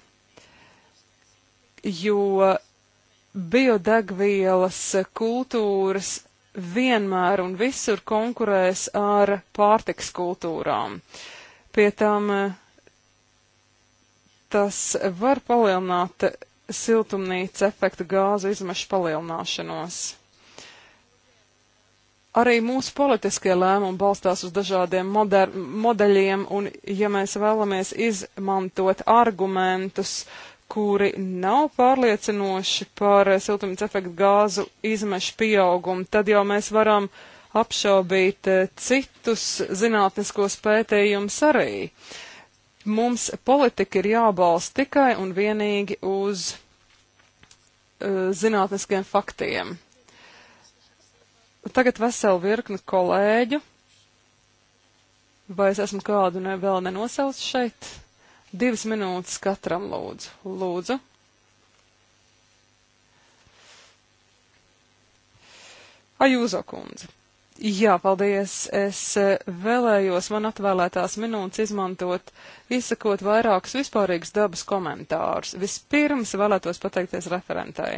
jo biodegvielas kultūras vienmēr un visur konkurēs ar pārtiks kultūrām. Pie tam eh, tas var palielināt siltumnīca efekta gāzu izmešu palielināšanos. Arī mūsu politiskie lēmumi balstās uz dažādiem moder, modeļiem, un ja mēs vēlamies izmantot argumentus, kuri nav pārliecinoši par siltumnīca efektu gāzu izmešu pieaugumu, tad jau mēs varam apšaubīt eh, citus zinātniskos pētījumus arī. Mums politika ir jābalsta tikai un vienīgi uz uh, zinātniskiem faktiem. Tagad veselu virkni kolēģu. Vai es esmu kādu ne, vēl nenosaucis šeit? Divas minūtes katram lūdzu. Lūdzu. Ajūzo kundze. Jā, paldies. Es eh, vēlējos man atvēlētās minūtes izmantot, izsakot vairākus vispārīgus dabas komentārus. Vispirms vēlētos pateikties referentai.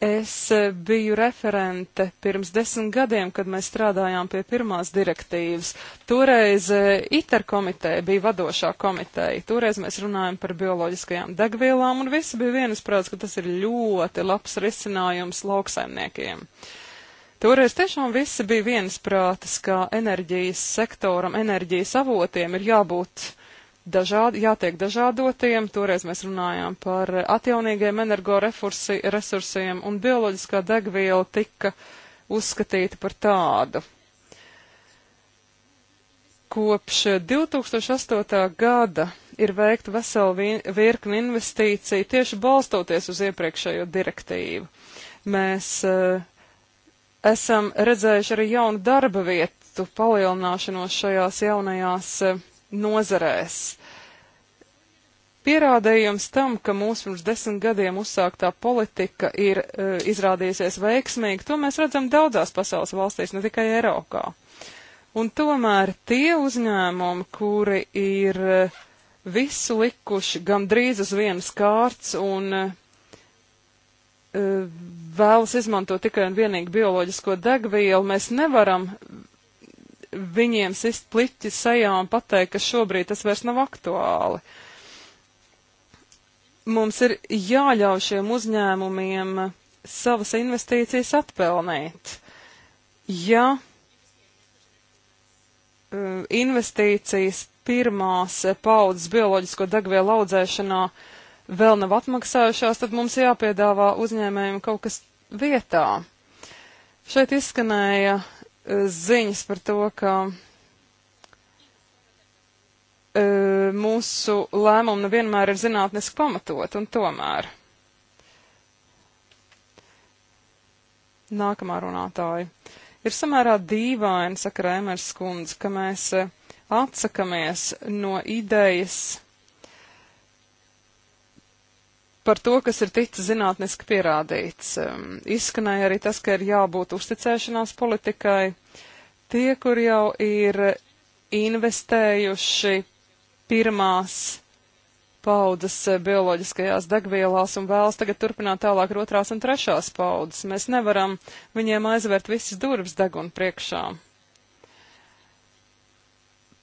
Es e, biju referente pirms desmit gadiem, kad mēs strādājām pie pirmās direktīvas. Toreiz e, ITER komiteja bija vadošā komiteja. Toreiz mēs runājam par bioloģiskajām degvielām, un visi bija vienasprāts, ka tas ir ļoti labs risinājums lauksaimniekiem. Toreiz tiešām visi bija vienasprātis, ka enerģijas sektoram, enerģijas avotiem ir jābūt uh, dažādi, jātiek dažādotiem. Toreiz mēs runājām par atjaunīgiem energoresursiem, un bioloģiskā degviela tika uzskatīta par tādu. Kopš 2008. gada ir veikta vesela virkni investīciju tieši balstoties uz iepriekšējo direktīvu. Mēs uh, esam redzējuši arī jaunu darba vietu palielināšanos šajās jaunajās uh, nozarēs. Pierādījums tam, ka mūsu pirms desmit gadiem uzsāktā politika ir e, izrādījusies veiksmīga, to mēs redzam daudzās pasaules valstīs, ne tikai Eiropā. Un tomēr tie uzņēmumi, kuri ir e, visu likuši gandrīz uz vienas kārts un e, e, vēlas izmantot tikai un vienīgi bioloģisko degvielu, mēs nevaram viņiem sist pliķi sejā un pateikt, ka šobrīd tas vairs nav aktuāli. Mums ir jāļauj šiem uzņēmumiem savas investīcijas atpelnīt. Ja e, investīcijas pirmās paudzes bioloģisko degvielu audzēšanā vēl nav atmaksājušās, tad mums jāpiedāvā uzņēmējiem kaut kas vietā. Šeit izskanēja ziņas par to, ka e, mūsu lēmumi nevienmēr ir zinātniski pamatot, un tomēr. Nākamā runātāja. Ir samērā dīvaini, saka Rēmers Skundze, ka mēs e, atsakamies no idejas par to, kas ir ticis zinātniski pierādīts. Izskanēja arī tas, ka ir jābūt uzticēšanās politikai. Tie, kur jau ir investējuši pirmās paudzes bioloģiskajās degvielās un vēlas tagad turpināt tālāk ar otrās un trešās paudzes. Mēs nevaram viņiem aizvērt visas durvis deguna priekšā.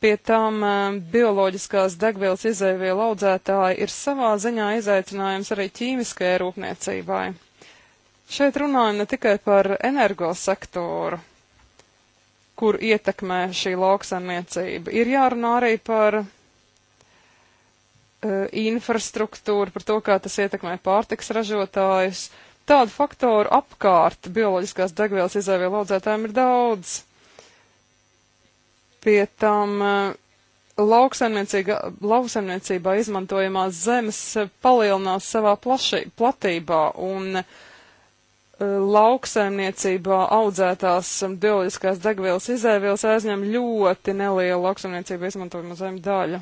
Pie tam eh, bioloģiskās degvielas izēvielu audzētāji ir savā ziņā izaicinājums arī ķīmiskajai rūpniecībai. Šeit runājam ne tikai par energosektoru, kur ietekmē šī lauksaimniecība. Ir jārunā arī par uh, infrastruktūru, par to, kā tas ietekmē pārtiks ražotājus. Tādu faktoru apkārt bioloģiskās degvielas izēvielu audzētājiem ir daudz. Pie tam eh, lauksaimniecībā izmantojamās zemes eh, palielinās savā plaši, platībā un eh, lauksaimniecībā audzētās bioloģiskās degvielas izēvielas aizņem ļoti nelielu lauksaimniecību izmantojumu zemi daļu.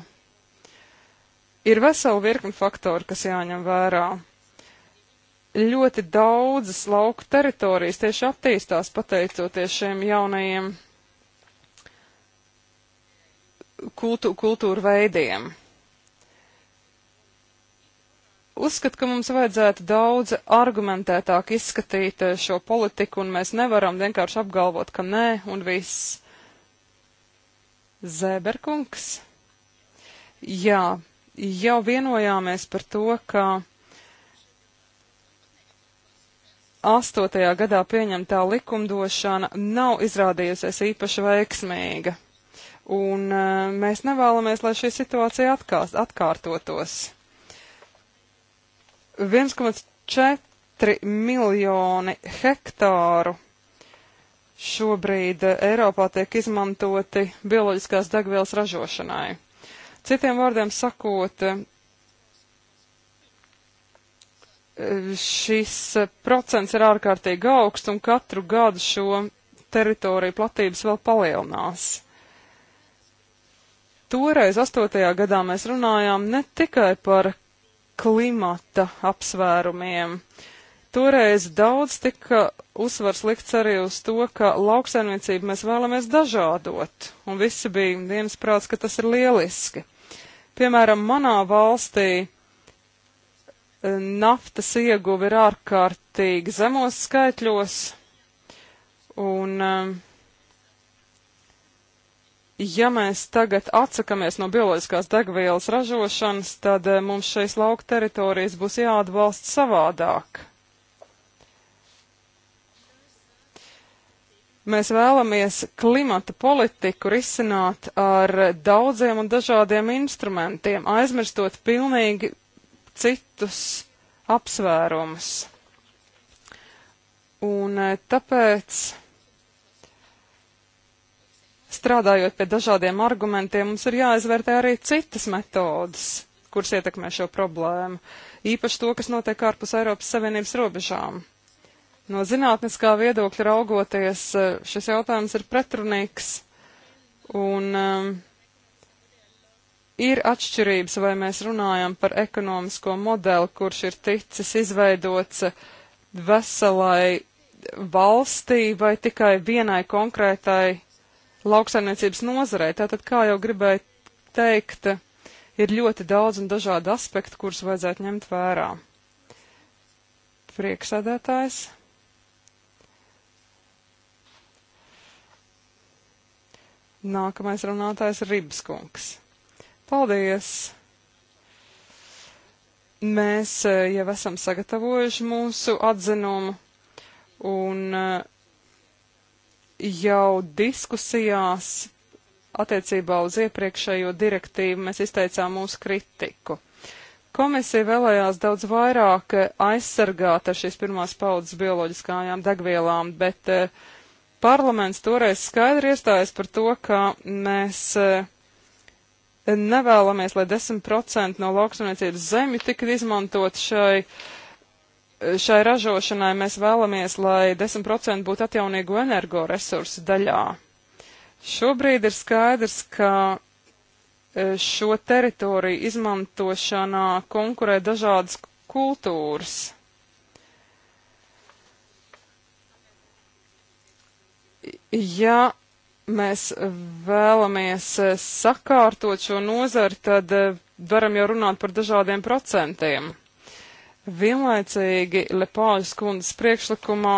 Ir vesela virkni faktori, kas jāņem vērā. Ļoti daudzas lauku teritorijas tieši attīstās pateicoties šiem jaunajiem kultu, kultūru veidiem. Uzskat, ka mums vajadzētu daudz argumentētāk izskatīt eh, šo politiku, un mēs nevaram vienkārši apgalvot, ka nē, un viss. Zēberkungs. Jā, jau vienojāmies par to, ka astotajā gadā pieņemtā likumdošana nav izrādījusies īpaši veiksmīga un uh, mēs nevēlamies, lai šī situācija atkās, atkārtotos. 1,4 miljoni hektāru šobrīd uh, Eiropā tiek izmantoti bioloģiskās degvielas ražošanai. Citiem vārdiem sakot, uh, šis procents ir ārkārtīgi augsts un katru gadu šo teritoriju platības vēl palielinās. Toreiz, 8. gadā, mēs runājām ne tikai par klimata apsvērumiem. Toreiz daudz tika uzsvars likts arī uz to, ka lauksaimniecību mēs vēlamies dažādot, un visi bija viens prāts, ka tas ir lieliski. Piemēram, manā valstī e, naftas ieguvi ir ārkārtīgi zemos skaitļos, un um, ja mēs tagad atsakamies no bioloģiskās degvielas ražošanas, tad eh, mums šīs lauka teritorijas būs jāatbalsta savādāk. Mēs vēlamies klimata politiku risināt ar daudziem un dažādiem instrumentiem, aizmirstot pilnīgi citus apsvērumus. Un eh, tāpēc strādājot pie dažādiem argumentiem, mums ir jāizvērtē arī citas metodas, kuras ietekmē šo problēmu, īpaši to, kas notiek ārpus Eiropas Savienības robežām. No zinātniskā viedokļa raugoties, eh, šis jautājums ir pretrunīgs un um, ir atšķirības, vai mēs runājam par ekonomisko modeli, kurš ir ticis izveidots veselai valstī vai tikai vienai konkrētai lauksaimniecības nozarei. Tātad, kā jau gribēju teikt, ir ļoti daudz un dažādi aspekti, kurus vajadzētu ņemt vērā. Prieksēdētājs. Nākamais runātājs ir Ribskungs. Paldies! Mēs eh, jau esam sagatavojuši mūsu atzinumu, un eh, jau diskusijās attiecībā uz iepriekšējo direktīvu mēs izteicām mūsu kritiku. Komisija vēlējās daudz vairāk aizsargāt ar šīs pirmās paudzes bioloģiskajām degvielām, bet eh, parlaments toreiz skaidri iestājas par to, ka mēs eh, nevēlamies, lai 10% no lauksaimniecības zemju tika izmantot šai uh, šai ražošanai mēs vēlamies, lai 10% būtu atjaunīgo energoresursu daļā. Šobrīd ir skaidrs, ka e, šo teritoriju izmantošanā konkurē dažādas kultūras. Ja mēs vēlamies e, sakārtot šo nozari, tad e, varam jau runāt par dažādiem procentiem. Vienlaicīgi Lepāžas kundzes priekšlikumā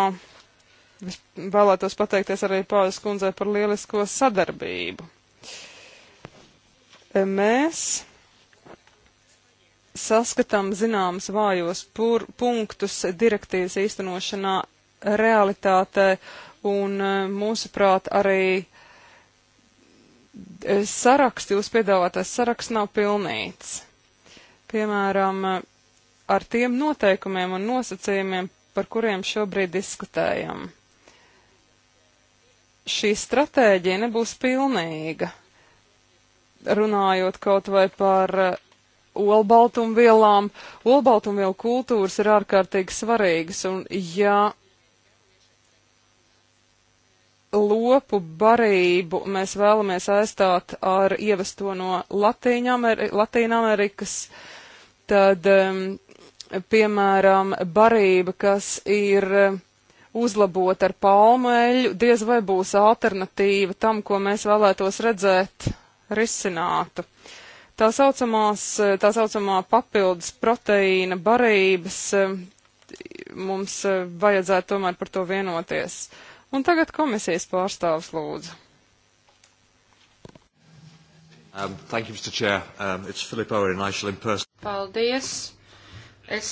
vēlētos pateikties arī Pāžas kundzei par lielisko sadarbību. Mēs saskatām zināmas vājos pur, punktus direktīvas īstenošanā realitātē, un e, mūsuprāt arī e, saraksts, jūs piedāvātais saraksts nav pilnīts. Piemēram, ar tiem noteikumiem un nosacījumiem, par kuriem šobrīd diskutējam. Šī stratēģija nebūs pilnīga, runājot kaut vai par uh, olbaltumvielām. Olbaltumvielu kultūras ir ārkārtīgi svarīgas, un ja lopu barību mēs vēlamies aizstāt ar ievesto no Latīņamerikas, tad um, piemēram, barība, kas ir eh, uzlabota ar palmeļu, diez vai būs alternatīva tam, ko mēs vēlētos redzēt risinātu. Tā, saucamās, eh, tā saucamā papildus proteīna barības eh, mums vajadzētu tomēr par to vienoties. Un tagad komisijas pārstāvs lūdzu. Um, thank you, Mr. Chair. Um, it's Philip Owen and I shall in person. Paldies. Es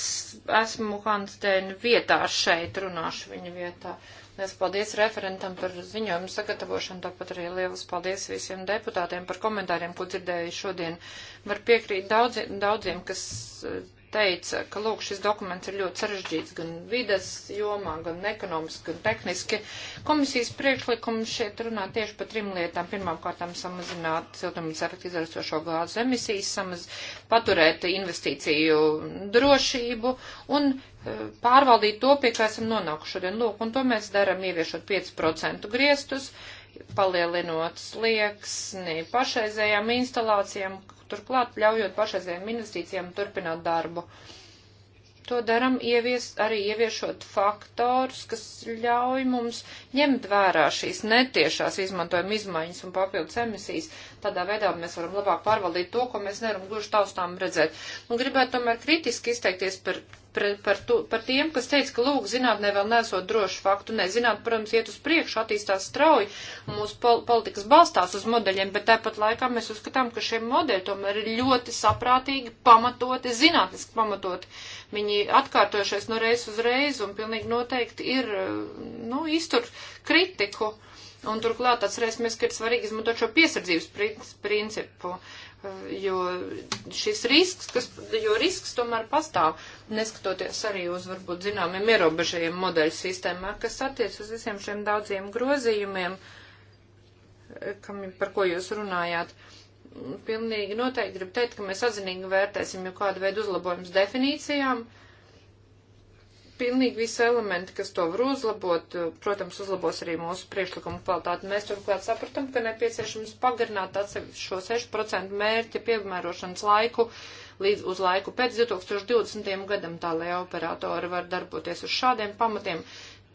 esmu Hansteina vietā šeit, runāšu viņa vietā. Liels paldies referentam par ziņojumu sagatavošanu, tāpat arī liels paldies visiem deputātiem par komentāriem, ko dzirdēju šodien. Var piekrīt daudzi, daudziem, kas teica, ka lūk, šis dokuments ir ļoti sarežģīts gan vides jomā, gan ekonomiski, gan tehniski. Komisijas priekšlikums šeit runā tieši par trim lietām. Pirmām kārtām samazināt siltumnīca efektu izraisošo gāzu emisijas, samaz, paturēt investīciju drošību un e, pārvaldīt to, pie kā esam nonākuši šodien. Lūk, un to mēs darām ieviešot 5% griestus, palielinot slieksni pašreizējām instalācijām, turklāt ļaujot pašreizējiem investīcijām turpināt darbu. To daram ievies, arī ieviešot faktors, kas ļauj mums ņemt vērā šīs netiešās izmantojuma izmaiņas un papildus emisijas, Tādā veidā mēs varam labāk pārvaldīt to, ko mēs nevaram gluži taustām redzēt. Un gribētu tomēr kritiski izteikties par, par, par, tu, par tiem, kas teica, ka lūk, zinātnē vēl nesot drošu faktu. Nē, zināt, protams, iet uz priekšu, attīstās strauji, mūsu pol politikas balstās uz modeļiem, bet tāpat laikā mēs uzskatām, ka šie modeļi tomēr ir ļoti saprātīgi, pamatoti, zinātniski pamatoti viņi atkārtojušies no reizes uz reizi un pilnīgi noteikti ir, nu, iztur kritiku. Un turklāt atcerēsimies, ka ir svarīgi izmantot šo piesardzības principu, eh, jo šis risks, kas, jo risks tomēr pastāv, neskatoties arī uz varbūt zināmiem ierobežajiem modeļu sistēmā, kas attiec uz visiem šiem daudziem grozījumiem, eh, kam, par ko jūs runājāt. Pilnīgi noteikti gribu teikt, ka mēs atzinīgi vērtēsim jau kādu veidu uzlabojums definīcijām. Uh, pilnīgi visi elementi, kas to var uzlabot, eh, protams, uzlabos arī mūsu priekšlikumu kvalitāti. Mēs turklāt sapratam, ka nepieciešams pagarināt šo 6% mērķa piemērošanas laiku līdz uz laiku pēc 2020. gadam, tā lai operatori var darboties uz šādiem pamatiem,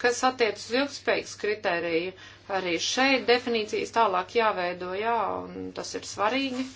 kas attiec uz ilgspējīgas kritēriju. Arī šeit definīcijas tālāk jāveido, jā, un tas ir svarīgi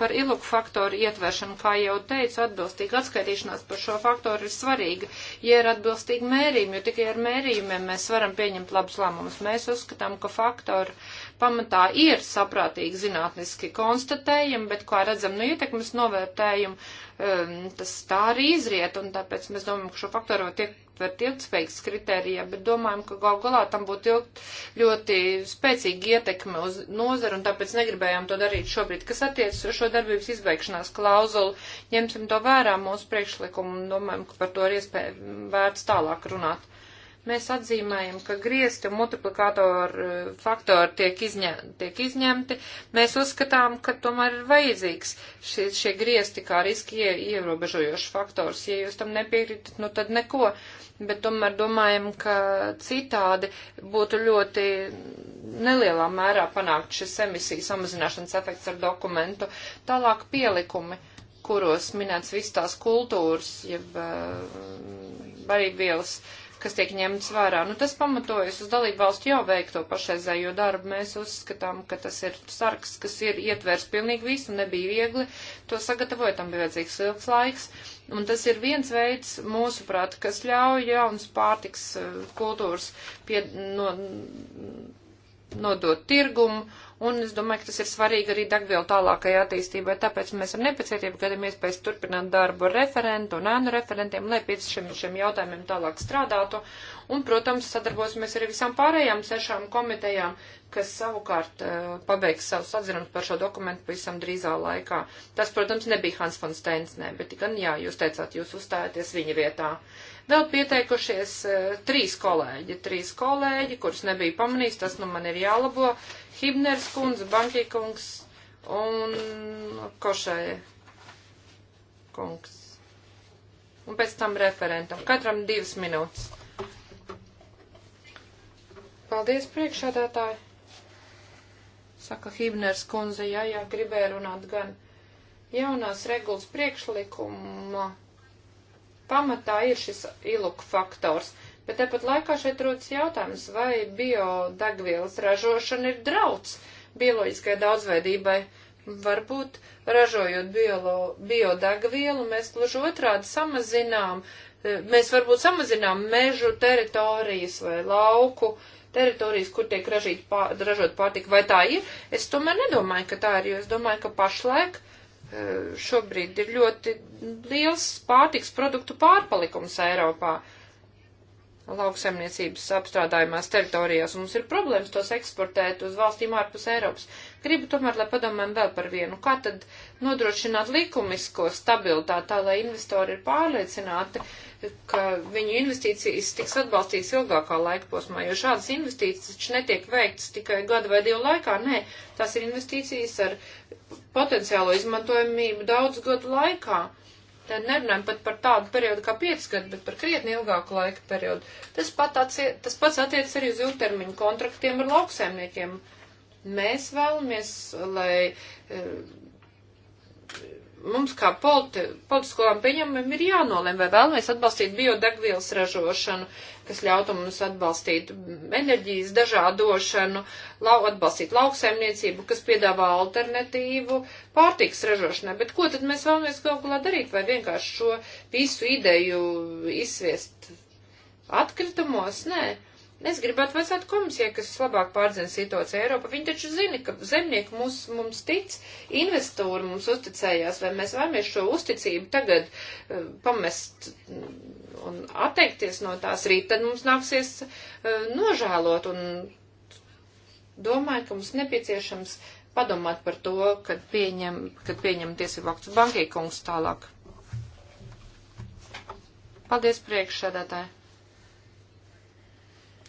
par iluku faktoru ietveršanu, kā jau teicu, atbilstīga atskaitīšanās par šo faktoru ir svarīga, ja ir atbilstīgi mērījumi, jo tikai ar mērījumiem mēs varam pieņemt labus lēmumus. Mēs uzskatām, ka faktori pamatā ir saprātīgi zinātniski konstatējami, bet, kā redzam no ietekmes novērtējuma, um, tas tā arī izriet, un tāpēc mēs domājam, ka šo faktoru var tiek par ilgspējīgas kritērijā, bet domājam, ka gal galā tam būtu ilgt, ļoti spēcīga ietekme uz nozaru, un tāpēc negribējām to darīt šobrīd. Kas attiecas uz šo darbības izbeigšanās klauzulu, ņemsim to vērā mūsu priekšlikumu un domājam, ka par to ir iespēja vērts tālāk runāt mēs atzīmējam, ka griezti un multiplikātori eh, faktori tiek, izņem, tiek izņemti, mēs uzskatām, ka tomēr ir vajadzīgs šie, šie griezti kā riski ie, ierobežojošs faktors. Ja jūs tam nepiekrītat, nu tad neko, bet tomēr domājam, ka citādi būtu ļoti nelielā mērā panākt šis emisiju samazināšanas efekts ar dokumentu. Tālāk pielikumi kuros minēts viss tās kultūras, jeb uh, eh, barībielas uh, kas tiek ņemts vērā. Nu, tas pamatojas uz dalību valstu jau veikto pašreizējo darbu. Mēs uzskatām, ka tas ir sarks, kas ir ietvers pilnīgi visu, nebija viegli to sagatavot, tam bija vajadzīgs ilgs laiks. Un tas ir viens veids, mūsuprāt, kas ļauj jaunas pārtiks eh, kultūras pie, no, nodot tirgumu un es domāju, ka tas ir svarīgi arī degvielu tālākajai attīstībai, tāpēc mēs ar nepacietību gadam iespējas turpināt darbu ar referentu un ēnu referentiem, lai pēc šiem, šiem jautājumiem tālāk strādātu, un, protams, sadarbosimies arī visām pārējām sešām komitejām, kas savukārt uh, pabeigs savus atzinumus par šo dokumentu pavisam drīzā laikā. Tas, protams, nebija Hans von Steins, ne, bet gan, jā, jūs teicāt, jūs uzstājaties viņa vietā. Vēl pieteikušies uh, trīs kolēģi, trīs kolēģi, kurus nebija pamanījis, tas nu man ir jālabo. Hibners kundze, Bankī kungs un Košēja kungs. Un pēc tam referentam. Katram divas minūtes. Paldies priekšādātāji. Saka Hibners kundze, jā, jā, gribēja runāt gan jaunās regulas priekšlikuma pamatā ir šis iluku faktors. Bet tāpat laikā šeit rodas jautājums, vai biodegvielas ražošana ir drauds bioloģiskai daudzveidībai. Varbūt ražojot biolo, biodegvielu, mēs gluži otrādi samazinām, e, mēs varbūt samazinām mežu teritorijas vai lauku teritorijas, kur tiek ražīt, pār, ražot pārtika. Vai tā ir? Es tomēr nedomāju, ka tā ir, jo es domāju, ka pašlaik Eh, šobrīd ir ļoti liels pārtiks produktu pārpalikums Eiropā. Lauksaimniecības apstrādājumās teritorijās mums ir problēmas tos eksportēt uz valstīm ārpus Eiropas. Gribu tomēr, lai padomājam vēl par vienu. Kā tad nodrošināt likumisko stabilitāti, tā lai investori ir pārliecināti, ka viņu investīcijas tiks atbalstītas ilgākā laika posmā, jo šādas investīcijas taču netiek veiktas tikai gada vai divu laikā, nē, tās ir investīcijas ar potenciālo izmantojamību daudz gadu laikā. Tad nerunājam pat par tādu periodu kā 5 gadi, bet par krietni ilgāku laika periodu. Tas, pat atsie, tas pats attiec arī uz ilgtermiņu kontraktiem ar lauksaimniekiem. Uh, Mēs vēlamies, lai eh, mums kā politi, politiskajām pieņemumiem ir jānolem, vai vēlamies atbalstīt biodegvielas ražošanu, kas ļautu mums atbalstīt enerģijas dažādošanu, lau, atbalstīt lauksaimniecību, kas piedāvā alternatīvu pārtiks ražošanai. Bet ko tad mēs vēlamies kaut kādā darīt, vai vienkārši šo visu ideju izsviest atkritumos? Nē. Es gribētu vaicāt komisijai, kas labāk pārzina situāciju Eiropā. Viņi taču zina, ka zemnieki mums, mums tic, investori mums uzticējās, vai mēs vēlamies šo uzticību tagad uh, pamest mm, un atteikties no tās rīt, tad mums nāksies uh, nožēlot un domāju, ka mums nepieciešams padomāt par to, kad pieņem, kad pieņem tiesību aktu bankīkungs tālāk. Paldies priekšsēdētāji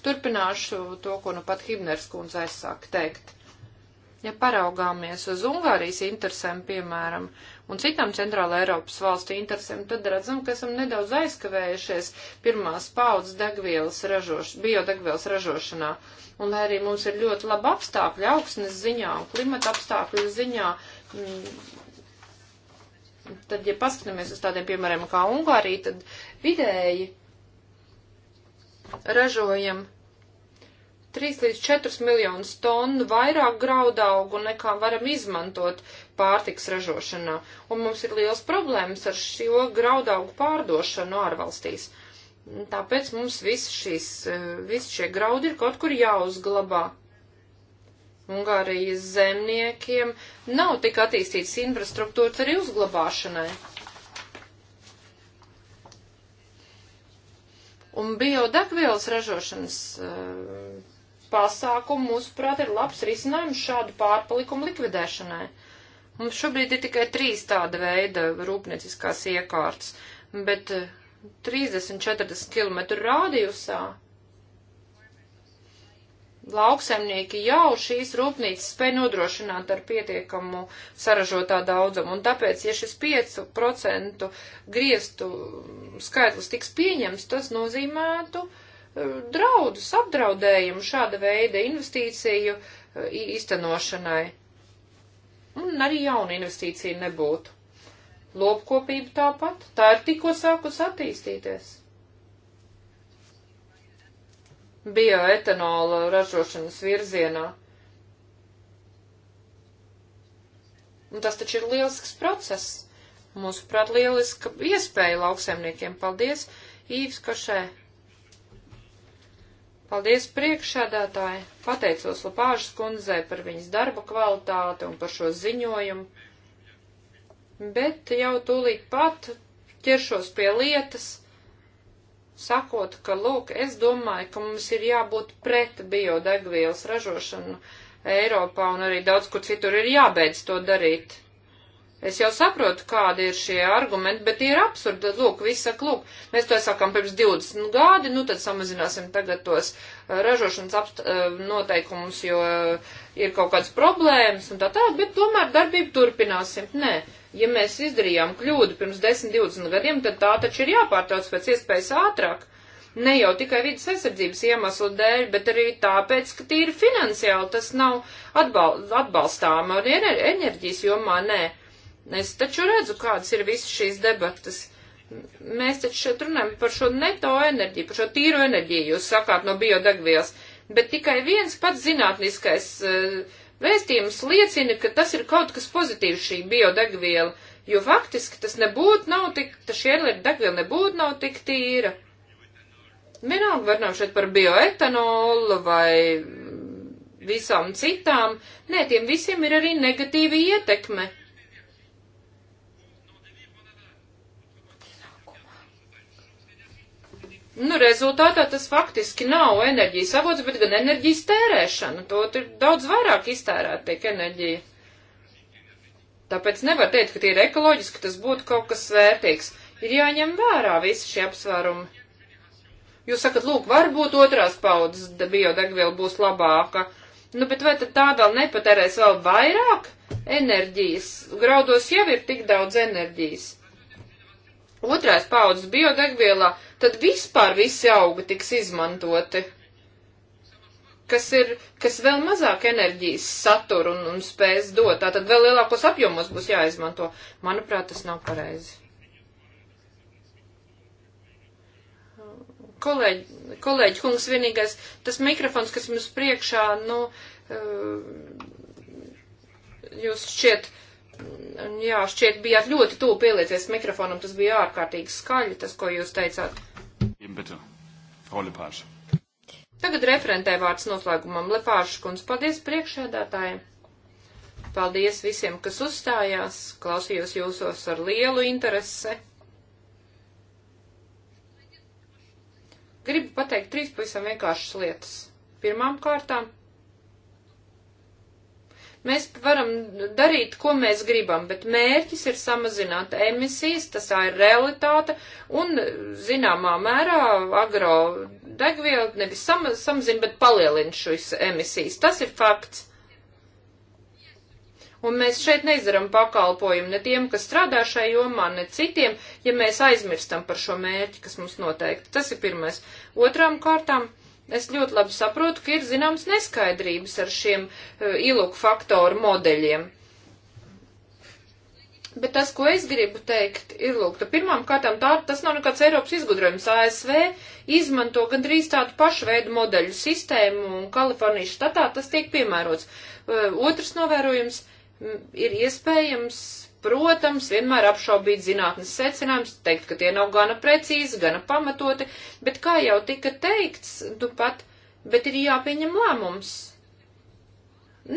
turpināšu to, ko nu pat Hibners kundze aizsāk teikt. Ja paraugāmies uz Ungārijas interesēm, piemēram, un citām Centrāla Eiropas valstu interesēm, tad redzam, ka esam nedaudz aizkavējušies pirmās paudzes degvielas ražoš, biodegvielas ražošanā. Un lai arī mums ir ļoti labi apstākļi augsnes ziņā un klimata apstākļu ziņā, mm, tad, ja paskatāmies uz tādiem piemēram kā Ungārija, tad vidēji ražojam 3 līdz 4 miljonus tonu vairāk graudaugu nekā varam izmantot pārtiks ražošanā, un mums ir liels problēmas ar šo graudaugu pārdošanu ārvalstīs. Tāpēc mums viss šīs, visi šie graudi ir kaut kur jāuzglabā. Ungārijas zemniekiem nav tik attīstīts infrastruktūras arī uzglabāšanai. Un biodegvielas ražošanas uh, pasākumu, mūsuprāt, ir labs risinājums šādu pārpalikumu likvidēšanai. Mums šobrīd ir tikai trīs tāda veida rūpnieciskās iekārtas, bet 30-40 km rādījusā lauksaimnieki jau šīs rūpnīcas spēj nodrošināt ar pietiekamu saražotā daudzumu. Un tāpēc, ja šis 5% griestu skaitlis tiks pieņems, tas nozīmētu, uh, draudus, apdraudējumu šāda veida investīciju e, īstenošanai. Un arī jauna investīcija nebūtu. Lopkopība tāpat, tā ir tikko sākus attīstīties. Bioetanola ražošanas virzienā. Un tas taču ir lielisks process. Mūsuprāt, lieliska iespēja lauksaimniekiem. Paldies, Īvs Košē! Paldies priekšādātāji, pateicos Lapāžas kundzē par viņas darba kvalitāti un par šo ziņojumu, bet jau tūlīt pat ķeršos pie lietas, sakot, ka, lūk, es domāju, ka mums ir jābūt pret biodegvielas ražošanu Eiropā un arī daudz kur citur ir jābeidz to darīt. Es jau saprotu, kādi ir šie argumenti, bet tie ir absurdi. Lūk, viss saka, lūk, mēs to sakām pirms 20 gadi, nu tad samazināsim tagad tos eh, ražošanas eh, noteikumus, jo eh, ir kaut kādas problēmas un tā tālāk, bet tomēr darbību turpināsim. Nē, ja mēs izdarījām kļūdu pirms 10-20 gadiem, tad tā taču ir jāpārtauc pēc iespējas ātrāk. Ne jau tikai vidas aizsardzības iemeslu dēļ, bet arī tāpēc, ka tīri finansiāli tas nav atbal atbalstāma arī enerģijas jomā, nē. Ne Es taču redzu, kādas ir visas šīs debatas. Mēs taču šeit runājam par šo neto enerģiju, par šo tīro enerģiju, jūs sakāt no biodegvielas, bet tikai viens pats zinātniskais eh, vēstījums liecina, ka tas ir kaut kas pozitīvs šī biodegviela, jo faktiski tas nebūtu nav tik, tas šī enerģija nebūtu nav tik tīra. Vienalga var nav šeit par bioetanolu vai visām citām, nē, tiem visiem ir arī negatīva ietekme. Nu, rezultātā tas faktiski nav enerģijas avots, bet gan enerģijas tērēšana. To ir daudz vairāk iztērēt tiek enerģija. Tāpēc nevar teikt, ka tie ir ekoloģiski, tas būtu kaut kas vērtīgs. Ir jāņem vērā visi šie apsvērumi. Jūs sakat, lūk, varbūt otrās paudzes biodegviela būs labāka. Nu, bet vai tad tā vēl nepatērēs vēl vairāk enerģijas? Graudos jau ir tik daudz enerģijas. Otrās paudzes biodegvielā tad vispār visi augi tiks izmantoti, kas ir, kas vēl mazāk enerģijas satur un, un spēs dot, tātad vēl lielākos apjomos būs jāizmanto. Manuprāt, tas nav pareizi. Kolēģi, kolēģi, kungs, vienīgais, tas mikrofons, kas jums priekšā, nu, eh, jūs šķiet, jā, šķiet bijāt ļoti tūp pielieties mikrofonam, tas bija ārkārtīgi skaļi, tas, ko jūs teicāt bitte. Frau Lepage. Tagad referentē vārds noslēgumam Lepāžas kundze. Paldies priekšēdātājiem. Paldies visiem, kas uzstājās. Klausījos jūsos ar lielu interesi. Gribu pateikt trīs pavisam vienkāršas lietas. Pirmām kārtām Mēs varam darīt, ko mēs gribam, bet mērķis ir samazināt emisijas, tas tā ir realitāte, un zināmā mērā agro degviela nevis sam, samazina, bet palielina šīs emisijas. Tas ir fakts. Un mēs šeit neizdaram pakalpojumu ne tiem, kas strādā šai jomā, ne citiem, ja mēs aizmirstam par šo mērķi, kas mums noteikti. Tas ir pirmais. Otrām kārtām es ļoti labi saprotu, ka ir zināmas neskaidrības ar šiem eh, ilūku faktoru modeļiem. Bet tas, ko es gribu teikt, ir, lūk, pirmām kārtām tā, tas nav nekāds Eiropas izgudrojums. ASV izmanto gandrīz tādu pašu veidu modeļu sistēmu, un Kalifornijas štatā tas tiek piemērots. Eh, otrs novērojums mm, ir iespējams protams, vienmēr apšaubīt zinātnes secinājumus, teikt, ka tie nav gana precīzi, gana pamatoti, bet kā jau tika teikts, tu nu pat, bet ir jāpieņem lēmums.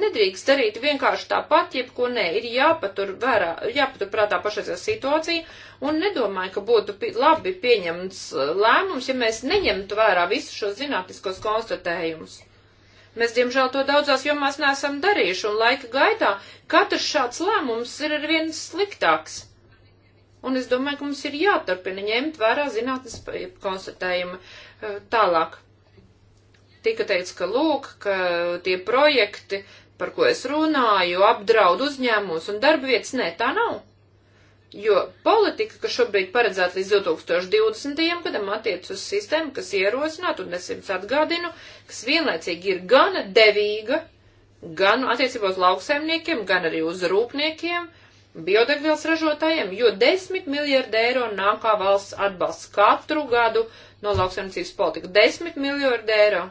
Nedrīkst darīt vienkārši tāpat, jebko nē, ir jāpatur vērā, jāpatur prātā pašreizējā situācija, un nedomāju, ka būtu labi pieņemts uh, lēmums, ja mēs neņemtu vērā visus šos zinātniskos konstatējumus. Mēs, diemžēl, to daudzās jomās neesam darījuši, un laika gaitā katrs šāds lēmums ir ar vien sliktāks. Un es domāju, ka mums ir jāturpina ņemt vērā zinātnes konstatējumi eh, tālāk. Tika teikts, ka lūk, ka tie projekti, par ko es runāju, apdraud uzņēmumus un darbvietas. Nē, tā nav. Jo politika, kas šobrīd paredzēta līdz 2020. gadam, attiec uz sistēmu, kas ierosināt, un es jums atgādinu, kas vienlaicīgi ir gana devīga, gan attiecībā uz lauksaimniekiem, gan arī uz rūpniekiem, biodegvielas ražotājiem, jo 10 miljārdi eiro nāk kā valsts atbalsts katru gadu no lauksaimniecības politika. 10 miljārdi eiro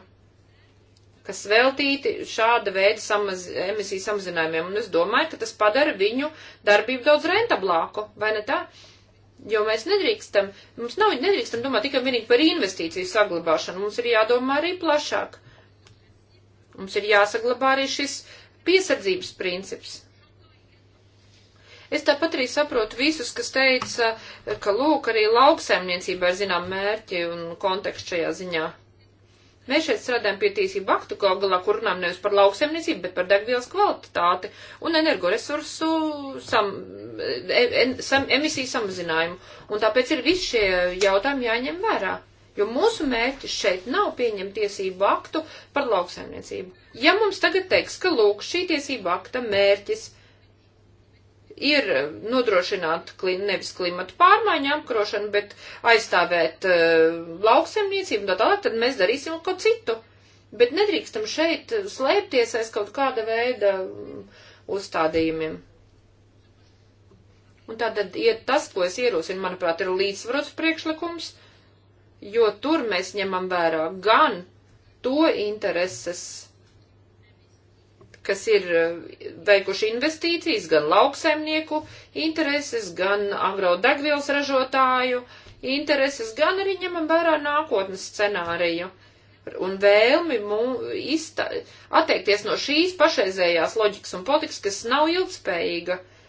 kas veltīti šāda veida samaz, emisiju samazinājumiem. Un es domāju, ka tas padara viņu darbību daudz rentablāku, vai ne tā? Jo mēs nedrīkstam, mums nav nedrīkstam domāt tikai vienīgi par investīciju saglabāšanu, mums ir jādomā arī plašāk. Mums ir jāsaglabā arī šis piesardzības princips. Es tāpat arī saprotu visus, kas teica, ka lūk, arī lauksaimniecībā ir zinām mērķi un konteksts šajā ziņā. Mēs šeit strādājam pie tiesību aktu, kā galā, kur runājam nevis par lauksemniecību, bet par degvielas kvalitāti un energoresursu sam, en, e, sam, emisiju samazinājumu. Un tāpēc ir visi šie jautājumi jāņem vērā. Jo mūsu mērķis šeit nav pieņemt tiesību aktu par lauksaimniecību. Ja mums tagad teiks, ka lūk, šī tiesība akta mērķis ir eh, nodrošināt klim, nevis klimatu pārmaiņu apkarošanu, bet aizstāvēt uh, eh, lauksemniecību un tā tālāk, tad mēs darīsim kaut ko citu. Bet nedrīkstam šeit slēpties aiz kaut kāda veida mm, uzstādījumiem. Un tātad ja tas, ko es ierosinu, manuprāt, ir līdzsvarots priekšlikums, jo tur mēs ņemam vērā gan to intereses, kas ir eh, veikuši investīcijas gan lauksaimnieku intereses, gan agrodegvielas ražotāju intereses, gan arī ņemam vērā nākotnes scenāriju un vēlmi atteikties no šīs pašreizējās loģikas un politikas, kas nav ilgspējīga. Uh,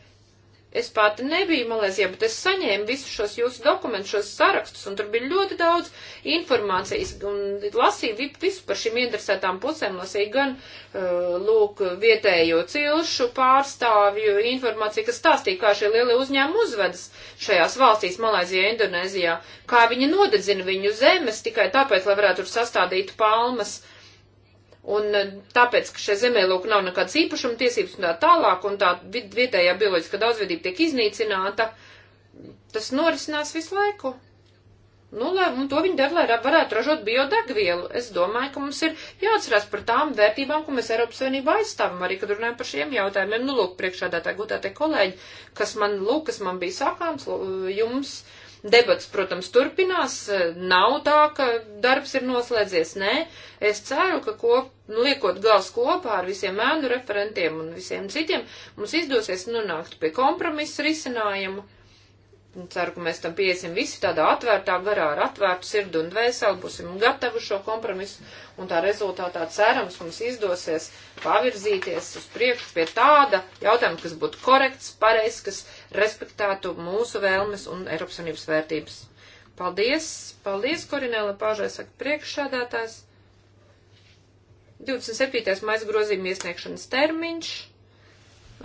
Es pati nebiju Malēzijā, bet es saņēmu visus šos jūsu dokumentus, šos sarakstus, un tur bija ļoti daudz informācijas, un lasīju visu par šīm interesētām pusēm, lasīju gan, uh, lūk, vietējo cilšu pārstāvju informāciju, kas stāstīja, kā šie lielie uzņēmumi uzvedas šajās valstīs, Malēzijā, Indonēzijā, kā viņi nodedzina viņu zemes tikai tāpēc, lai varētu tur sastādīt palmas. Uh, Un e, tāpēc, ka šai zemē, lūk, nav nekādas īpašuma tiesības un tā tālāk, un tā vietējā bioloģiskā daudzveidība tiek iznīcināta, tas norisinās visu laiku. Nu, lai, un to viņi dara, lai varētu ražot biodegvielu. Es domāju, ka mums ir jāatcerās par tām vērtībām, ko mēs Eiropas Savienībā aizstāvam, arī, kad runājam par šiem jautājumiem. Nu, lūk, priekšādā tā gudātie kolēģi, kas man, lūk, kas man bija sakāms, jums. Uh, Debats, protams, turpinās, nav tā, ka darbs ir noslēdzies, nē. Es ceru, ka kop, nu, liekot gals kopā ar visiem ēnu referentiem un visiem citiem, mums izdosies nonākt pie kompromisa risinājumu. Un ceru, ka mēs tam piesim visi tādā atvērtā garā, ar atvērtu sirdi un dvēseli, būsim gatavi šo kompromisu, un tā rezultātā cerams mums izdosies pavirzīties uz priekšu pie tāda jautājuma, kas būtu korekts, pareizs, kas respektētu mūsu vēlmes un Eiropas Unības vērtības. Paldies, paldies, Korinēla Pāžai, saka priekšsādātājs. 27. maisa grozījuma iesniegšanas termiņš.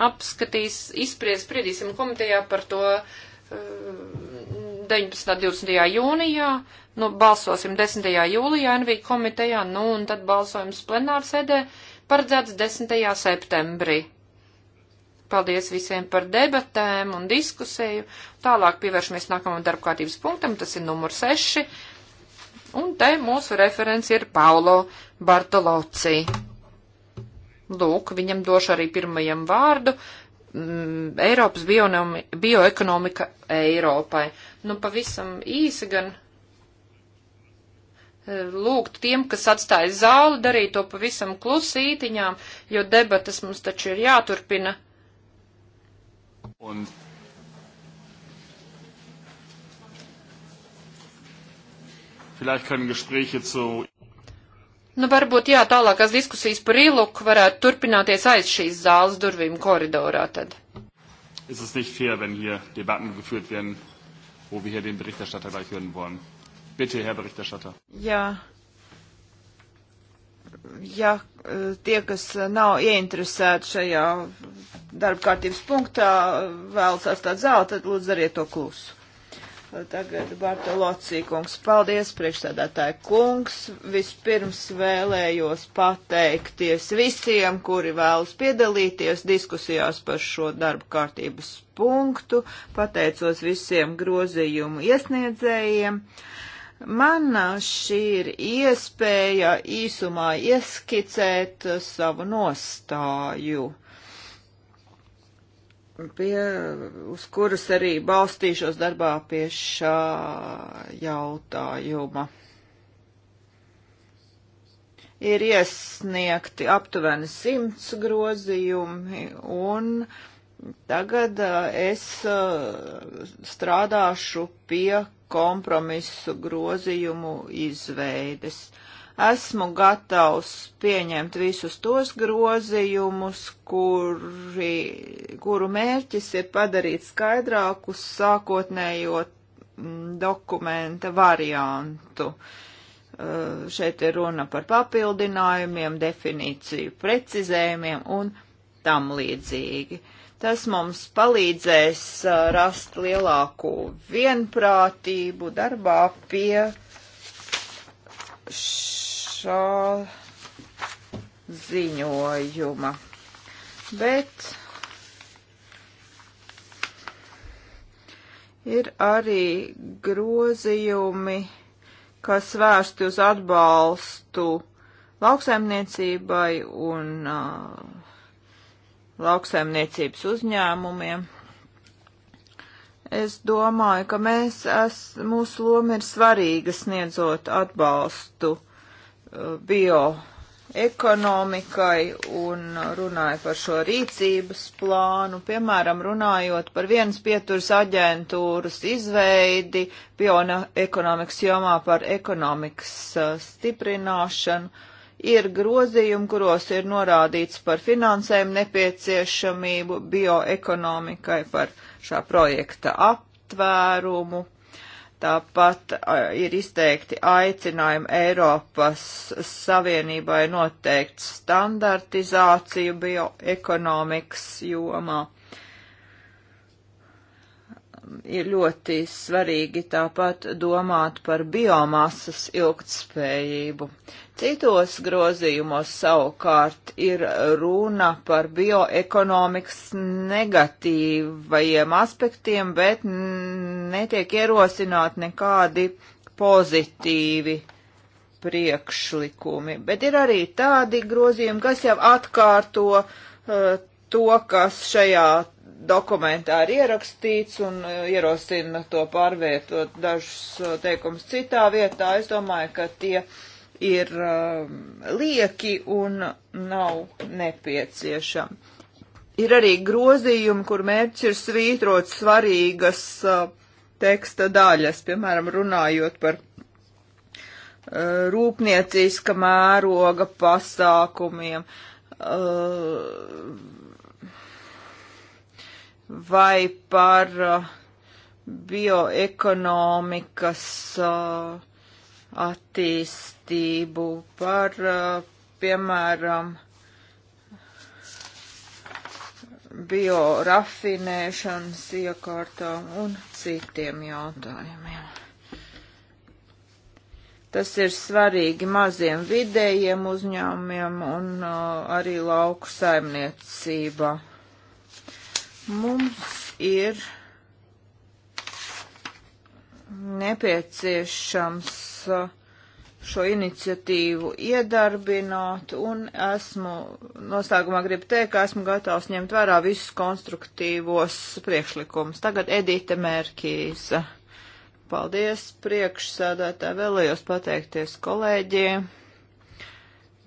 Apskatīs, izpries, spriedīsim komitejā par to uh, 19. 20. jūnijā, nu, balsosim 10. jūlijā NV komitejā, nu, un tad balsojums plenārsēdē paredzēts 10. septembrī. Paldies visiem par debatēm un diskusiju. Tālāk pievēršamies nākamam darbkārtības punktam, tas ir numur 6. Un te mūsu referents ir Paulo Bartoloci. Lūk, viņam došu arī pirmajam vārdu. Mm, Eiropas bioekonomika Eiropai. Nu, pavisam īsi gan lūgt tiem, kas atstāja zāli, darīt to pavisam klusītiņām, jo debatas mums taču ir jāturpina. Un Vielleicht können Gespräche zu. Nu, varbūt jā, tālākās diskusijas par iluku varētu turpināties aiz šīs zāles durvīm koridorā tad. Es ist nicht fair, wenn hier Debatten geführt werden, wo wir hier den Berichterstatter gleich hören wollen. Bitte, Herr Berichterstatter. Jā. Ja ja eh, tie, kas nav ieinteresēti šajā darba kārtības punktā, vēlas atstāt zāli, tad lūdzu dariet to klusu. Eh, tagad Bartolocī kungs, paldies, priekšstādātāji kungs. Vispirms vēlējos pateikties visiem, kuri vēlas piedalīties diskusijās par šo darba kārtības punktu. Pateicos visiem grozījumu iesniedzējiem. Uh, Man šī ir iespēja īsumā ieskicēt savu nostāju, pie, uz kuras arī balstīšos darbā pie šā jautājuma. Ir iesniegti aptuveni simts grozījumi un. Tagad uh, es uh, strādāšu pie kompromisu grozījumu izveides. Esmu gatavs pieņemt visus tos grozījumus, kuri, kuru mērķis ir padarīt skaidrākus sākotnējo mm, dokumenta variantu. Uh, šeit ir runa par papildinājumiem, definīciju precizējumiem un tam līdzīgi. Uh, Tas mums palīdzēs rast lielāku vienprātību darbā pie šā ziņojuma. Bet ir arī grozījumi, kas vērsti uz atbalstu lauksaimniecībai un uh, lauksaimniecības uzņēmumiem. Es domāju, ka mēs es, mūsu loma ir svarīga sniedzot atbalstu uh, bioekonomikai un runāju par šo rīcības plānu, piemēram, runājot par vienas pieturas aģentūras izveidi bioekonomikas jomā par ekonomikas uh, stiprināšanu ir grozījumi, kuros ir norādīts par finansējumu nepieciešamību bioekonomikai, par šā projekta aptvērumu. Tāpat ir izteikti aicinājumi Eiropas Savienībai noteikt standartizāciju bioekonomikas jomā ir ļoti svarīgi tāpat domāt par biomasas ilgtspējību. Citos grozījumos savukārt ir runa par bioekonomikas negatīvajiem aspektiem, bet netiek ierosināt nekādi pozitīvi priekšlikumi. Bet ir arī tādi grozījumi, kas jau atkārto uh, to, kas šajā dokumentā ir ierakstīts un e, ierosina to pārvietot dažus e, teikumus citā vietā. Es domāju, ka tie ir e, lieki un nav nepieciešami. Ir arī grozījumi, kur mērķis ir svītrot svarīgas teksta daļas, piemēram, runājot par rūpnieciska mēroga pasākumiem, vai par uh, bioekonomikas uh, attīstību, par, uh, piemēram, biorafinēšanas iekārtām un citiem jautājumiem. Tas ir svarīgi maziem vidējiem uzņēmumiem un uh, arī lauku saimniecībā. Mums ir nepieciešams uh, šo iniciatīvu iedarbināt, un esmu, noslēgumā gribu teikt, ka esmu gatavs ņemt vērā visus konstruktīvos priekšlikumus. Tagad Edita Mērkīza. Paldies, priekšsēdētā vēlējos pateikties kolēģiem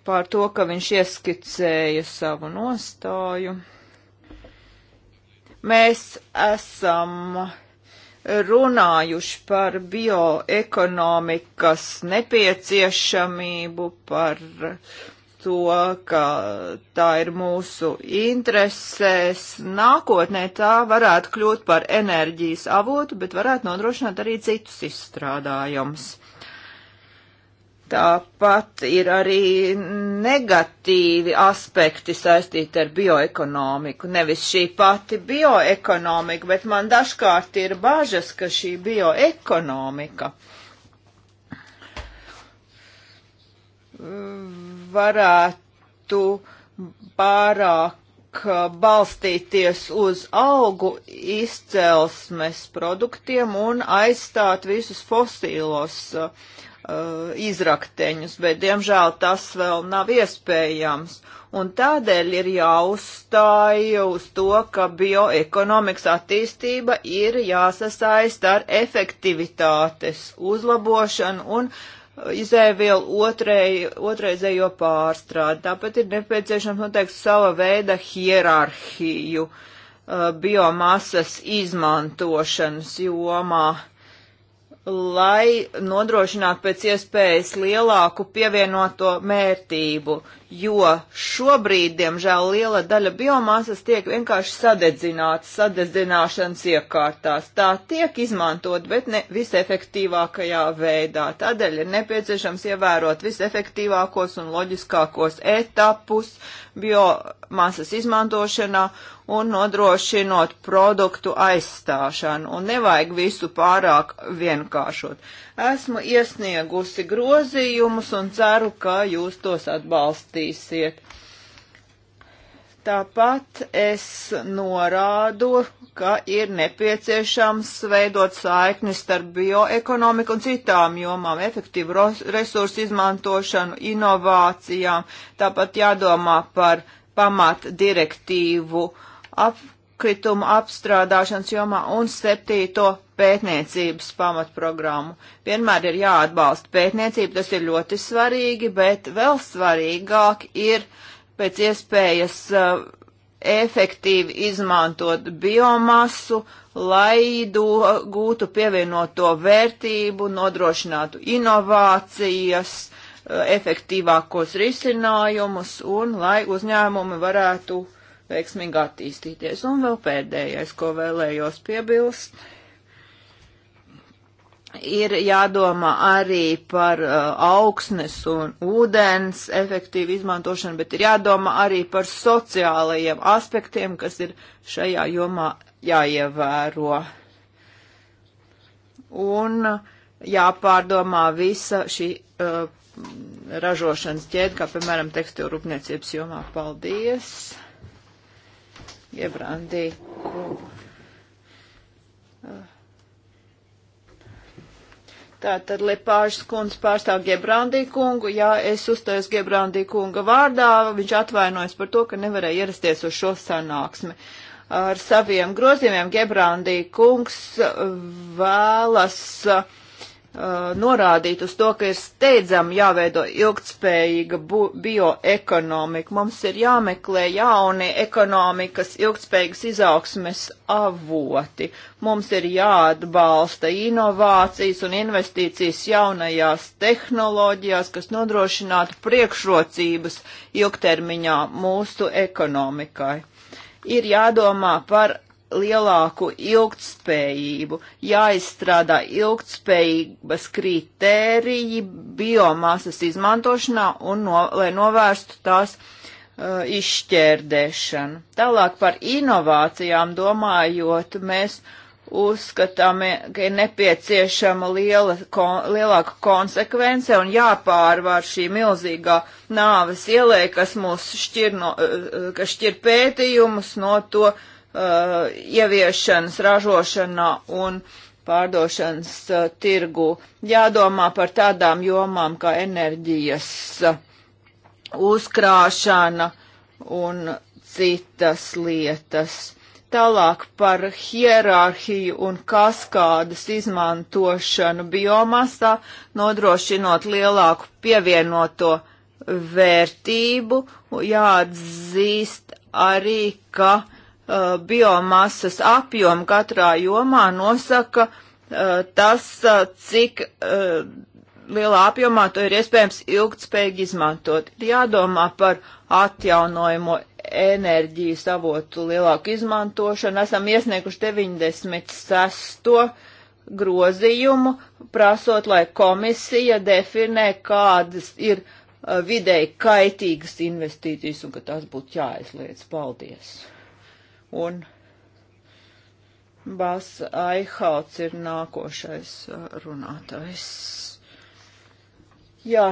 par to, ka viņš ieskicēja savu nostāju. Mēs esam runājuši par bioekonomikas nepieciešamību, par to, ka tā ir mūsu interesēs. Nākotnē tā varētu kļūt par enerģijas avotu, bet varētu nodrošināt arī citus izstrādājumus. Tāpat ir arī negatīvi aspekti saistīti ar bioekonomiku. Nevis šī pati bioekonomika, bet man dažkārt ir bažas, ka šī bioekonomika varētu pārāk balstīties uz augu izcelsmes produktiem un aizstāt visus fosīlos uh, uh, izrakteņus, bet diemžēl tas vēl nav iespējams. Un tādēļ ir jāuzstāj uz to, ka bioekonomikas attīstība ir jāsasaist ar efektivitātes uzlabošanu un uh, izēvielu otrreizējo pārstrādi. Tāpat ir nepieciešams noteikti sava veida hierarhiju uh, biomasas izmantošanas jomā lai nodrošinātu pēc iespējas lielāku pievienoto mērtību jo šobrīd, diemžēl, liela daļa biomasas tiek vienkārši sadedzināta sadedzināšanas iekārtās. Tā tiek izmantot, bet ne visefektīvākajā veidā. Tādēļ ir nepieciešams ievērot visefektīvākos un loģiskākos etapus biomasas izmantošanā un nodrošinot produktu aizstāšanu. Un nevajag visu pārāk vienkāršot. Esmu iesniegusi grozījumus un ceru, ka jūs tos atbalstīsiet. Tāpat es norādu, ka ir nepieciešams veidot saikni starp bioekonomiku un citām jomām, efektīvu resursu izmantošanu, inovācijām. Tāpat jādomā par pamat direktīvu apkritumu apstrādāšanas jomā un septīto pētniecības pamatprogrammu. Vienmēr ir jāatbalsta pētniecība, tas ir ļoti svarīgi, bet vēl svarīgāk ir pēc iespējas uh, efektīvi izmantot biomasu, lai do, gūtu pievienoto vērtību, nodrošinātu inovācijas, uh, efektīvākos risinājumus un lai uzņēmumi varētu veiksmīgi attīstīties. Un vēl pēdējais, ko vēlējos piebilst ir jādomā arī par uh, augsnes un ūdens efektīvu izmantošanu, bet ir jādomā arī par sociālajiem aspektiem, kas ir šajā jomā jāievēro. Un jāpārdomā visa šī uh, ražošanas ķēde, kā piemēram tekstilu rūpniecības jomā. Paldies! Iebrandī. Uh. Tātad Lepāžas kundze pārstāv Gebrandī kungu. Jā, es uzstājos Gebrandī kunga vārdā. Viņš atvainojas par to, ka nevarēja ierasties uz šo sanāksmi. Ar saviem grozījumiem Gebrandī kungs vēlas uh, Uh, norādīt uz to, ka ir steidzami jāveido ilgtspējīga bioekonomika. Mums ir jāmeklē jauni ekonomikas ilgtspējīgas izaugsmes avoti. Mums ir jāatbalsta inovācijas un investīcijas jaunajās tehnoloģijās, kas nodrošinātu priekšrocības ilgtermiņā mūsu ekonomikai. Ir jādomā par lielāku ilgtspējību, jāizstrādā ilgtspējības kritēriji biomasas izmantošanā un no, lai novērstu tās uh, izšķērdēšanu. Tālāk par inovācijām domājot, mēs uzskatām, ka ir nepieciešama liela, kon, lielāka konsekvence un jāpārvar šī milzīgā nāves ielē, kas mūs šķir, no, uh, uh, kas šķir pētījumus no to, uh, uh, ieviešanas, ražošanā un pārdošanas uh, tirgu. Jādomā par tādām jomām kā enerģijas uh, uzkrāšana un citas lietas. Tālāk par hierarhiju un kaskādas izmantošanu biomasā, nodrošinot lielāku pievienoto vērtību, jāatzīst arī, ka uh, uh, biomasas apjomu katrā jomā nosaka uh, tas, uh, cik uh, lielā apjomā to ir iespējams ilgtspējīgi izmantot. Ir jādomā par atjaunojumu enerģijas avotu lielāku izmantošanu. Esam iesnieguši 96. grozījumu, prasot, lai komisija definē, kādas ir uh, vidēji kaitīgas investīcijas un ka tās būtu jāaizliedz. Paldies! un Bas Aihauts ir nākošais uh, runātājs. Jā,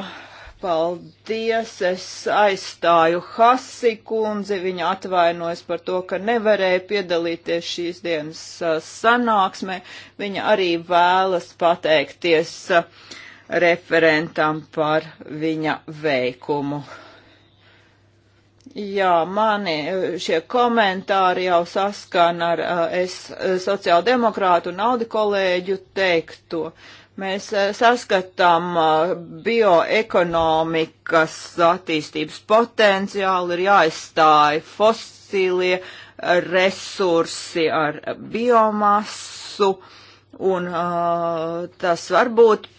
paldies, es aizstāju Hasi kundzi, viņa atvainojas par to, ka nevarēja piedalīties šīs dienas uh, sanāksmē. Viņa arī vēlas pateikties uh, referentam par viņa veikumu. Jā, mani eh, šie komentāri jau saskana ar eh, es eh, sociāldemokrātu un Audi kolēģu teikto. Mēs saskatām bioekonomikas attīstības potenciāli, ir jāizstāja fosilie resursi ar biomasu, un uh, tas var būt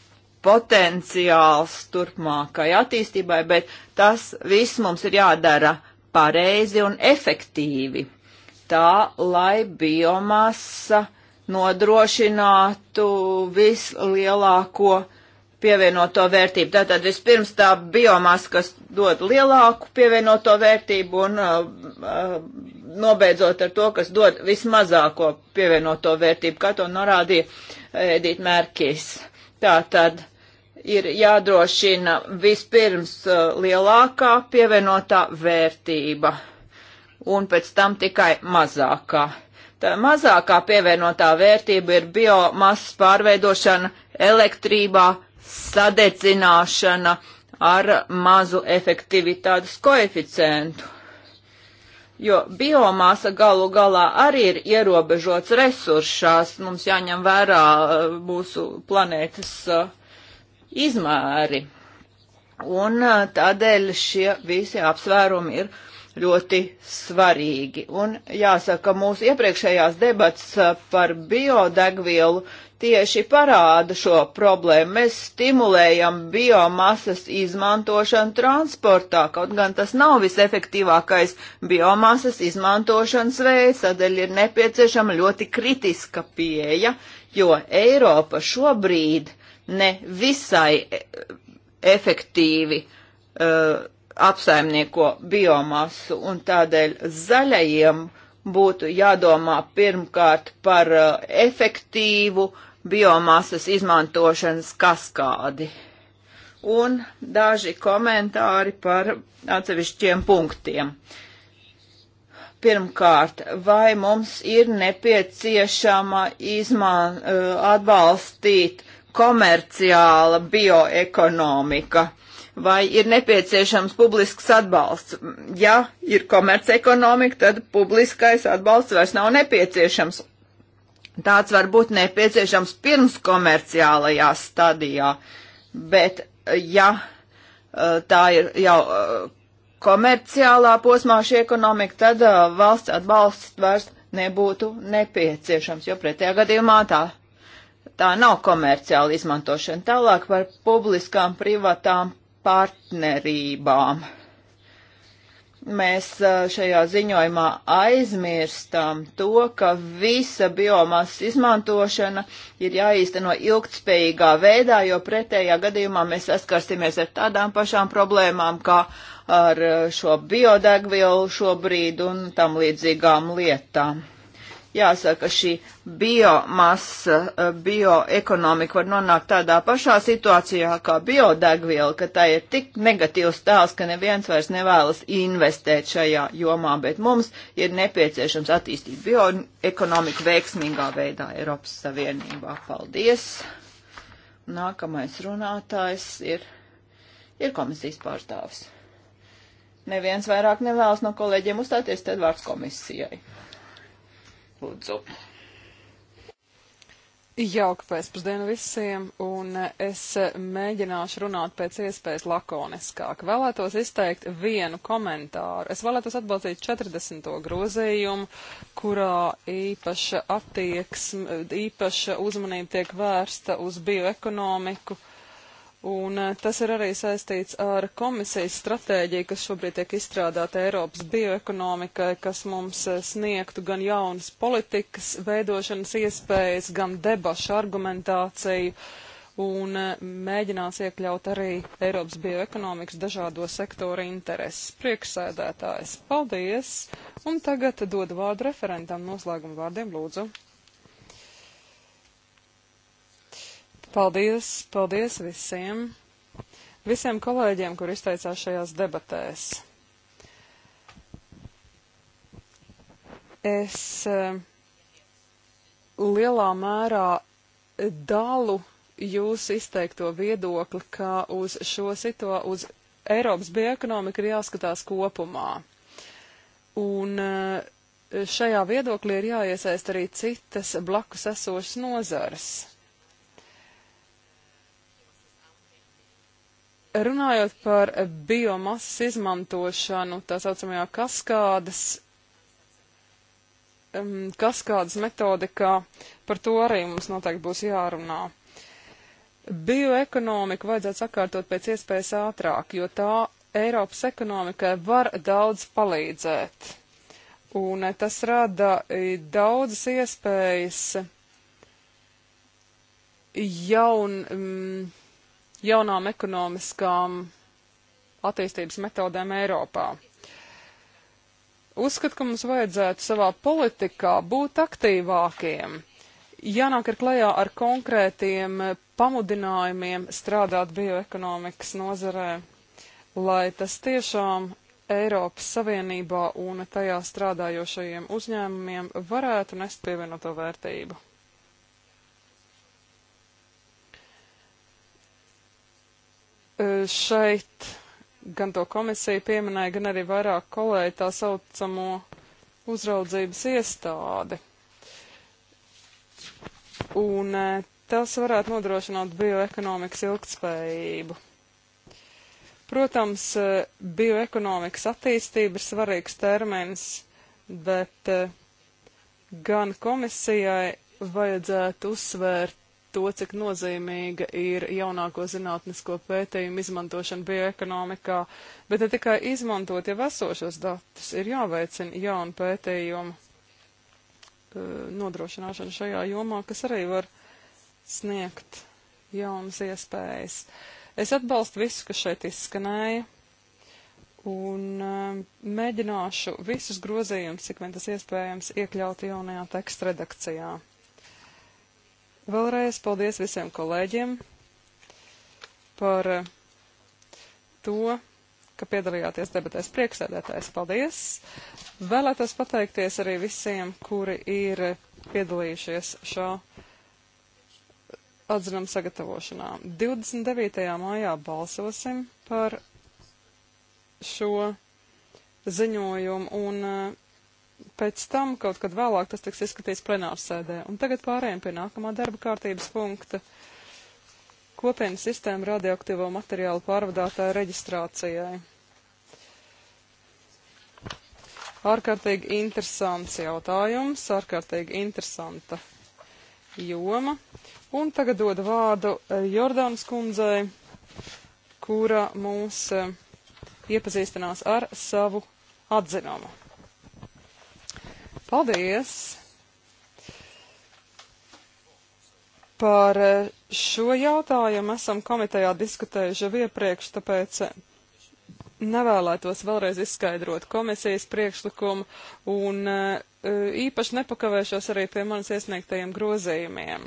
potenciāls turpmākai attīstībai, bet tas viss mums ir jādara pareizi un efektīvi, tā lai biomasa nodrošinātu vislielāko pievienoto vērtību. Tātad vispirms tā biomasa, kas dod lielāku pievienoto vērtību un uh, uh nobeidzot ar to, kas dod vismazāko pievienoto vērtību, kā to norādīja Edita Mērkīs. Tā tad ir jādrošina vispirms uh, lielākā pievienotā vērtība un pēc tam tikai mazākā. Tā mazākā pievienotā vērtība ir biomasas pārveidošana elektrībā, sadedzināšana ar mazu efektivitātes koeficientu jo biomasa galu galā arī ir ierobežots resursās. Mums jāņem vērā eh, mūsu planētas eh, izmēri. Un eh, tādēļ šie visi apsvērumi ir ļoti svarīgi. Un jāsaka, mūsu iepriekšējās debats par biodegvielu tieši parāda šo problēmu. Mēs stimulējam biomasas izmantošanu transportā, kaut gan tas nav visefektīvākais biomasas izmantošanas veids, tādēļ ir nepieciešama ļoti kritiska pieeja, jo Eiropa šobrīd ne visai e, efektīvi uh, apsaimnieko biomasu, un tādēļ zaļajiem būtu jādomā pirmkārt par uh, efektīvu uh, biomasas izmantošanas kaskādi. Un daži komentāri par atsevišķiem punktiem. Pirmkārt, vai mums ir nepieciešama izmā, eh, atbalstīt komerciāla bioekonomika? vai ir nepieciešams publisks atbalsts. Ja ir komercekonomika, tad publiskais atbalsts vairs nav nepieciešams. Tāds var būt nepieciešams pirms komerciālajā stadijā, bet ja eh, tā ir jau eh, komerciālā posmā šī ekonomika, tad eh, valsts atbalsts vairs nebūtu nepieciešams, jo pretējā gadījumā tā, tā nav komerciāla izmantošana. Tālāk par publiskām privātām partnerībām mēs šajā ziņojumā aizmirstam to, ka visa biomasas izmantošana ir jāīsteno ilgtspējīgā veidā, jo pretējā gadījumā mēs saskarsimies ar tādām pašām problēmām, kā ar šo biodegvielu šobrīd un tam līdzīgām lietām jāsaka, šī biomasa, eh, bioekonomika var nonākt tādā pašā situācijā kā biodegviela, ka tā ir tik negatīvs tēls, ka neviens vairs nevēlas investēt šajā jomā, bet mums ir nepieciešams attīstīt bioekonomiku veiksmīgā veidā Eiropas Savienībā. Paldies! Nākamais runātājs ir, ir komisijas pārstāvs. Neviens vairāk nevēlas no kolēģiem uzstāties, tad vārds komisijai. Lūdzu. Jauka pēcpusdiena visiem, un es mēģināšu runāt pēc iespējas lakoniskāk. Vēlētos izteikt vienu komentāru. Es vēlētos atbalstīt 40. grozījumu, kurā īpaša attieksme, īpaša uzmanība tiek vērsta uz bioekonomiku Un eh, tas ir arī saistīts ar komisijas stratēģiju, kas šobrīd tiek izstrādāta Eiropas bioekonomikai, kas mums eh, sniegtu gan jaunas politikas veidošanas iespējas, gan debašu argumentāciju un eh, mēģinās iekļaut arī Eiropas bioekonomikas dažādo sektoru intereses. Priekšsēdētājs, paldies! Un tagad dodu vārdu referentam noslēguma vārdiem, lūdzu. Paldies, paldies visiem, visiem kolēģiem, kur izteicās šajās debatēs. Es eh, lielā mērā dalu jūsu izteikto viedokli, ka uz šo situā, uz Eiropas bioekonomiku ir jāskatās kopumā. Un eh, šajā viedoklī ir jāiesaist arī citas blakus esošas nozares. Runājot par biomasas izmantošanu, tā saucamajā kaskādas, um, kaskādas metodikā, par to arī mums noteikti būs jārunā. Bioekonomiku vajadzētu sakārtot pēc iespējas ātrāk, jo tā Eiropas ekonomikai var daudz palīdzēt. Un eh, tas rada eh, daudzas iespējas jaun. Um, jaunām ekonomiskām attīstības metodēm Eiropā. Uzskat, ka mums vajadzētu savā politikā būt aktīvākiem, jānāk ar klajā ar konkrētiem pamudinājumiem strādāt bioekonomikas nozarē, lai tas tiešām Eiropas Savienībā un tajā strādājošajiem uzņēmumiem varētu nest pievienoto vērtību. Šeit gan to komisija pieminēja, gan arī vairāk kolēģi tā saucamo uzraudzības iestādi. Un tas varētu nodrošināt bioekonomikas ilgtspējību. Protams, bioekonomikas attīstība ir svarīgs termins, bet gan komisijai vajadzētu uzsvērt to, cik nozīmīga ir jaunāko zinātnisko pētījumu izmantošana bioekonomikā, bet ne tikai izmantot jau esošos datus, ir jāveicina jaunu pētījumu uh, nodrošināšana šajā jomā, kas arī var sniegt jaunas iespējas. Es atbalstu visu, kas šeit izskanēja, un uh, mēģināšu visus grozījumus, cik vien tas iespējams, iekļaut jaunajā teksta redakcijā. Vēlreiz paldies visiem kolēģiem par to, ka piedalījāties debatēs priekšsēdētājs. Paldies! Vēlētos pateikties arī visiem, kuri ir piedalījušies šā atzinuma sagatavošanā. 29. mājā balsosim par šo ziņojumu un pēc tam, kaut kad vēlāk, tas tiks izskatīts plenārsēdē. Un tagad pārējiem pie nākamā darba kārtības punkta - kopienas sistēma radioaktīvo materiālu pārvadātāju reģistrācijai. Ārkārtīgi interesants jautājums, ārkārtīgi interesanta joma. Un tagad dodu vārdu eh, Jordānas kundzei, kura mūs eh, iepazīstinās ar savu atzinumu. Paldies! Par eh, šo jautājumu esam komitejā diskutējuši jau iepriekš, tāpēc eh, nevēlētos vēlreiz izskaidrot komisijas priekšlikumu un eh, īpaši nepakavēšos arī pie manas iesniegtajiem grozījumiem.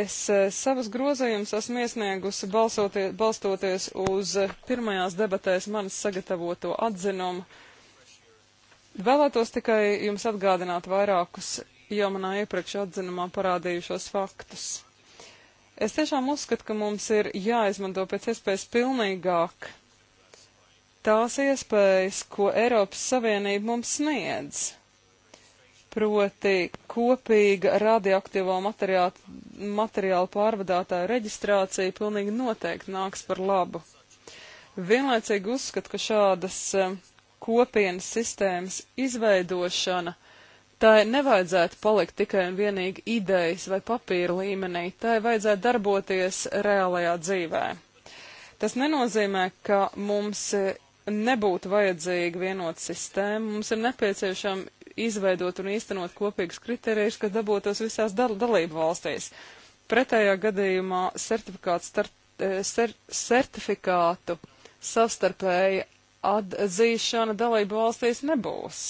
Es savus grozījumus esmu iesniegusi balsoties, balstoties uz pirmajās debatēs manas sagatavoto atzinumu Vēlētos tikai jums atgādināt vairākus jau manā iepriekš atzinumā parādījušos faktus. Es tiešām uzskatu, ka mums ir jāizmanto pēc iespējas pilnīgāk tās iespējas, ko Eiropas Savienība mums sniedz. Proti kopīga radioaktīvo materiālu, materiālu pārvadātāju reģistrācija pilnīgi noteikti nāks par labu. Vienlaicīgi uzskatu, ka šādas uh, kopienas sistēmas izveidošana, tai nevajadzētu palikt tikai un vienīgi idejas vai papīra līmenī, tai vajadzētu darboties reālajā dzīvē. Tas nenozīmē, ka mums nebūtu vajadzīga vienota sistēma, mums ir nepieciešama izveidot un īstenot kopīgus kriterijus, kas dabūtos visās dal dalību valstīs. Pretējā gadījumā certifikātu starp, cer, eh, certifikātu savstarpēja atzīšana dalību valstīs nebūs.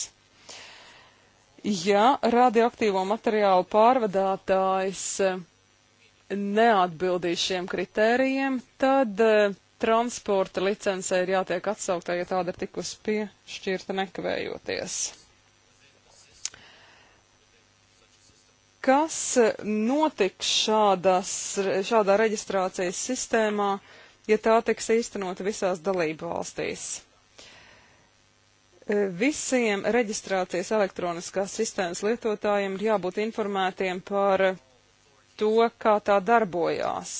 Ja radioaktīvo materiālu pārvadātājs eh, neatbildīs šiem kritērijiem, tad eh, transporta licencē ir jātiek atsauktai, ja tāda ir tikus piešķirta nekavējoties. Kas eh, notiks šādas, šādā reģistrācijas sistēmā, ja tā tiks īstenota visās dalību valstīs? Visiem reģistrācijas elektroniskās sistēmas lietotājiem ir jābūt informētiem par to, kā tā darbojās.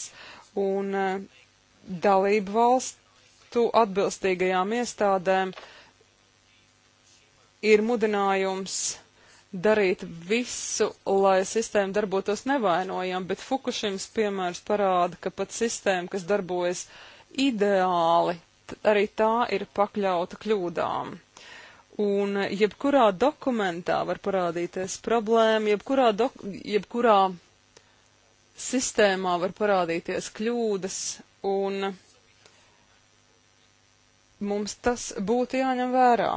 Un eh, dalību valstu atbilstīgajām iestādēm ir mudinājums darīt visu, lai sistēma darbotos nevainojami, bet Fukushims piemērs parāda, ka pat sistēma, kas darbojas ideāli, arī tā ir pakļauta kļūdām. Un jebkurā dokumentā var parādīties problēma, jebkurā, dok jebkurā sistēmā var parādīties kļūdas, un mums tas būtu jāņem vērā.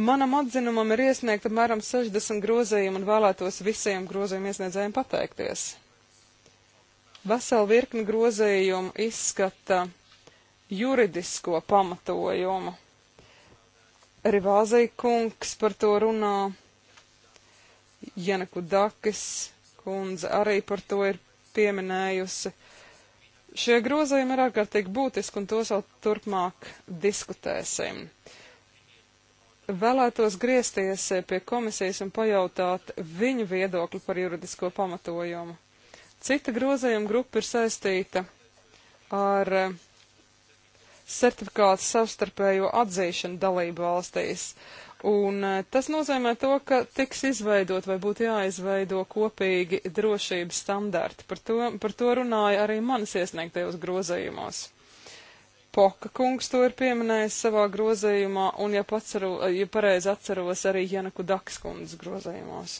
Manam atzinumam ir iesniegt apmēram 60 grozījumu un vēlētos visiem grozījumu iesniedzējiem pateikties. Vesela virkni grozījumu izskata juridisko pamatojumu. Rivāzei kungs par to runā, Janeku Dakis kundze arī par to ir pieminējusi. Šie grozījumi ir ārkārtīgi būtiski un tos vēl turpmāk diskutēsim. Vēlētos griezties pie komisijas un pajautāt viņu viedokli par juridisko pamatojumu. Cita grozījuma grupa ir saistīta ar certifikātu savstarpējo atzīšanu dalību valstīs. Un e, tas nozīmē to, ka tiks izveidot vai būtu jāizveido kopīgi drošības standarti. Par to, par to runāja arī manas iesniegtajos grozījumos. Poka kungs to ir pieminējis savā grozījumā, un, ja, paceru, ja pareizi atceros, arī Janaku Daks kundas grozījumos.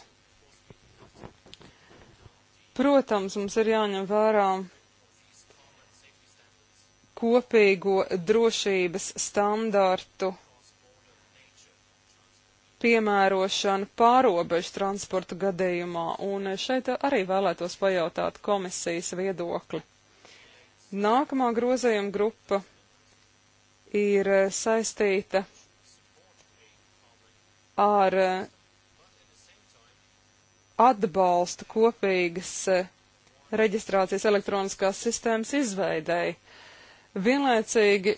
Protams, mums ir jāņem vērā kopīgo drošības standartu piemērošanu pārobežu transportu gadījumā, un šeit arī vēlētos pajautāt komisijas viedokli. Nākamā grozējuma grupa ir saistīta ar atbalstu kopīgas reģistrācijas elektroniskās sistēmas izveidēji. Vienlaicīgi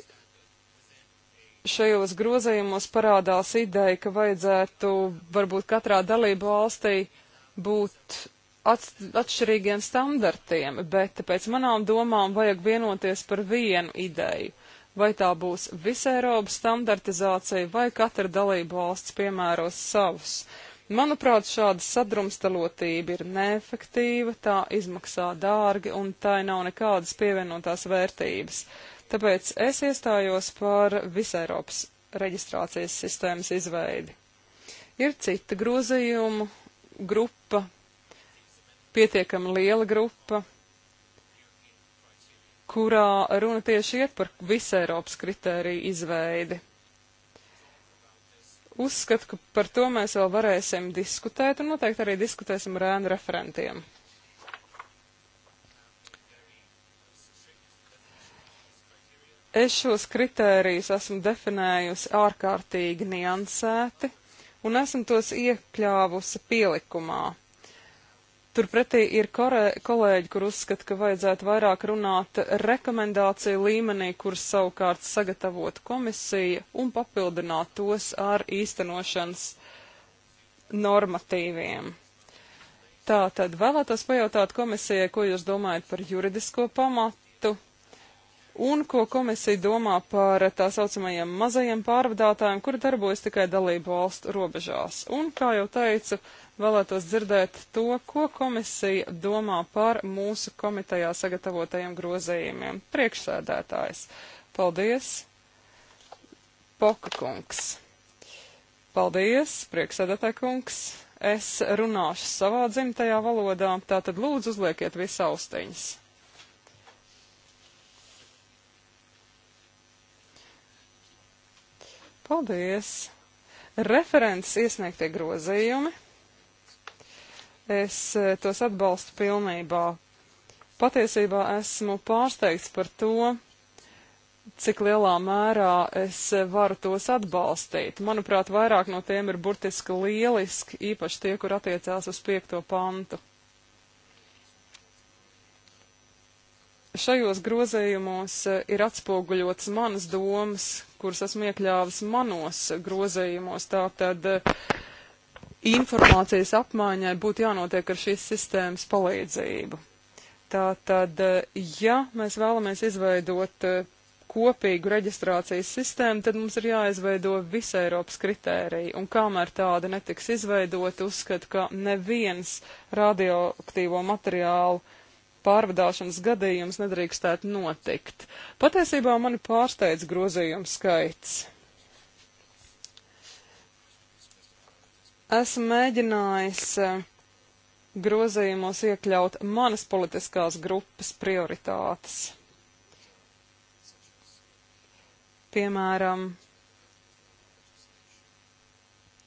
šajos grozējumos parādās ideja, ka vajadzētu varbūt katrā dalību valstī būt atšķirīgiem standartiem, bet pēc manām domām vajag vienoties par vienu ideju. Vai tā būs visa Eiropas standartizācija, vai katra dalība valsts piemēros savus. Uh, Manuprāt, šāda sadrumstalotība ir neefektīva, tā izmaksā dārgi un tai nav nekādas pievienotās vērtības. Tāpēc es iestājos par visēropas reģistrācijas sistēmas izveidi. Ir cita grozījumu grupa, pietiekami liela grupa, kurā runa tieši iet par visēropas kritēriju izveidi uzskatu, ka par to mēs vēl varēsim diskutēt un noteikti arī diskutēsim ar ēnu referentiem. Es šos kritērijus esmu definējusi ārkārtīgi niansēti un esmu tos iekļāvusi pielikumā. Turpretī ir korē, kolēģi, kur uzskata, ka vajadzētu vairāk runāt rekomendāciju līmenī, kuras savukārt sagatavot komisija un papildināt tos ar īstenošanas normatīviem. Tā tad vēlētos pajautāt komisijai, ko jūs domājat par juridisko pamatu un ko komisija domā par tā saucamajiem mazajiem pārvadātājiem, kuri darbojas tikai dalību valstu robežās. Un, kā jau teicu, vēlētos dzirdēt to, ko komisija domā par mūsu komitejā sagatavotajiem grozījumiem. Priekšsēdētājs. Paldies. Poka kungs. Paldies, priekšsēdētāja kungs. Es runāšu savā dzimtajā valodā, tātad lūdzu uzliekiet visu austiņas. Paldies! Referents iesniegtie grozījumi. Es eh, tos atbalstu pilnībā. Patiesībā esmu pārsteigts par to, cik lielā mērā es eh, varu tos atbalstīt. Manuprāt, vairāk no tiem ir burtiski lieliski, īpaši tie, kur attiecās uz piekto pantu. šajos grozējumos eh, ir atspoguļots manas domas, kuras esmu iekļāvis manos eh, grozējumos. Tātad eh, informācijas apmaiņai būtu jānotiek ar šīs sistēmas palīdzību. Tātad, ja mēs vēlamies izveidot kopīgu reģistrācijas sistēmu, tad mums ir jāizveido visa Eiropas kritērija. Un kamēr tāda netiks izveidota, uzskatu, ka neviens radioaktīvo materiālu uh, pārvadāšanas gadījums nedrīkstētu notikt. Patiesībā mani pārsteidz grozījumu skaits. Esmu mēģinājis e, grozījumos iekļaut manas politiskās grupas prioritātes. Piemēram,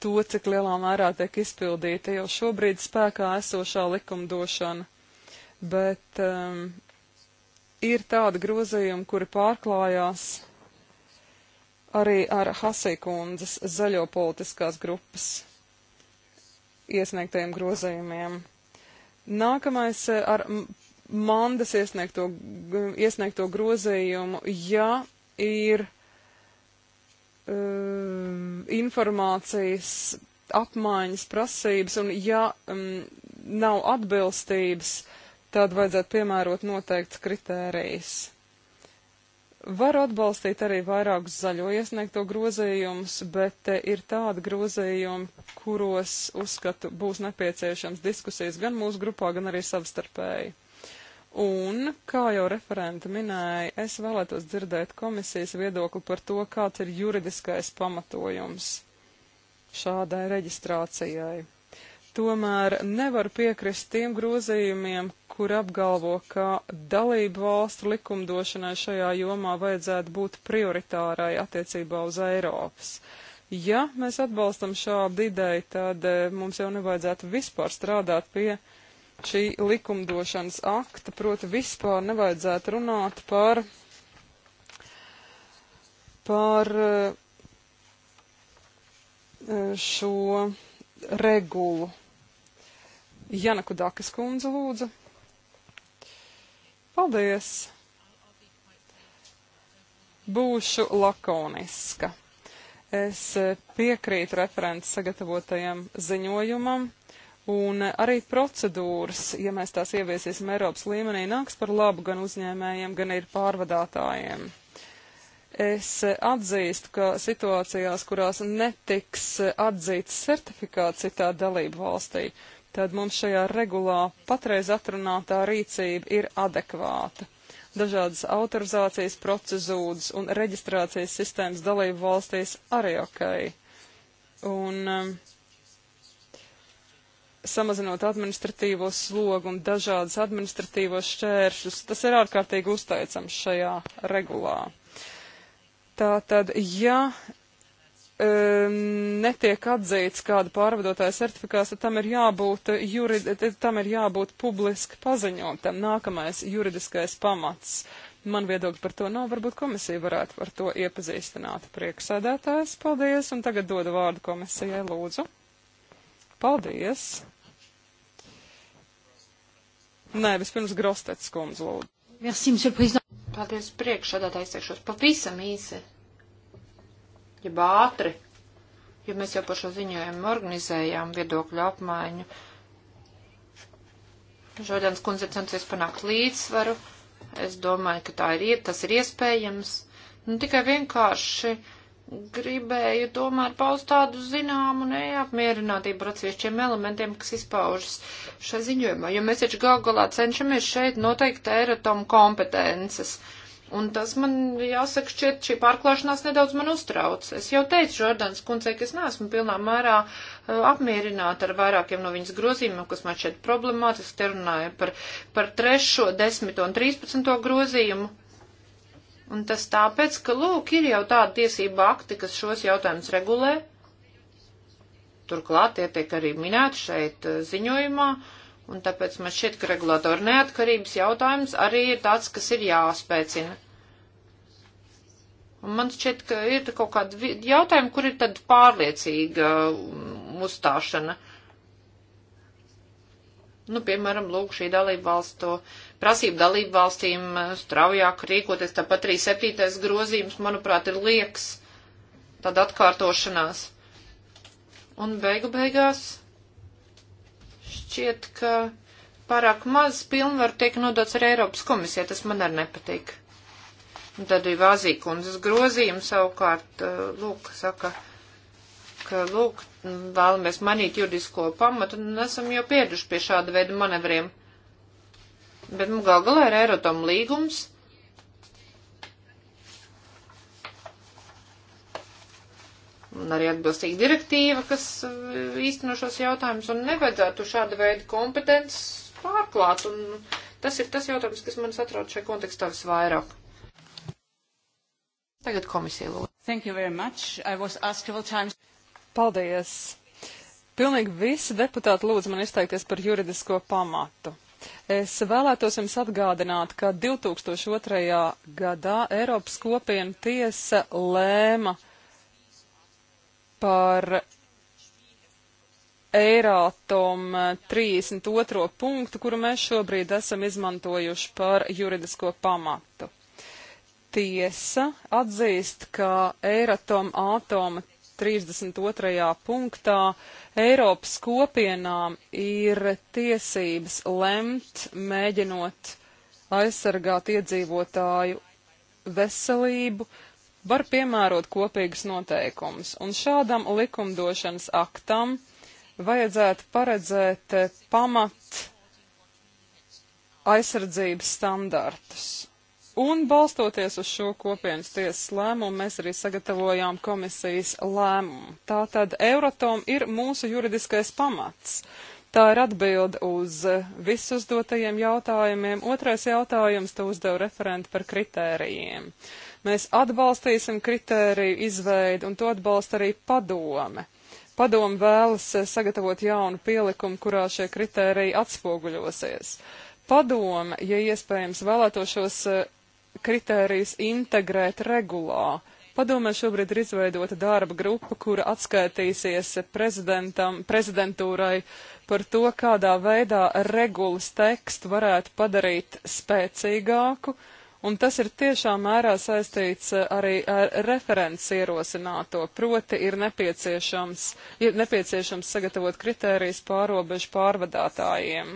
to, cik lielā mērā tiek izpildīta jau šobrīd spēkā esošā likumdošana bet um, ir tādi grozījumi, kuri pārklājās arī ar Hasekundzes zaļo politiskās grupas iesniegtajiem grozījumiem. Nākamais eh, ar mandas iesniegto, iesniegto grozījumu, ja ir uh, informācijas apmaiņas prasības un ja um, nav atbilstības uh, tad vajadzētu piemērot noteikts kritērijs. Varu atbalstīt arī vairākus zaļo iesniegto grozījumus, bet ir tādi grozījumi, kuros, uzskatu, būs nepieciešams diskusijas gan mūsu grupā, gan arī savstarpēji. Un, kā jau referenta minēja, es vēlētos dzirdēt komisijas viedokli par to, kāds ir juridiskais pamatojums šādai reģistrācijai tomēr nevaru piekrist tiem grozījumiem, kur apgalvo, ka dalību valstu likumdošanai šajā jomā vajadzētu būt prioritārai attiecībā uz Eiropas. Ja mēs atbalstam šādu ideju, tad e, mums jau nevajadzētu vispār strādāt pie šī likumdošanas akta, proti vispār nevajadzētu runāt par, par e, e, šo regulu Janaku Dakas kundze lūdzu. Paldies! Būšu lakoniska. Es piekrītu referents sagatavotajam ziņojumam, un arī procedūras, ja mēs tās ieviesīsim Eiropas līmenī, nāks par labu gan uzņēmējiem, gan ir pārvadātājiem. Es atzīstu, ka situācijās, kurās netiks atzīts certifikāts citā dalību valstī, uh, tad mums šajā regulā patreiz atrunātā rīcība ir adekvāta. Dažādas autorizācijas procedūras un reģistrācijas sistēmas dalību valstīs arī ok. Un um, samazinot administratīvo slogu un dažādas administratīvos šķēršļus, tas ir ārkārtīgi uzteicams šajā regulā. Tātad, ja netiek atzīts kāda pārvadotāja certifikāts, tad tam ir jābūt, eh, jurid, eh, tam ir jābūt publiski paziņotam. Nākamais juridiskais pamats. Man viedokļi par to nav, varbūt komisija varētu par to iepazīstināt. Prieksēdētājs, paldies, un tagad dodu vārdu komisijai, lūdzu. Paldies. Nē, vispirms Grostets kundze, lūdzu. Merci, Paldies, priekšsēdētājs, teikšos pavisam īsi jeb ātri, jo mēs jau par šo ziņojumu organizējām viedokļu apmaiņu. Žodēns kundze centies panākt līdzsvaru. Es domāju, ka tā ir, tas ir iespējams. Nu, tikai vienkārši gribēju tomēr paust tādu zināmu neapmierinātību par atsevišķiem elementiem, kas izpaužas šajā ziņojumā, jo mēs taču gal galā cenšamies šeit noteikt Eiratom kompetences. Uh, Un tas man, jāsaka, šķiet, šī pārklāšanās nedaudz man uztrauc. Es jau teicu Žordāns kundzei, ka es neesmu pilnā mērā e, apmierināta ar vairākiem no viņas grozījumiem, kas man šķiet problemātiski. Te runāja par, par trešo, desmito un trīspadsmito grozījumu. Un tas tāpēc, ka, lūk, ir jau tāda tiesība akti, kas šos jautājumus regulē. Turklāt tie tiek arī minēti šeit e, ziņojumā. Uh, Un tāpēc man šķiet, ka regulātora neatkarības jautājums arī ir tāds, kas ir jāspēcina. Un man šķiet, ka ir kaut kāda jautājuma, kur ir tad pārliecīga mm, uzstāšana. Nu, piemēram, lūk, šī dalība valsts to prasību dalību valstīm mm, straujāk rīkoties, tāpat arī septītais grozījums, manuprāt, ir lieks, tāda atkārtošanās. Un beigu beigās šķiet, ka pārāk maz pilnvaru tiek nodots arī Eiropas komisijai. Tas man arī nepatīk. Un tad ir vāzīkundzes grozījums savukārt, uh, lūk, saka, ka, lūk, vēlamies manīt juridisko pamatu un esam jau pieraduši pie šāda veida manevriem. Bet mums nu, gal galā ir Eirotom līgums un arī atbilstīga direktīva, kas eh, īsteno šos jautājumus, un nevajadzētu šāda veida kompetences pārklāt, un tas ir tas jautājums, kas man satrauc šajā kontekstā visvairāk. Tagad komisija lūdzu. Thank you very much. I was asked several times. Paldies. Pilnīgi visi deputāti lūdzu man izteikties par juridisko pamatu. Es vēlētos jums atgādināt, ka 2002. gadā Eiropas kopiena tiesa lēma par Eirātom 32. punktu, kuru mēs šobrīd esam izmantojuši par juridisko pamatu. Tiesa atzīst, ka Eiratom ātoma 32. punktā Eiropas kopienām ir tiesības lemt, mēģinot aizsargāt iedzīvotāju veselību, uh, var piemērot kopīgas noteikumus. Un šādam likumdošanas aktam vajadzētu paredzēt eh, pamat aizsardzības standartus. Un balstoties uz šo kopienas tiesas lēmumu, mēs arī sagatavojām komisijas lēmumu. Tātad Euratom ir mūsu juridiskais pamats. Tā ir atbilde uz eh, visus uzdotajiem jautājumiem. Otrais jautājums tu uzdev referenti par kritērijiem. Mēs atbalstīsim kritēriju izveidu, un to atbalsta arī padome. Padome vēlas eh, sagatavot jaunu pielikumu, kurā šie kritēriji atspoguļosies. Padome, ja iespējams, vēlētos šos eh, kritērijus integrēt regulā. Padomē šobrīd ir izveidota darba grupa, kura atskaitīsies prezidentūrai par to, kādā veidā regulas tekstu varētu padarīt spēcīgāku, uh, un tas ir tiešām mērā saistīts eh, arī ar referents ierosināto, proti ir nepieciešams, ir nepieciešams sagatavot kritērijas pārobežu pārvadātājiem.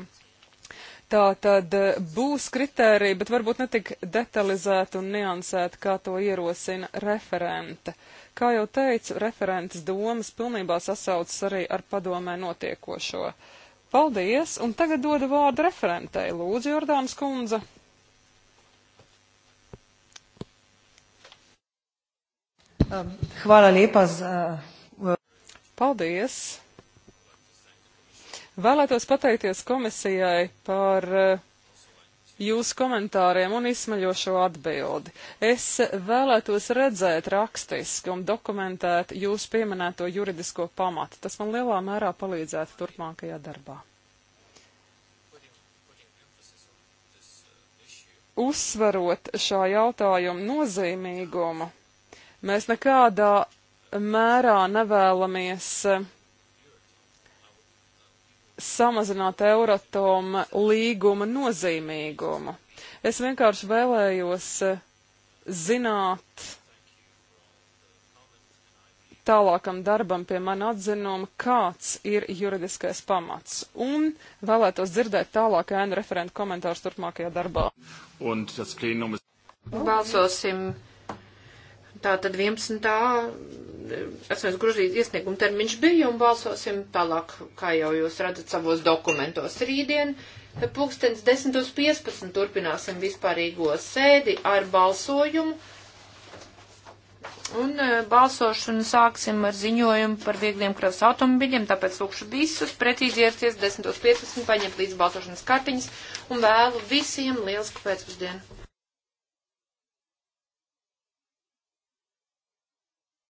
Tā tad eh, būs kritērija, bet varbūt netik detalizēta un niansēta, kā to ierosina referente. Kā jau teicu, referentes domas pilnībā sasaucas arī ar padomē notiekošo. Paldies, un tagad dodu vārdu referentei. Lūdzu, Jordāns kundze. Hvala lepa za. Eh, Paldies! Vēlētos pateikties komisijai par eh, jūsu komentāriem un izsmaļošo atbildi. Es vēlētos redzēt rakstiski un dokumentēt jūsu pieminēto juridisko pamatu. Tas man lielā mērā palīdzētu turpmākajā darbā. Uzsverot šā jautājuma nozīmīgumu Mēs nekādā mērā nevēlamies eh, samazināt Euratoma līguma nozīmīgumu. Es vienkārši vēlējos eh, zināt tālākam darbam pie mana atzinuma, kāds ir juridiskais pamats. Un vēlētos dzirdēt tālāk ēnu referentu komentārus turpmākajā darbā. Plenum... Balsosim Tā tad 11. esmu grūzījis iesniegumu termiņš bija un balsosim tālāk, kā jau jūs redzat savos dokumentos rītdien. Pūkstens 10.15 turpināsim vispārīgo sēdi ar balsojumu. Un e, balsošanu sāksim ar ziņojumu par viegliem kravas automobiļiem, tāpēc lūkšu visus precīzi ierasties 10.15, paņemt līdz balsošanas kartiņas un vēlu visiem lielu pēcpusdienu.